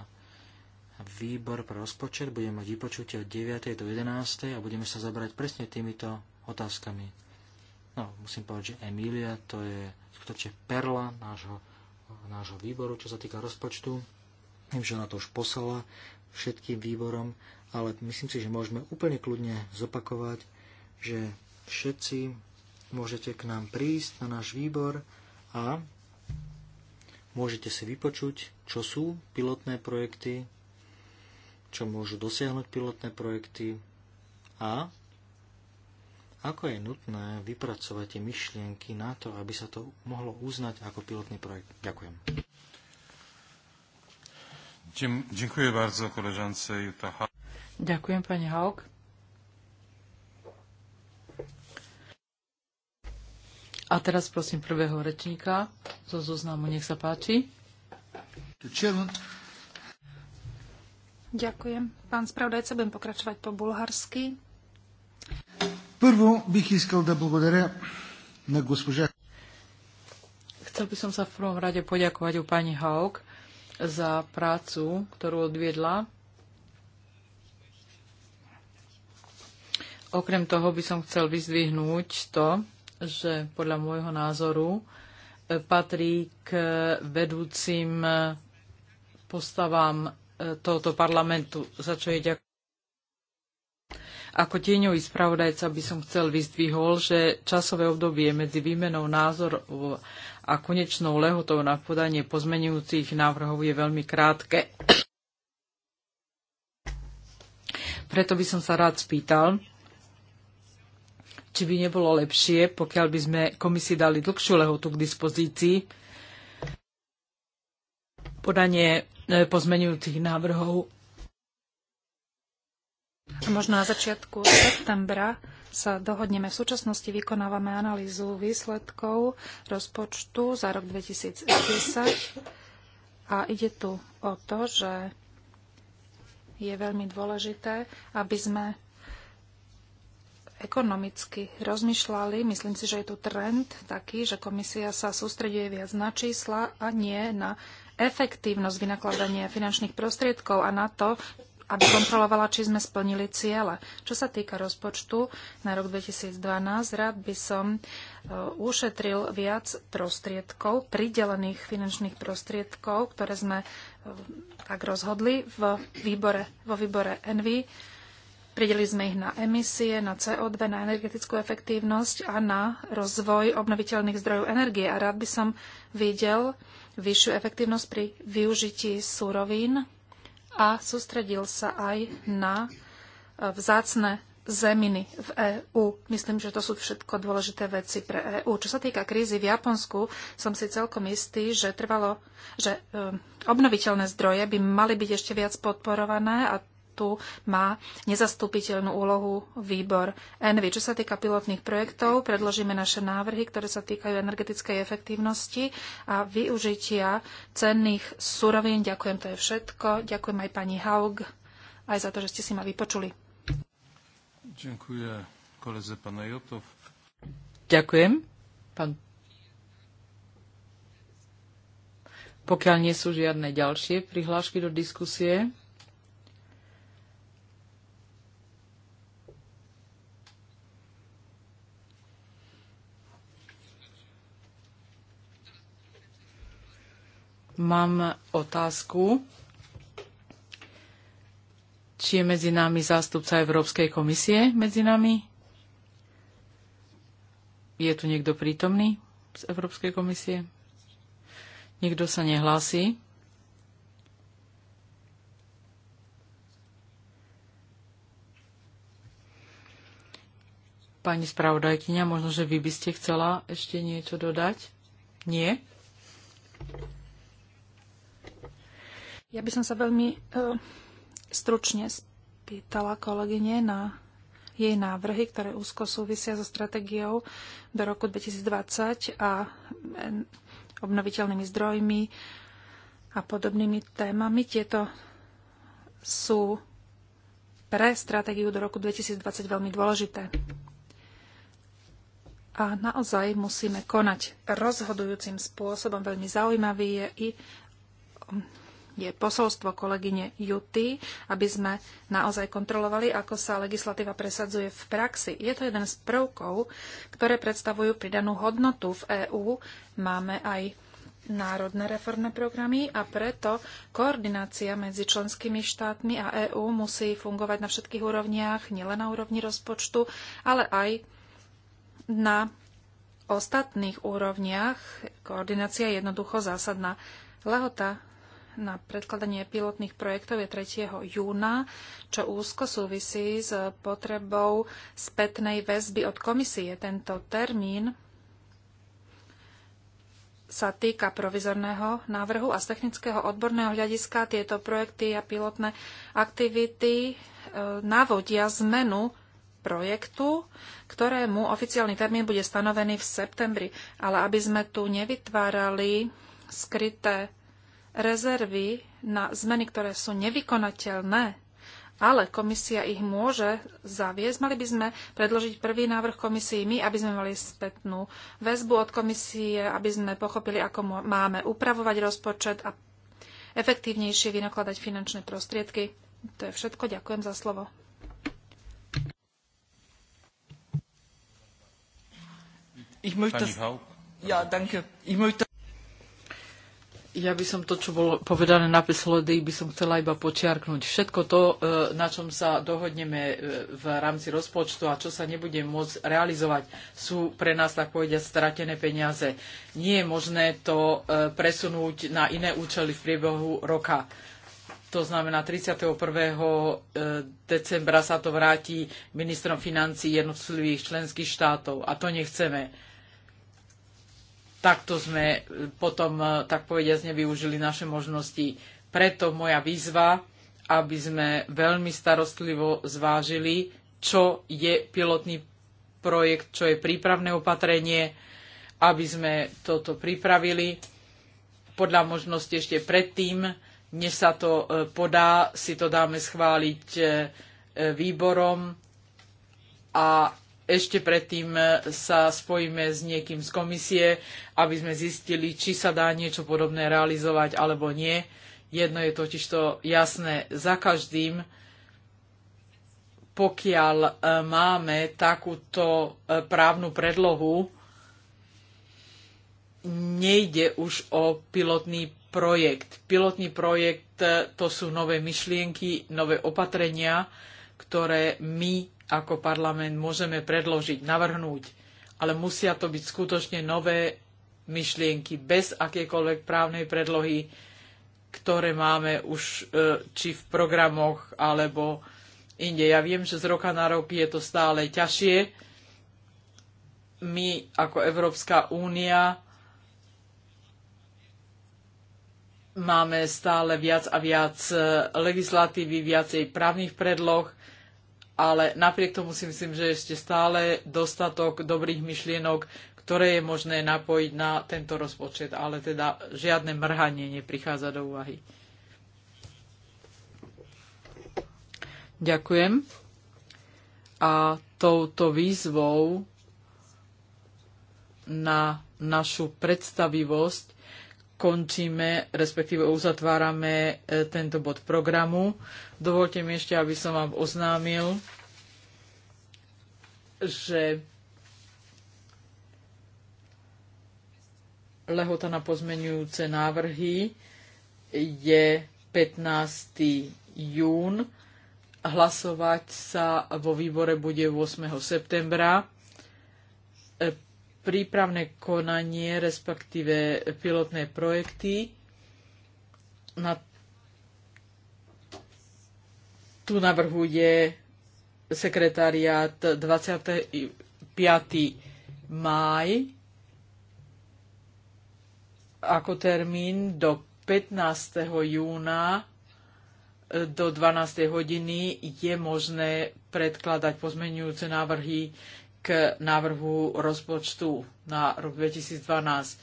výbor pre rozpočet. Budeme mať vypočutie od 9. do 11. a budeme sa zabrať presne týmito otázkami. No, musím povedať, že Emília to je skutočne perla nášho, nášho výboru, čo sa týka rozpočtu. Viem, že ona to už poslala všetkým výborom, ale myslím si, že môžeme úplne kľudne zopakovať, že všetci môžete k nám prísť na náš výbor a Môžete si vypočuť, čo sú pilotné projekty, čo môžu dosiahnuť pilotné projekty a ako je nutné vypracovať tie myšlienky na to, aby sa to mohlo uznať ako pilotný projekt. Ďakujem. Ďakujem bardzo koleżance Jutta Ďakujem pani Hauk. A teraz prosím prvého rečníka zo zoznamu, nech sa páči. Ďakujem. Pán spravodajca, budem pokračovať po bulharsky. Prvo bych iskal da blagodaria na госпожа. Chcel by som sa v prvom rade poďakovať u pani Haug za prácu, ktorú odviedla Okrem toho by som chcel vyzdvihnúť to, že podľa môjho názoru e, patrí k e, vedúcim e, postavám tohoto parlamentu, za čo je ďakujem. Ako tieňový spravodajca by som chcel vyzdvihol, že časové obdobie medzi výmenou názorov a konečnou lehotou na podanie pozmenujúcich návrhov je veľmi krátke. Preto by som sa rád spýtal, či by nebolo lepšie, pokiaľ by sme komisii dali dlhšiu lehotu k dispozícii podanie e, pozmenujúcich návrhov. A možno na začiatku septembra sa dohodneme. V súčasnosti vykonávame analýzu výsledkov rozpočtu za rok 2010 a ide tu o to, že je veľmi dôležité, aby sme ekonomicky rozmýšľali. Myslím si, že je tu trend taký, že komisia sa sústreduje viac na čísla a nie na efektívnosť vynakladania finančných prostriedkov a na to, aby kontrolovala, či sme splnili ciele. Čo sa týka rozpočtu na rok 2012, rád by som e, ušetril viac prostriedkov, pridelených finančných prostriedkov, ktoré sme e, tak rozhodli v výbore, vo výbore Envy Prideli sme ich na emisie, na CO2, na energetickú efektívnosť a na rozvoj obnoviteľných zdrojov energie. A rád by som videl vyššiu efektívnosť pri využití súrovín a sústredil sa aj na e, vzácne zeminy v EÚ. Myslím, že to sú všetko dôležité veci pre EÚ. Čo sa týka krízy v Japonsku, som si celkom istý, že trvalo, že e, obnoviteľné zdroje by mali byť ešte viac podporované a tu má nezastupiteľnú úlohu výbor ENVI. Čo sa týka pilotných projektov, predložíme naše návrhy, ktoré sa týkajú energetickej efektívnosti a využitia cenných surovín. Ďakujem, to je všetko. Ďakujem aj pani Haug, aj za to, že ste si ma vypočuli. Ďakujem koledze pana Jotov. Ďakujem. Pán... Pokiaľ nie sú žiadne ďalšie prihlášky do diskusie, Mám otázku, či je medzi nami zástupca Európskej komisie medzi nami? Je tu niekto prítomný z Európskej komisie? Niekto sa nehlási? Pani spravodajkyňa, možno, že vy by ste chcela ešte niečo dodať? Nie? Ja by som sa veľmi uh, stručne spýtala kolegyne na jej návrhy, ktoré úzko súvisia so stratégiou do roku 2020 a obnoviteľnými zdrojmi a podobnými témami. Tieto sú pre stratégiu do roku 2020 veľmi dôležité. A naozaj musíme konať rozhodujúcim spôsobom. Veľmi zaujímavý je i je posolstvo kolegyne Juty, aby sme naozaj kontrolovali, ako sa legislatíva presadzuje v praxi. Je to jeden z prvkov, ktoré predstavujú pridanú hodnotu v EÚ. Máme aj národné reformné programy a preto koordinácia medzi členskými štátmi a EÚ musí fungovať na všetkých úrovniach, nielen na úrovni rozpočtu, ale aj na ostatných úrovniach. Koordinácia je jednoducho zásadná. Lehota na predkladanie pilotných projektov je 3. júna, čo úzko súvisí s potrebou spätnej väzby od komisie. Tento termín sa týka provizorného návrhu a z technického odborného hľadiska tieto projekty a pilotné aktivity e, navodia zmenu projektu, ktorému oficiálny termín bude stanovený v septembri. Ale aby sme tu nevytvárali skryté rezervy na zmeny, ktoré sú nevykonateľné, ale komisia ich môže zaviesť. Mali by sme predložiť prvý návrh komisii my, aby sme mali spätnú väzbu od komisie, aby sme pochopili, ako máme upravovať rozpočet a efektívnejšie vynakladať finančné prostriedky. To je všetko. Ďakujem za slovo. Ich möchte, ja, danke. Ich möchte ja by som to, čo bolo povedané na PSLD, by som chcela iba počiarknúť. Všetko to, e, na čom sa dohodneme e, v rámci rozpočtu a čo sa nebude môcť realizovať, sú pre nás, tak povediať, stratené peniaze. Nie je možné to e, presunúť na iné účely v priebehu roka. To znamená, 31. decembra sa to vráti ministrom financí jednotlivých členských štátov a to nechceme takto sme e, potom, e, tak povediať, nevyužili naše možnosti. Preto moja výzva, aby sme veľmi starostlivo zvážili, čo je pilotný projekt, čo je prípravné opatrenie, aby sme toto pripravili podľa možnosti ešte predtým, než sa to e, podá, si to dáme schváliť výborom a ešte predtým e, sa spojíme s niekým z komisie, aby sme zistili, či sa dá niečo podobné realizovať alebo nie. Jedno je totiž to jasné za každým, pokiaľ e, máme takúto e, právnu predlohu, nejde už o pilotný projekt. Pilotný projekt to sú nové myšlienky, nové opatrenia, ktoré my ako parlament môžeme predložiť, navrhnúť, ale musia to byť skutočne nové myšlienky bez akékoľvek právnej predlohy, ktoré máme už e, či v programoch alebo inde. Ja viem, že z roka na rok je to stále ťažšie. My ako Európska únia máme stále viac a viac e, legislatívy, viacej právnych predloh ale napriek tomu si myslím, že ešte stále dostatok dobrých myšlienok, ktoré je možné napojiť na tento rozpočet, ale teda žiadne mrhanie neprichádza do úvahy. Ďakujem. A touto výzvou na našu predstavivosť končíme, respektíve uzatvárame e, tento bod programu. Dovolte mi ešte, aby som vám oznámil, že lehota na pozmenujúce návrhy je 15. jún. Hlasovať sa vo výbore bude 8. septembra prípravné konanie, respektíve pilotné projekty. Na tu navrhuje sekretariat 25. máj ako termín do 15. júna do 12. hodiny je možné predkladať pozmenujúce návrhy k návrhu rozpočtu na rok 2012.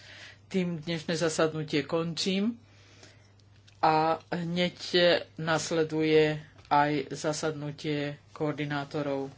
Tým dnešné zasadnutie končím a hneď nasleduje aj zasadnutie koordinátorov.